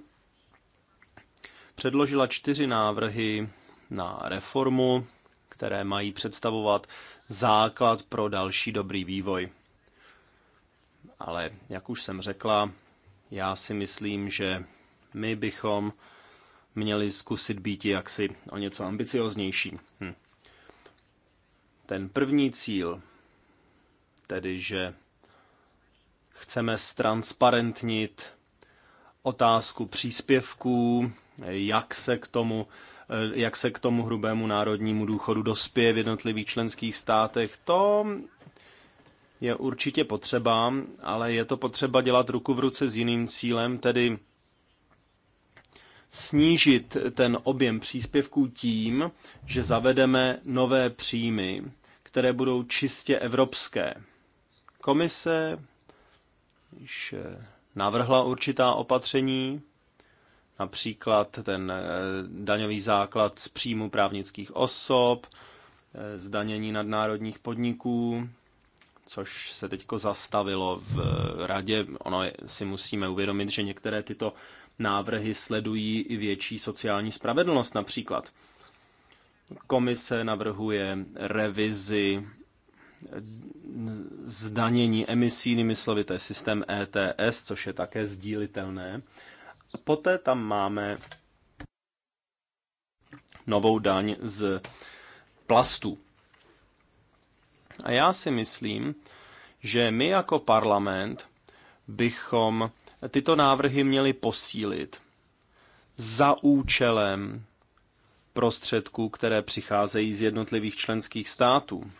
předložila čtyři návrhy na reformu, které mají představovat základ pro další dobrý vývoj. Ale jak už jsem řekla, já si myslím, že my bychom měli zkusit být jaksi o něco ambicioznější. Hm. Ten první cíl, tedy že chceme ztransparentnit otázku příspěvků, jak se k tomu Eh, jak se k tomu hrubému národnímu důchodu dospěje v jednotlivých členských státech. To je určitě potřeba, ale je to potřeba dělat ruku v ruce s jiným cílem, tedy snížit ten objem příspěvků tím, že zavedeme nové příjmy, které budou čistě evropské. Komise již eh, navrhla určitá opatření, například ten eh, daňový základ z příjmu právnických osob, eh, zdanění nadnárodních podniků, což se teď zastavilo v eh, radě. Ono si musíme uvědomit, že některé tyto návrhy sledují i větší sociální spravedlnost například. Komise navrhuje revizi zdanění emisí, nyní slovy, to je systém ETS, což je také sdílitelné. Poté tam máme novou daň z plastu A já si myslím, že my jako parlament bychom tyto návrhy měli posílit za účelem prostředků, které přicházejí z jednotlivých členských států.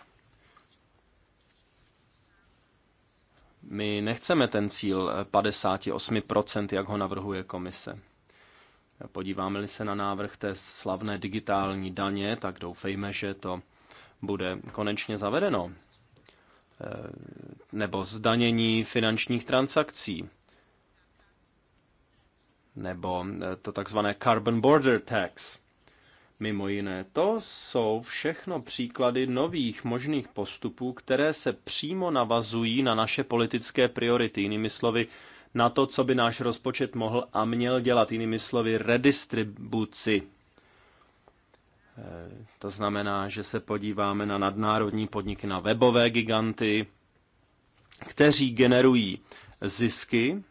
My nechceme ten cíl 58%, eh, jak ho navrhuje komise. Podíváme-li se na návrh té slavné digitální daně, tak doufejme, že to bude konečně zavedeno. Eh, nebo zdanění finančních transakcí. Nebo eh, to takzvané carbon border tax. Mimo jiné, to jsou všechno příklady nových možných postupů, které se přímo navazují na naše politické priority, jinými slovy, na to, co by náš rozpočet mohl a měl dělat, jinými slovy, redistribuci. E, to znamená, že se podíváme na nadnárodní podniky, na webové giganty, kteří generují zisky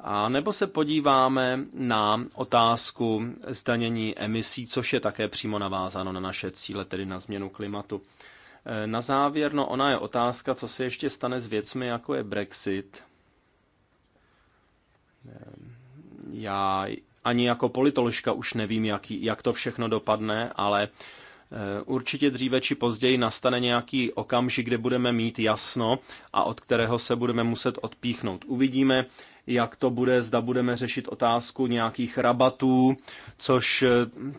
a nebo se podíváme na otázku zdanění emisí, což je také přímo navázáno na naše cíle, tedy na změnu klimatu. E, na závěr, no ona je otázka, co se ještě stane s věcmi, jako je Brexit. E, já ani jako politoložka už nevím, jak, jak to všechno dopadne, ale e, určitě dříve či později nastane nějaký okamžik, kde budeme mít jasno a od kterého se budeme muset odpíchnout. Uvidíme, jak to bude, zda budeme řešit otázku nějakých rabatů, což eh,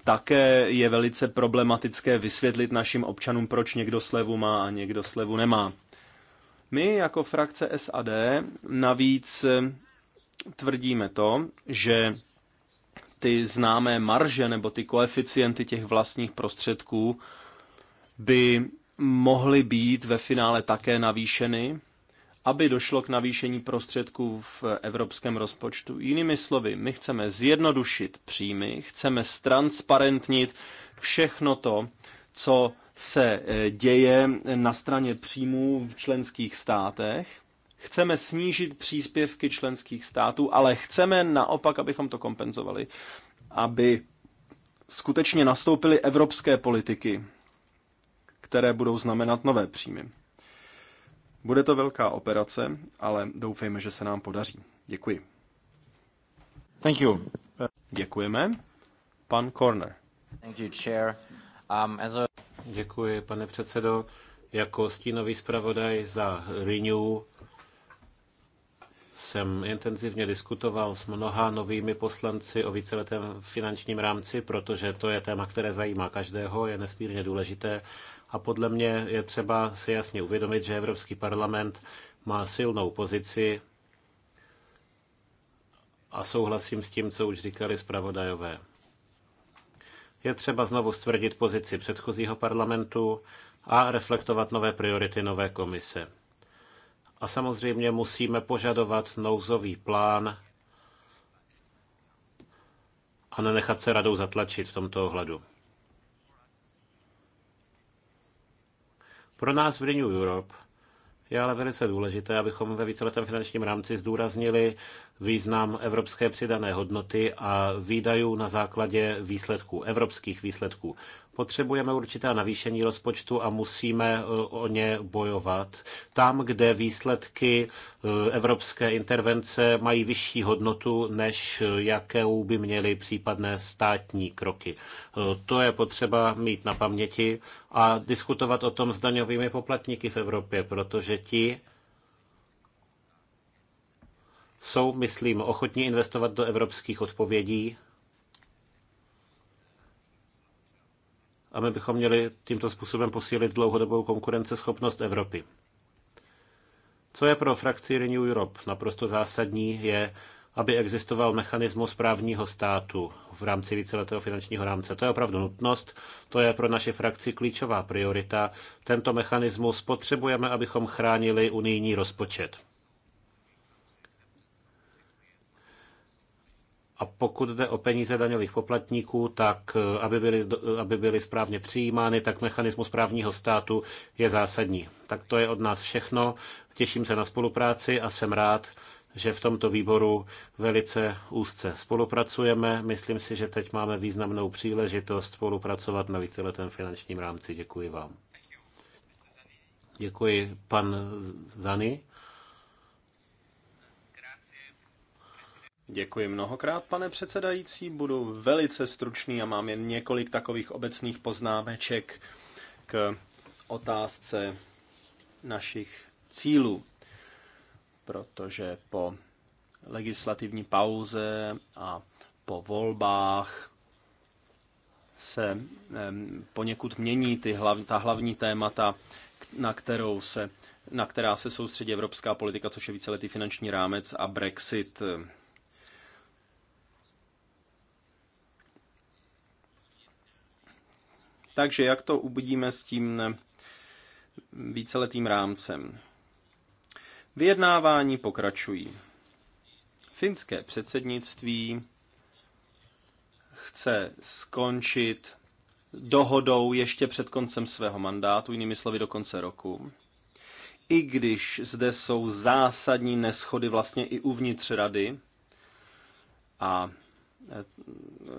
také je velice problematické vysvětlit našim občanům, proč někdo slevu má a někdo slevu nemá. My jako frakce SAD navíc eh, tvrdíme to, že ty známé marže nebo ty koeficienty těch vlastních prostředků by mohly být ve finále také navýšeny, aby došlo k navýšení prostředků v evropském rozpočtu. Jinými slovy, my chceme zjednodušit příjmy, chceme stransparentnit všechno to, co se eh, děje na straně příjmů v členských státech. Chceme snížit příspěvky členských států, ale chceme naopak, abychom to kompenzovali, aby skutečně nastoupily evropské politiky, které budou znamenat nové příjmy. Bude to velká operace, ale doufejme, že se nám podaří. Děkuji. Thank you. Děkujeme. Pan Corner. Thank you, chair. Um, as a... Děkuji, pane předsedo. Jako stínový zpravodaj za Renew jsem intenzivně diskutoval s mnoha novými poslanci o víceletém finančním rámci, protože to je téma, které zajímá každého, je nesmírně důležité a podle mě je třeba si jasně uvědomit, že Evropský parlament má silnou pozici a souhlasím s tím, co už říkali zpravodajové. Je třeba znovu stvrdit pozici předchozího parlamentu a reflektovat nové priority nové komise. A samozřejmě musíme požadovat nouzový plán a nenechat se radou zatlačit v tomto ohledu. Pro nás v Renew Europe je ale velice důležité, abychom ve víceletém finančním rámci zdůraznili význam evropské přidané hodnoty a výdajů na základě výsledků, evropských výsledků. Potřebujeme určité navýšení rozpočtu a musíme e, o ně bojovat. Tam, kde výsledky e, evropské intervence mají vyšší hodnotu, než e, jakou by měly případné státní kroky. To je potřeba mít na paměti a diskutovat o tom s daňovými poplatníky v Evropě, protože ti jsou, myslím, ochotní investovat do evropských odpovědí a my bychom měli tímto způsobem posílit dlouhodobou konkurenceschopnost Evropy. Co je pro frakci Renew Europe naprosto zásadní, je, aby existoval mechanismus právního státu v rámci víceletého finančního rámce. To je opravdu nutnost, to je pro naši frakci klíčová priorita. Tento mechanismus potřebujeme, abychom chránili unijní rozpočet. A pokud jde o peníze daňových poplatníků, tak eh, aby byly, eh, aby byly správně přijímány, tak mechanismus právního státu je zásadní. Tak to je od nás všechno. Těším se na spolupráci a jsem rád, že v tomto výboru velice úzce spolupracujeme. Myslím si, že teď máme významnou příležitost spolupracovat na víceletém finančním rámci. Děkuji vám. Děkuji, pan Zany. Děkuji mnohokrát, pane předsedající. Budu velice stručný a mám jen několik takových obecných poznámeček k otázce našich cílů, protože po legislativní pauze a po volbách se poněkud mění ty hlav, ta hlavní témata, na, kterou se, na která se soustředí evropská politika, což je víceletý finanční rámec a Brexit. Takže jak to ubudíme s tím víceletým rámcem? Vyjednávání pokračují. Finské předsednictví chce skončit dohodou ještě před koncem svého mandátu, jinými slovy do konce roku. I když zde jsou zásadní neschody vlastně i uvnitř rady a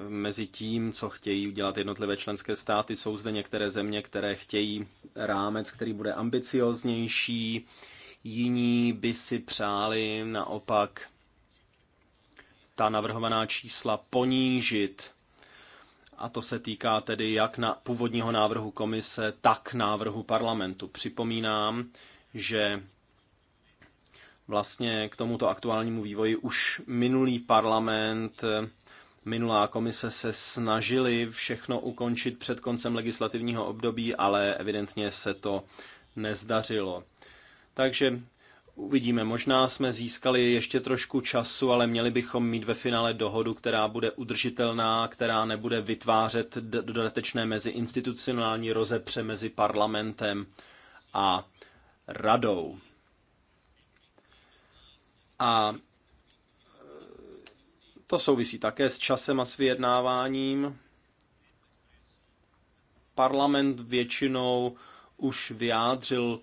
mezi tím, co chtějí udělat jednotlivé členské státy. Jsou zde některé země, které chtějí rámec, který bude ambicioznější, jiní by si přáli naopak ta navrhovaná čísla ponížit. A to se týká tedy jak na původního návrhu komise, tak návrhu parlamentu. Připomínám, že vlastně k tomuto aktuálnímu vývoji už minulý parlament minulá komise se snažili všechno ukončit před koncem legislativního období, ale evidentně se to nezdařilo. Takže uvidíme, možná jsme získali ještě trošku času, ale měli bychom mít ve finále dohodu, která bude udržitelná, která nebude vytvářet dodatečné meziinstitucionální rozepře mezi parlamentem a radou. A to souvisí také s časem a s vyjednáváním. Parlament většinou už vyjádřil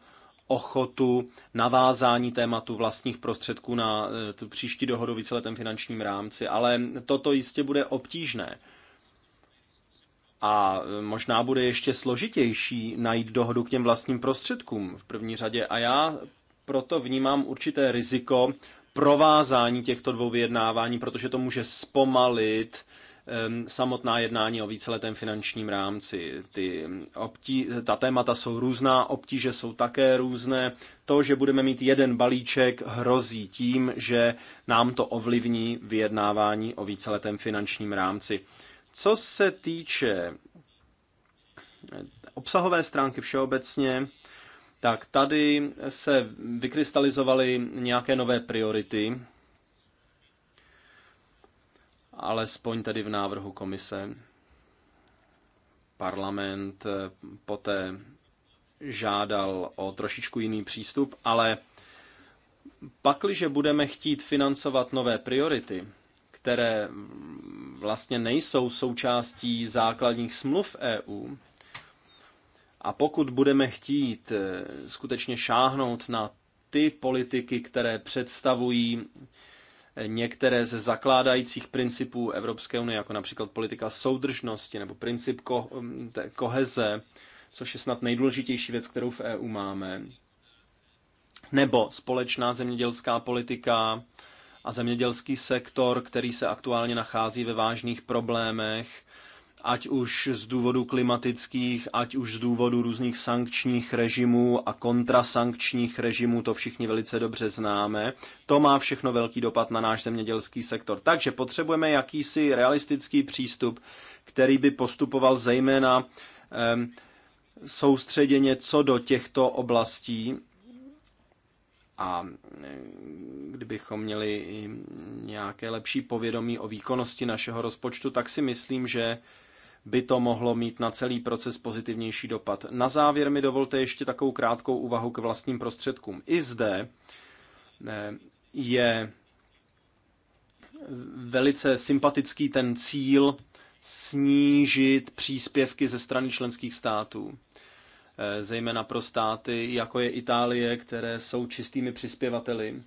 ochotu navázání tématu vlastních prostředků na tu eh, příští dohodu v celém finančním rámci, ale toto jistě bude obtížné. A eh, možná bude ještě složitější najít dohodu k těm vlastním prostředkům v první řadě. A já proto vnímám určité riziko provázání těchto dvou vyjednávání, protože to může zpomalit samotná jednání o víceletém finančním rámci. Ty obtí, ta témata jsou různá, obtíže jsou také různé. To, že budeme mít jeden balíček, hrozí tím, že nám to ovlivní vyjednávání o víceletém finančním rámci. Co se týče eh, obsahové stránky všeobecně, tak tady se vykrystalizovaly nějaké nové priority, alespoň tedy v návrhu komise. Parlament eh, poté žádal o trošičku jiný přístup, ale pakliže budeme chtít financovat nové priority, které vlastně nejsou součástí základních smluv EU, a pokud budeme chtít eh, skutečně šáhnout na ty politiky, které představují eh, některé ze zakládajících principů Evropské unie, jako například politika soudržnosti nebo princip ko- mm, koheze, což je snad nejdůležitější věc, kterou v EU máme, nebo společná zemědělská politika a zemědělský sektor, který se aktuálně nachází ve vážných problémech, ať už z důvodu klimatických, ať už z důvodu různých sankčních režimů a kontrasankčních režimů, to všichni velice dobře známe. To má všechno velký dopad na náš zemědělský sektor. Takže potřebujeme jakýsi realistický přístup, který by postupoval zejména soustředěně co do těchto oblastí, a kdybychom měli nějaké lepší povědomí o výkonnosti našeho rozpočtu, tak si myslím, že by to mohlo mít na celý proces pozitivnější dopad. Na závěr mi dovolte ještě takovou krátkou úvahu k vlastním prostředkům. I zde eh, je velice sympatický ten cíl snížit příspěvky ze strany členských států eh, zejména pro státy, jako je Itálie, které jsou čistými přispěvateli.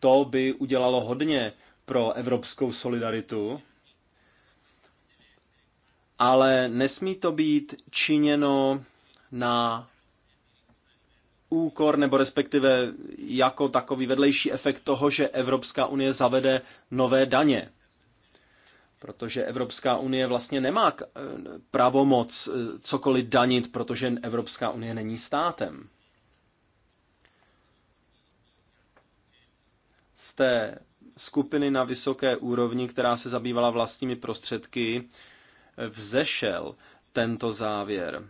To by udělalo hodně pro evropskou solidaritu ale nesmí to být činěno na úkor nebo respektive jako takový vedlejší efekt toho, že Evropská unie zavede nové daně. Protože Evropská unie vlastně nemá eh, pravomoc eh, cokoliv danit, protože Evropská unie není státem. Z té skupiny na vysoké úrovni, která se zabývala vlastními prostředky, vzešel tento závěr.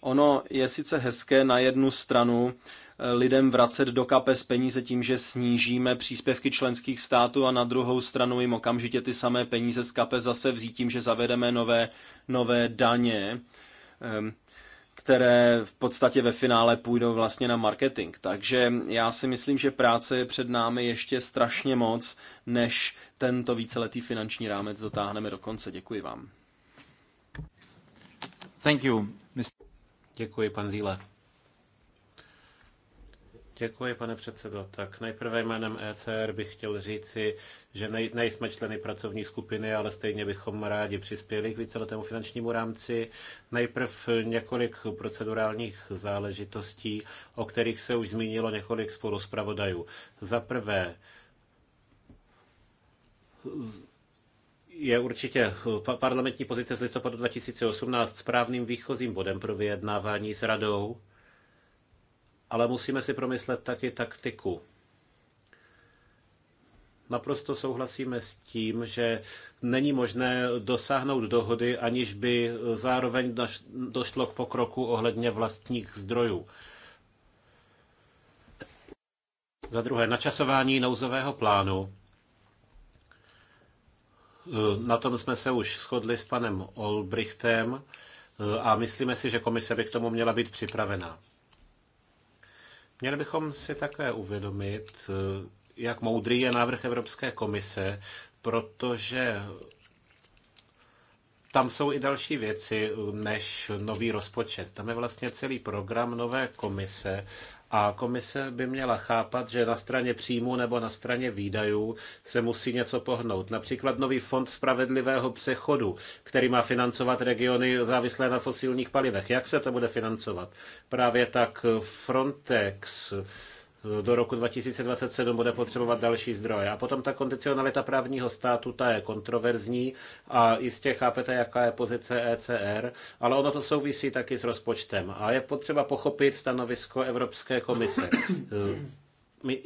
Ono je sice hezké na jednu stranu eh, lidem vracet do kapes peníze tím, že snížíme příspěvky členských států a na druhou stranu jim okamžitě ty samé peníze z kapes zase vzít tím, že zavedeme nové, nové daně. Ehm, které v podstatě ve finále půjdou vlastně na marketing. Takže já si myslím, že práce je před námi ještě strašně moc, než tento víceletý finanční rámec dotáhneme do konce. Děkuji vám. Thank you. Mr. Děkuji, pan Zíle. Děkuji, pane předsedo. Tak nejprve jménem ECR bych chtěl říci, že nej, nejsme členy pracovní skupiny, ale stejně bychom rádi přispěli k víceletému finančnímu rámci. Nejprve několik procedurálních záležitostí, o kterých se už zmínilo několik spoluzpravodajů. Za prvé, je určitě parlamentní pozice z listopadu 2018 správným výchozím bodem pro vyjednávání s radou ale musíme si promyslet taky taktiku. Naprosto souhlasíme s tím, že není možné dosáhnout dohody, aniž by zároveň došlo k pokroku ohledně vlastních zdrojů. Za druhé, načasování nouzového plánu. Na tom jsme se už shodli s panem Olbrichtem a myslíme si, že komise by k tomu měla být připravená. Měli bychom si také uvědomit, eh, jak moudrý je návrh Evropské komise, protože tam jsou i další věci eh, než nový rozpočet. Tam je vlastně celý program nové komise a komise by měla chápat, že na straně příjmů nebo na straně výdajů se musí něco pohnout. Například nový fond spravedlivého přechodu, který má financovat regiony závislé na fosilních palivech. Jak se to bude financovat? Právě tak Frontex, do roku 2027 bude potřebovat další zdroje. A potom ta kondicionalita právního státu, ta je kontroverzní a jistě chápete, jaká je pozice ECR, ale ono to souvisí taky s rozpočtem a je potřeba pochopit stanovisko Evropské komise. My...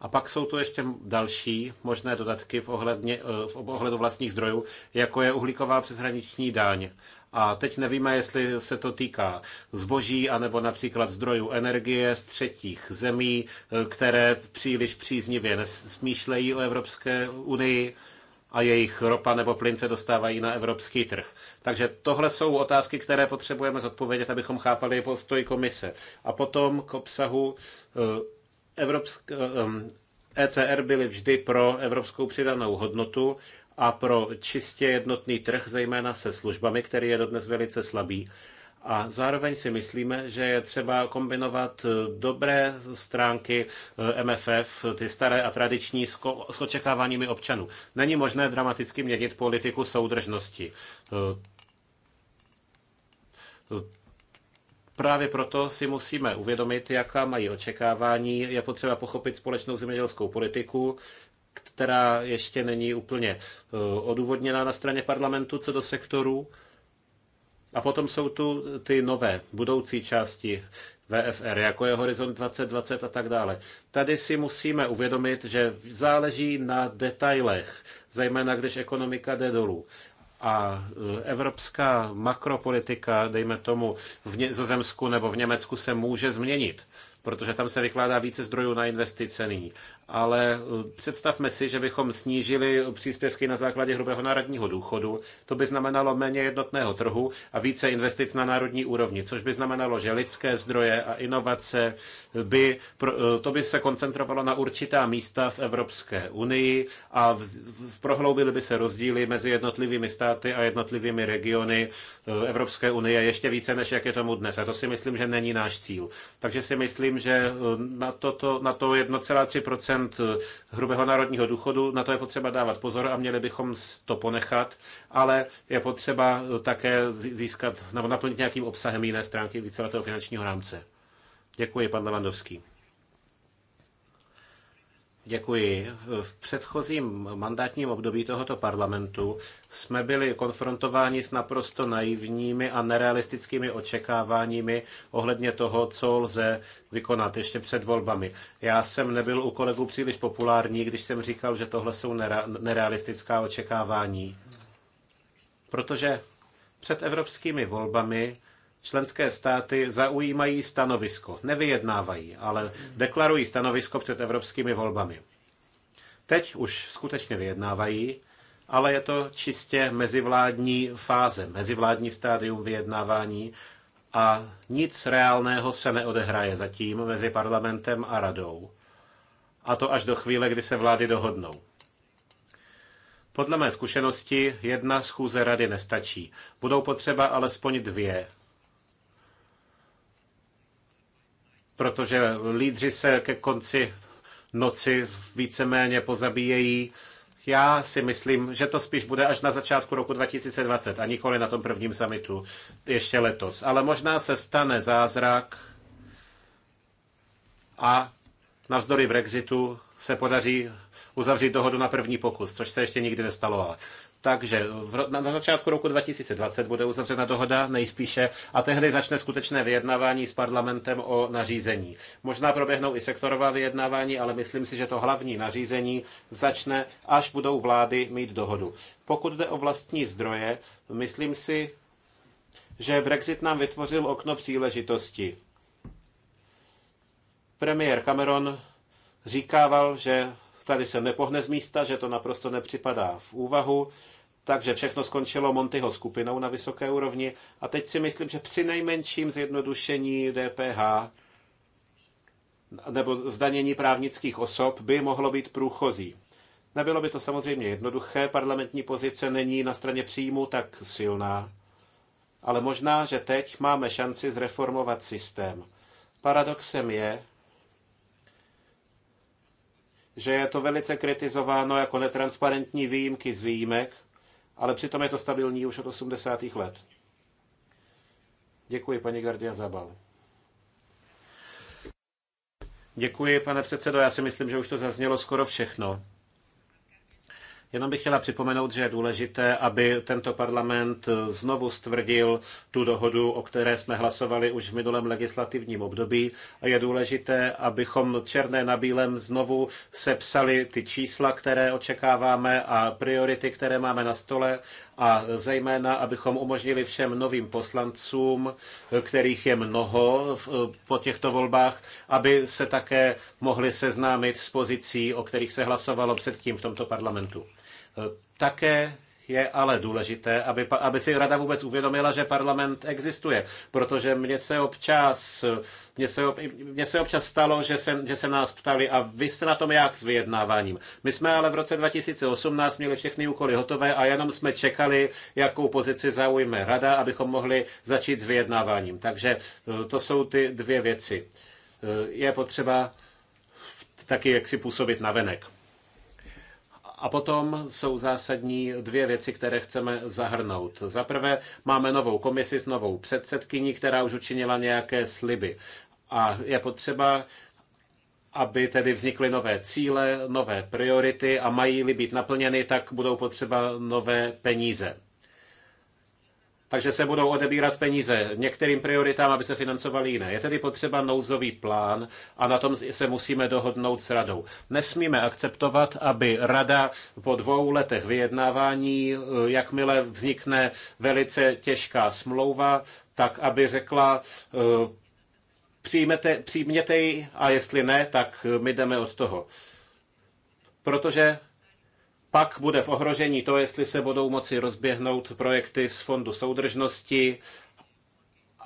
A pak jsou tu ještě další možné dodatky v, ohledně, eh, v ohledu vlastních zdrojů, jako je uhlíková přeshraniční dáň. A teď nevíme, jestli se to týká zboží, anebo například zdrojů energie z třetích zemí, které příliš příznivě nesmýšlejí o Evropské unii a jejich ropa nebo plyn se dostávají na evropský trh. Takže tohle jsou otázky, které potřebujeme zodpovědět, abychom chápali postoj komise. A potom k obsahu eh, Evropsk, eh, eh, ECR byly vždy pro evropskou přidanou hodnotu a pro čistě jednotný trh, zejména se službami, který je dodnes velice slabý. A zároveň si myslíme, že je třeba kombinovat eh, dobré stránky eh, MFF, ty staré a tradiční, s očekáváními občanů. Není možné dramaticky měnit politiku soudržnosti. Eh, Právě proto si musíme uvědomit, jaká mají očekávání. Je potřeba pochopit společnou zemědělskou politiku, která ještě není úplně eh, odůvodněná na straně parlamentu co do sektorů. A potom jsou tu ty nové, budoucí části VFR, jako je Horizont 2020 a tak dále. Tady si musíme uvědomit, že záleží na detailech, zejména když ekonomika jde dolů. A eh, evropská makropolitika, dejme tomu, v Nizozemsku nebo v Německu se může změnit, protože tam se vykládá více zdrojů na investice nyní ale eh, představme si, že bychom snížili příspěvky na základě hrubého národního důchodu. To by znamenalo méně jednotného trhu a více investic na národní úrovni, což by znamenalo, že lidské zdroje a inovace by, eh, to by se koncentrovalo na určitá místa v Evropské unii a prohloubily by se rozdíly mezi jednotlivými státy a jednotlivými regiony eh, Evropské unie ještě více, než jak je tomu dnes. A to si myslím, že není náš cíl. Takže si myslím, že na, toto, na to 1,3 Eh, hrubého národního důchodu, na to je potřeba dávat pozor a měli bychom to ponechat, ale je potřeba eh, také získat nebo naplnit nějakým obsahem jiné stránky víceletého finančního rámce. Děkuji, pan Levandovský. Děkuji. V předchozím mandátním období tohoto parlamentu jsme byli konfrontováni s naprosto naivními a nerealistickými očekáváními ohledně toho, co lze vykonat ještě před volbami. Já jsem nebyl u kolegů příliš populární, když jsem říkal, že tohle jsou nerealistická očekávání. Protože před evropskými volbami členské státy zaujímají stanovisko. Nevyjednávají, ale deklarují stanovisko před evropskými volbami. Teď už skutečně vyjednávají, ale je to čistě mezivládní fáze, mezivládní stádium vyjednávání a nic reálného se neodehraje zatím mezi parlamentem a radou. A to až do chvíle, kdy se vlády dohodnou. Podle mé zkušenosti jedna schůze rady nestačí. Budou potřeba alespoň dvě, protože lídři se ke konci noci víceméně pozabíjejí. Já si myslím, že to spíš bude až na začátku roku 2020 a nikoli na tom prvním summitu ještě letos. Ale možná se stane zázrak a navzdory Brexitu se podaří uzavřít dohodu na první pokus, což se ještě nikdy nestalo. Takže na začátku roku 2020 bude uzavřena dohoda nejspíše a tehdy začne skutečné vyjednávání s parlamentem o nařízení. Možná proběhnou i sektorová vyjednávání, ale myslím si, že to hlavní nařízení začne, až budou vlády mít dohodu. Pokud jde o vlastní zdroje, myslím si, že Brexit nám vytvořil okno příležitosti. Premiér Cameron říkával, že tady se nepohne z místa, že to naprosto nepřipadá v úvahu, takže všechno skončilo Montyho skupinou na vysoké úrovni a teď si myslím, že při nejmenším zjednodušení DPH nebo zdanění právnických osob by mohlo být průchozí. Nebylo by to samozřejmě jednoduché, parlamentní pozice není na straně příjmu tak silná, ale možná, že teď máme šanci zreformovat systém. Paradoxem je, že je to velice kritizováno jako netransparentní výjimky z výjimek, ale přitom je to stabilní už od 80. let. Děkuji, paní Gardia Zabal. Děkuji, pane předsedo. Já si myslím, že už to zaznělo skoro všechno. Jenom bych chtěla připomenout, že je důležité, aby tento parlament znovu stvrdil tu dohodu, o které jsme hlasovali už v minulém legislativním období. A je důležité, abychom černé na bílém znovu sepsali ty čísla, které očekáváme a priority, které máme na stole a zejména, abychom umožnili všem novým poslancům, kterých je mnoho po těchto volbách, aby se také mohli seznámit s pozicí, o kterých se hlasovalo předtím v tomto parlamentu. Také je ale důležité, aby, aby si rada vůbec uvědomila, že parlament existuje, protože mně se občas, mně se, mně se občas stalo, že se, že se nás ptali, a vy jste na tom jak s vyjednáváním. My jsme ale v roce 2018 měli všechny úkoly hotové a jenom jsme čekali, jakou pozici zaujme rada, abychom mohli začít s vyjednáváním. Takže eh, to jsou ty dvě věci. Eh, je potřeba taky jaksi si působit na venek. A potom jsou zásadní dvě věci, které chceme zahrnout. Za prvé máme novou komisi s novou předsedkyní, která už učinila nějaké sliby. A je potřeba aby tedy vznikly nové cíle, nové priority a mají-li být naplněny, tak budou potřeba nové peníze takže se budou odebírat peníze některým prioritám, aby se financovaly jiné. Je tedy potřeba nouzový plán a na tom se musíme dohodnout s radou. Nesmíme akceptovat, aby rada po dvou letech vyjednávání, eh, jakmile vznikne velice těžká smlouva, tak aby řekla, eh, přijmete, přijměte ji a jestli ne, tak my jdeme od toho. Protože pak bude v ohrožení to, jestli se budou moci rozběhnout projekty z Fondu soudržnosti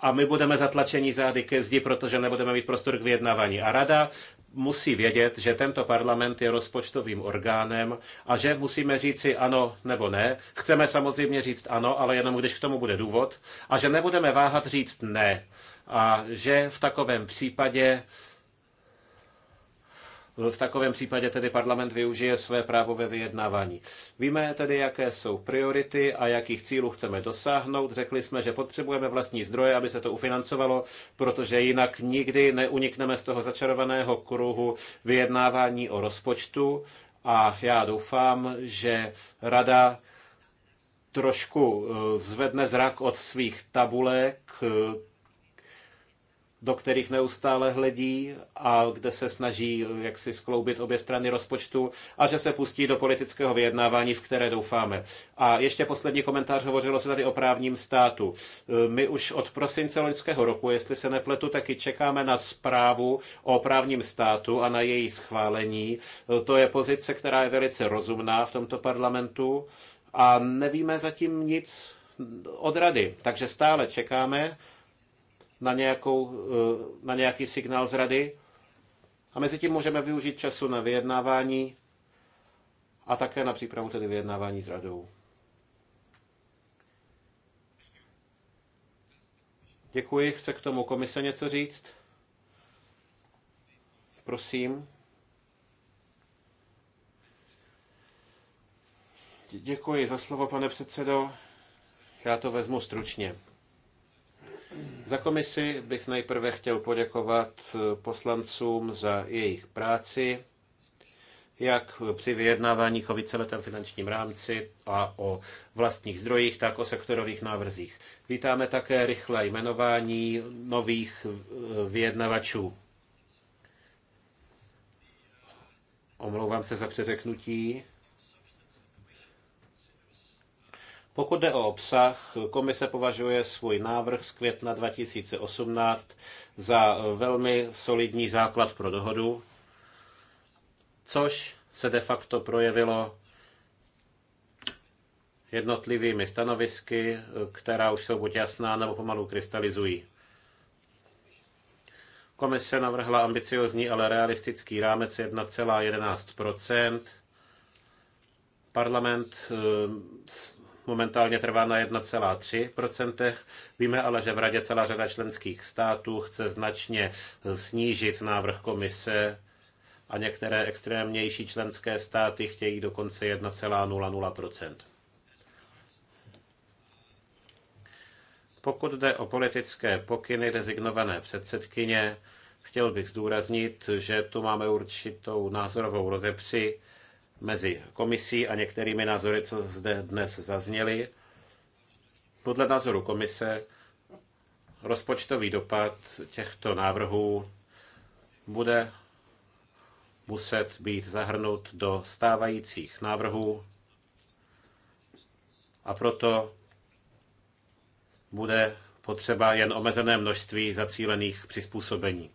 a my budeme zatlačeni zády ke zdi, protože nebudeme mít prostor k vyjednávání. A rada musí vědět, že tento parlament je rozpočtovým orgánem a že musíme říci ano nebo ne. Chceme samozřejmě říct ano, ale jenom když k tomu bude důvod. A že nebudeme váhat říct ne. A že v takovém případě v takovém případě tedy parlament využije své právo ve vyjednávání. Víme tedy, jaké jsou priority a jakých cílů chceme dosáhnout. Řekli jsme, že potřebujeme vlastní zdroje, aby se to ufinancovalo, protože jinak nikdy neunikneme z toho začarovaného kruhu vyjednávání o rozpočtu. A já doufám, že rada trošku eh, zvedne zrak od svých tabulek, eh, do kterých neustále hledí a kde se snaží jak si skloubit obě strany rozpočtu a že se pustí do politického vyjednávání, v které doufáme. A ještě poslední komentář, hovořilo se tady o právním státu. My už od prosince loňského roku, jestli se nepletu, taky čekáme na zprávu o právním státu a na její schválení. To je pozice, která je velice rozumná v tomto parlamentu a nevíme zatím nic od rady, takže stále čekáme na, nějakou, eh, na nějaký signál z rady. A mezi tím můžeme využít času na vyjednávání a také na přípravu tedy vyjednávání s radou. Děkuji. Chce k tomu komise něco říct? Prosím. Děkuji za slovo, pane předsedo. Já to vezmu stručně. Za komisi bych nejprve chtěl poděkovat eh, poslancům za jejich práci, jak při vyjednávání o víceletém finančním rámci a o vlastních zdrojích, tak o sektorových návrzích. Vítáme také rychlé jmenování nových eh, vyjednavačů. Omlouvám se za přeřeknutí. Pokud jde o obsah, komise považuje svůj návrh z května 2018 za velmi solidní základ pro dohodu, což se de facto projevilo jednotlivými stanovisky, která už jsou buď jasná nebo pomalu krystalizují. Komise navrhla ambiciozní, ale realistický rámec 1,11 Parlament eh, momentálně trvá na 1,3%. Víme ale, že v radě celá řada členských států chce značně snížit návrh komise a některé extrémnější členské státy chtějí dokonce 1,00%. Pokud jde o politické pokyny rezignované předsedkyně, chtěl bych zdůraznit, že tu máme určitou názorovou rozepři mezi komisí a některými názory, co zde dnes zazněly. Podle názoru komise rozpočtový dopad těchto návrhů bude muset být zahrnut do stávajících návrhů a proto bude potřeba jen omezené množství zacílených přizpůsobení.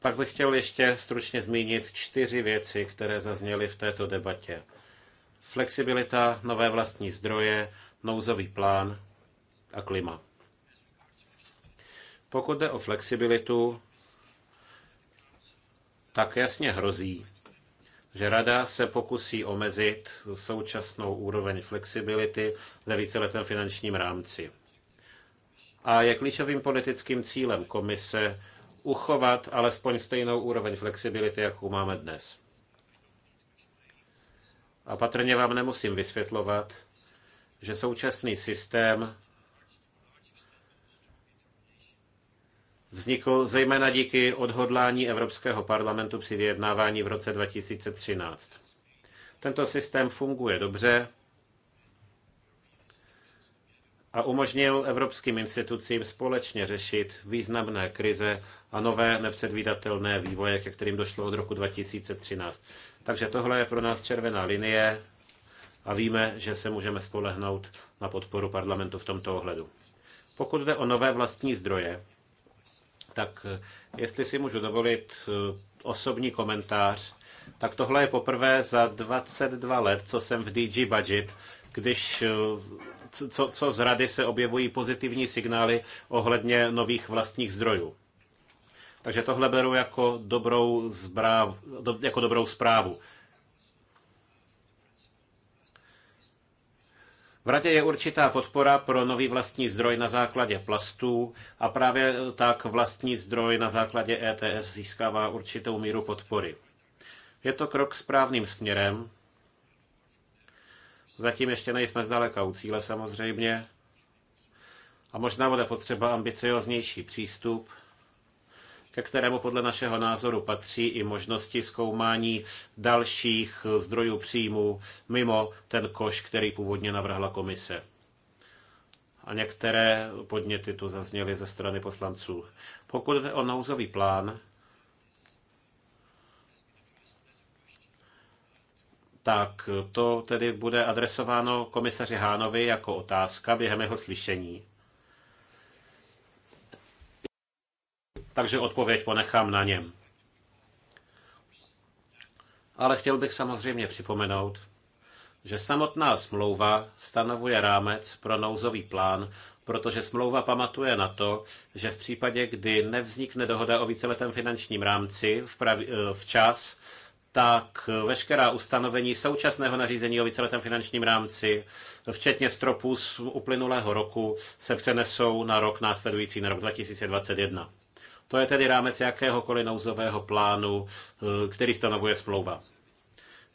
Pak bych chtěl ještě stručně zmínit čtyři věci, které zazněly v této debatě. Flexibilita, nové vlastní zdroje, nouzový plán a klima. Pokud jde o flexibilitu, tak jasně hrozí, že Rada se pokusí omezit současnou úroveň flexibility ve víceletém finančním rámci. A je klíčovým politickým cílem komise uchovat alespoň stejnou úroveň flexibility, jakou máme dnes. A patrně vám nemusím vysvětlovat, že současný systém vznikl zejména díky odhodlání Evropského parlamentu při vyjednávání v roce 2013. Tento systém funguje dobře a umožnil evropským institucím společně řešit významné krize a nové nepředvídatelné vývoje, ke kterým došlo od roku 2013. Takže tohle je pro nás červená linie a víme, že se můžeme spolehnout na podporu parlamentu v tomto ohledu. Pokud jde o nové vlastní zdroje, tak jestli si můžu dovolit eh, osobní komentář, tak tohle je poprvé za 22 let, co jsem v DG Budget, když eh, co, co z rady se objevují pozitivní signály ohledně nových vlastních zdrojů. Takže tohle beru jako dobrou, zbráv, do, jako dobrou zprávu. V radě je určitá podpora pro nový vlastní zdroj na základě plastů a právě tak vlastní zdroj na základě ETS získává určitou míru podpory. Je to krok správným směrem, Zatím ještě nejsme zdaleka u cíle samozřejmě. A možná bude potřeba ambicioznější přístup, ke kterému podle našeho názoru patří i možnosti zkoumání dalších zdrojů příjmů mimo ten koš, který původně navrhla komise. A některé podněty tu zazněly ze strany poslanců. Pokud jde o nouzový plán, tak to tedy bude adresováno komisaři Hánovi jako otázka během jeho slyšení. Takže odpověď ponechám na něm. Ale chtěl bych samozřejmě připomenout, že samotná smlouva stanovuje rámec pro nouzový plán, protože smlouva pamatuje na to, že v případě, kdy nevznikne dohoda o víceletém finančním rámci včas, tak veškerá ustanovení současného nařízení o víceletém finančním rámci, včetně stropů z uplynulého roku, se přenesou na rok následující, na rok 2021. To je tedy rámec jakéhokoliv nouzového plánu, eh, který stanovuje smlouva.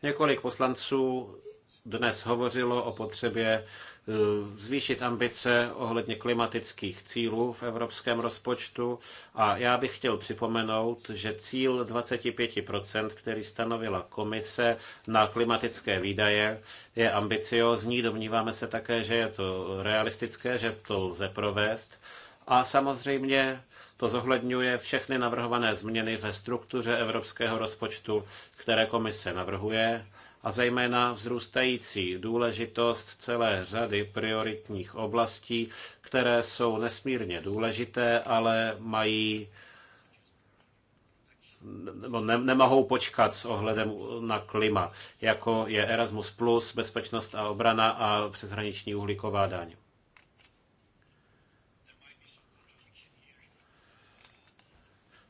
Několik poslanců dnes hovořilo o potřebě Eh, zvýšit ambice ohledně klimatických cílů v evropském rozpočtu a já bych chtěl připomenout, že cíl 25%, který stanovila komise na klimatické výdaje, je ambiciózní. Domníváme se také, že je to realistické, že to lze provést. A samozřejmě to zohledňuje všechny navrhované změny ve struktuře evropského rozpočtu, které komise navrhuje a zejména vzrůstající důležitost celé řady prioritních oblastí, které jsou nesmírně důležité, ale mají ne, nemohou počkat s ohledem na klima, jako je Erasmus+, plus, bezpečnost a obrana a přeshraniční uhlíková daň.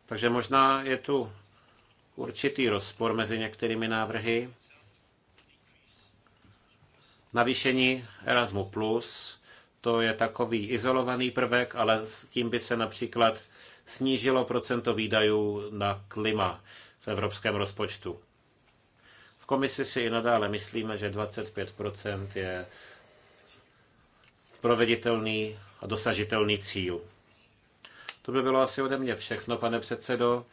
Takže možná je tu určitý rozpor mezi některými návrhy. Navýšení Erasmu+, to je takový izolovaný prvek, ale s tím by se například snížilo procento výdajů na klima v evropském rozpočtu. V komisi si i nadále myslíme, že 25% je proveditelný a dosažitelný cíl. To by bylo asi ode mě všechno, pane předsedo.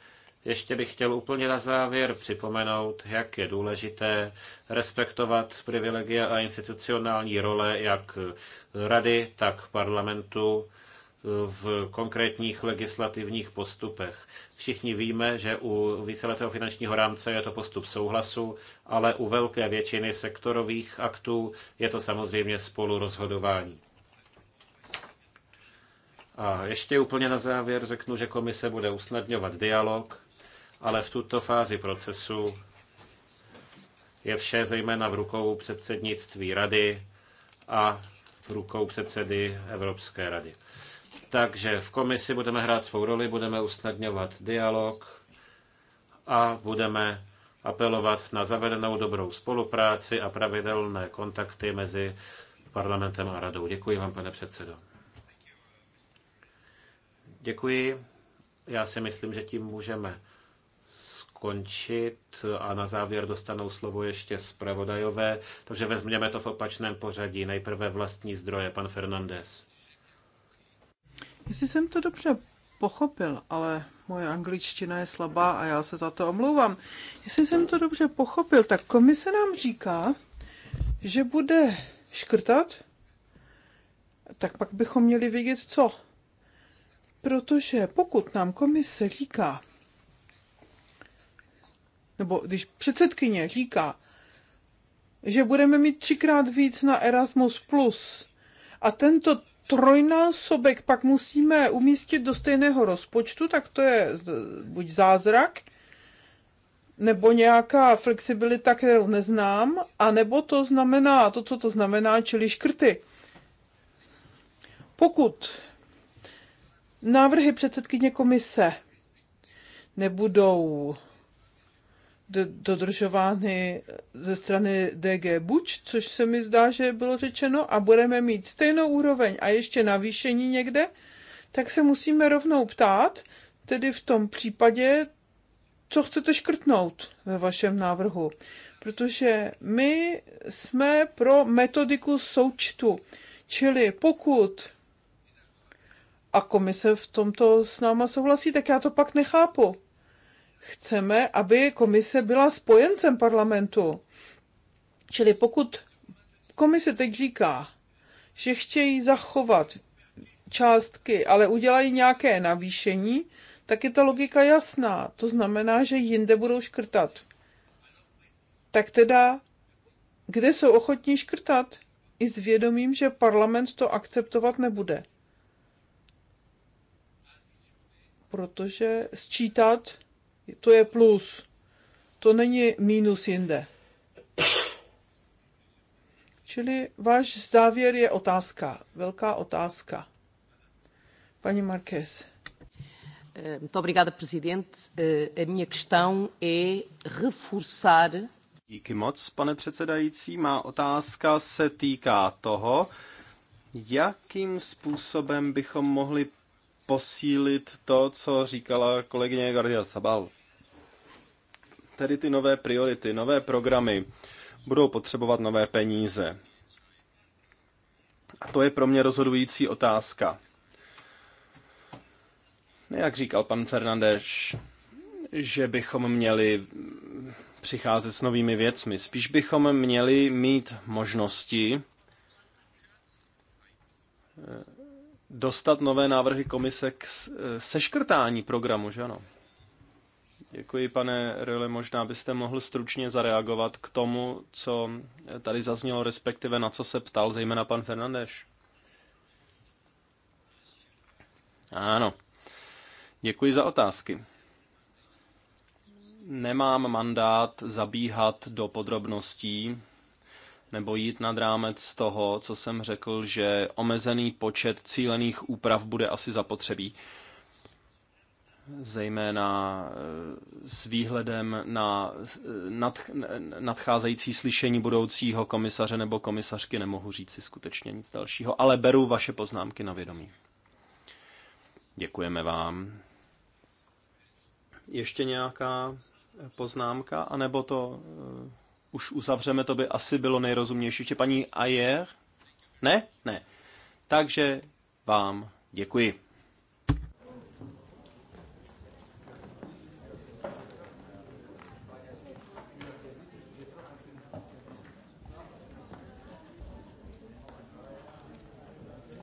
Ještě bych chtěl úplně na závěr připomenout, jak je důležité respektovat privilegia a institucionální role jak rady, tak parlamentu v konkrétních legislativních postupech. Všichni víme, že u víceletého finančního rámce je to postup souhlasu, ale u velké většiny sektorových aktů je to samozřejmě spolurozhodování. A ještě úplně na závěr řeknu, že komise bude usnadňovat dialog ale v tuto fázi procesu je vše zejména v rukou předsednictví rady a v rukou předsedy Evropské rady. Takže v komisi budeme hrát svou roli, budeme usnadňovat dialog a budeme apelovat na zavedenou dobrou spolupráci a pravidelné kontakty mezi parlamentem a radou. Děkuji vám, pane předsedo. Děkuji. Já si myslím, že tím můžeme končit a na závěr dostanou slovo ještě zpravodajové, takže vezměme to v opačném pořadí. Nejprve vlastní zdroje, pan Fernandez. Jestli jsem to dobře pochopil, ale moje angličtina je slabá a já se za to omlouvám. Jestli jsem to dobře pochopil, tak komise nám říká, že bude škrtat, tak pak bychom měli vědět co. Protože pokud nám komise říká, nebo když předsedkyně říká, že budeme mít třikrát víc na Erasmus+, Plus, a tento trojnásobek pak musíme umístit do stejného rozpočtu, tak to je buď zázrak, nebo nějaká flexibilita, kterou neznám, a nebo to znamená to, co to znamená, čili škrty. Pokud návrhy předsedkyně komise nebudou dodržovány ze strany DG Buč, což se mi zdá, že bylo řečeno, a budeme mít stejnou úroveň a ještě navýšení někde, tak se musíme rovnou ptát, tedy v tom případě, co chcete škrtnout ve vašem návrhu. Protože my jsme pro metodiku součtu. Čili pokud a komise v tomto s náma souhlasí, tak já to pak nechápu chceme, aby komise byla spojencem parlamentu. Čili pokud komise teď říká, že chtějí zachovat částky, ale udělají nějaké navýšení, tak je ta logika jasná. To znamená, že jinde budou škrtat. Tak teda, kde jsou ochotní škrtat? I s vědomím, že parlament to akceptovat nebude. Protože sčítat to je plus. To není minus jinde. Čili váš závěr je otázka, velká otázka. Pani Marquez. Eh, muito obrigada, Presidente. Eh, a minha questão é reforçar. Díky moc, pane předsedající. Má otázka se týká toho, jakým způsobem bychom mohli posílit to, co říkala kolegyně Gardia Sabal. Tedy ty nové priority, nové programy budou potřebovat nové peníze. A to je pro mě rozhodující otázka. Jak říkal pan Fernandeš, že bychom měli přicházet s novými věcmi. Spíš bychom měli mít možnosti dostat nové návrhy komise k e, seškrtání programu, že ano? Děkuji, pane Rile, Možná byste mohl stručně zareagovat k tomu, co e, tady zaznělo, respektive na co se ptal zejména pan Fernandeš. Ano. Děkuji za otázky. Nemám mandát zabíhat do podrobností nebo jít nad rámec toho, co jsem řekl, že omezený počet cílených úprav bude asi zapotřebí. Zejména eh, s výhledem na eh, nadcházející slyšení budoucího komisaře nebo komisařky nemohu říct si skutečně nic dalšího, ale beru vaše poznámky na vědomí. Děkujeme vám. Ještě nějaká poznámka, anebo to eh, už uzavřeme, to by asi bylo nejrozumější. Ještě paní Ayer? Ne? Ne. Takže vám děkuji.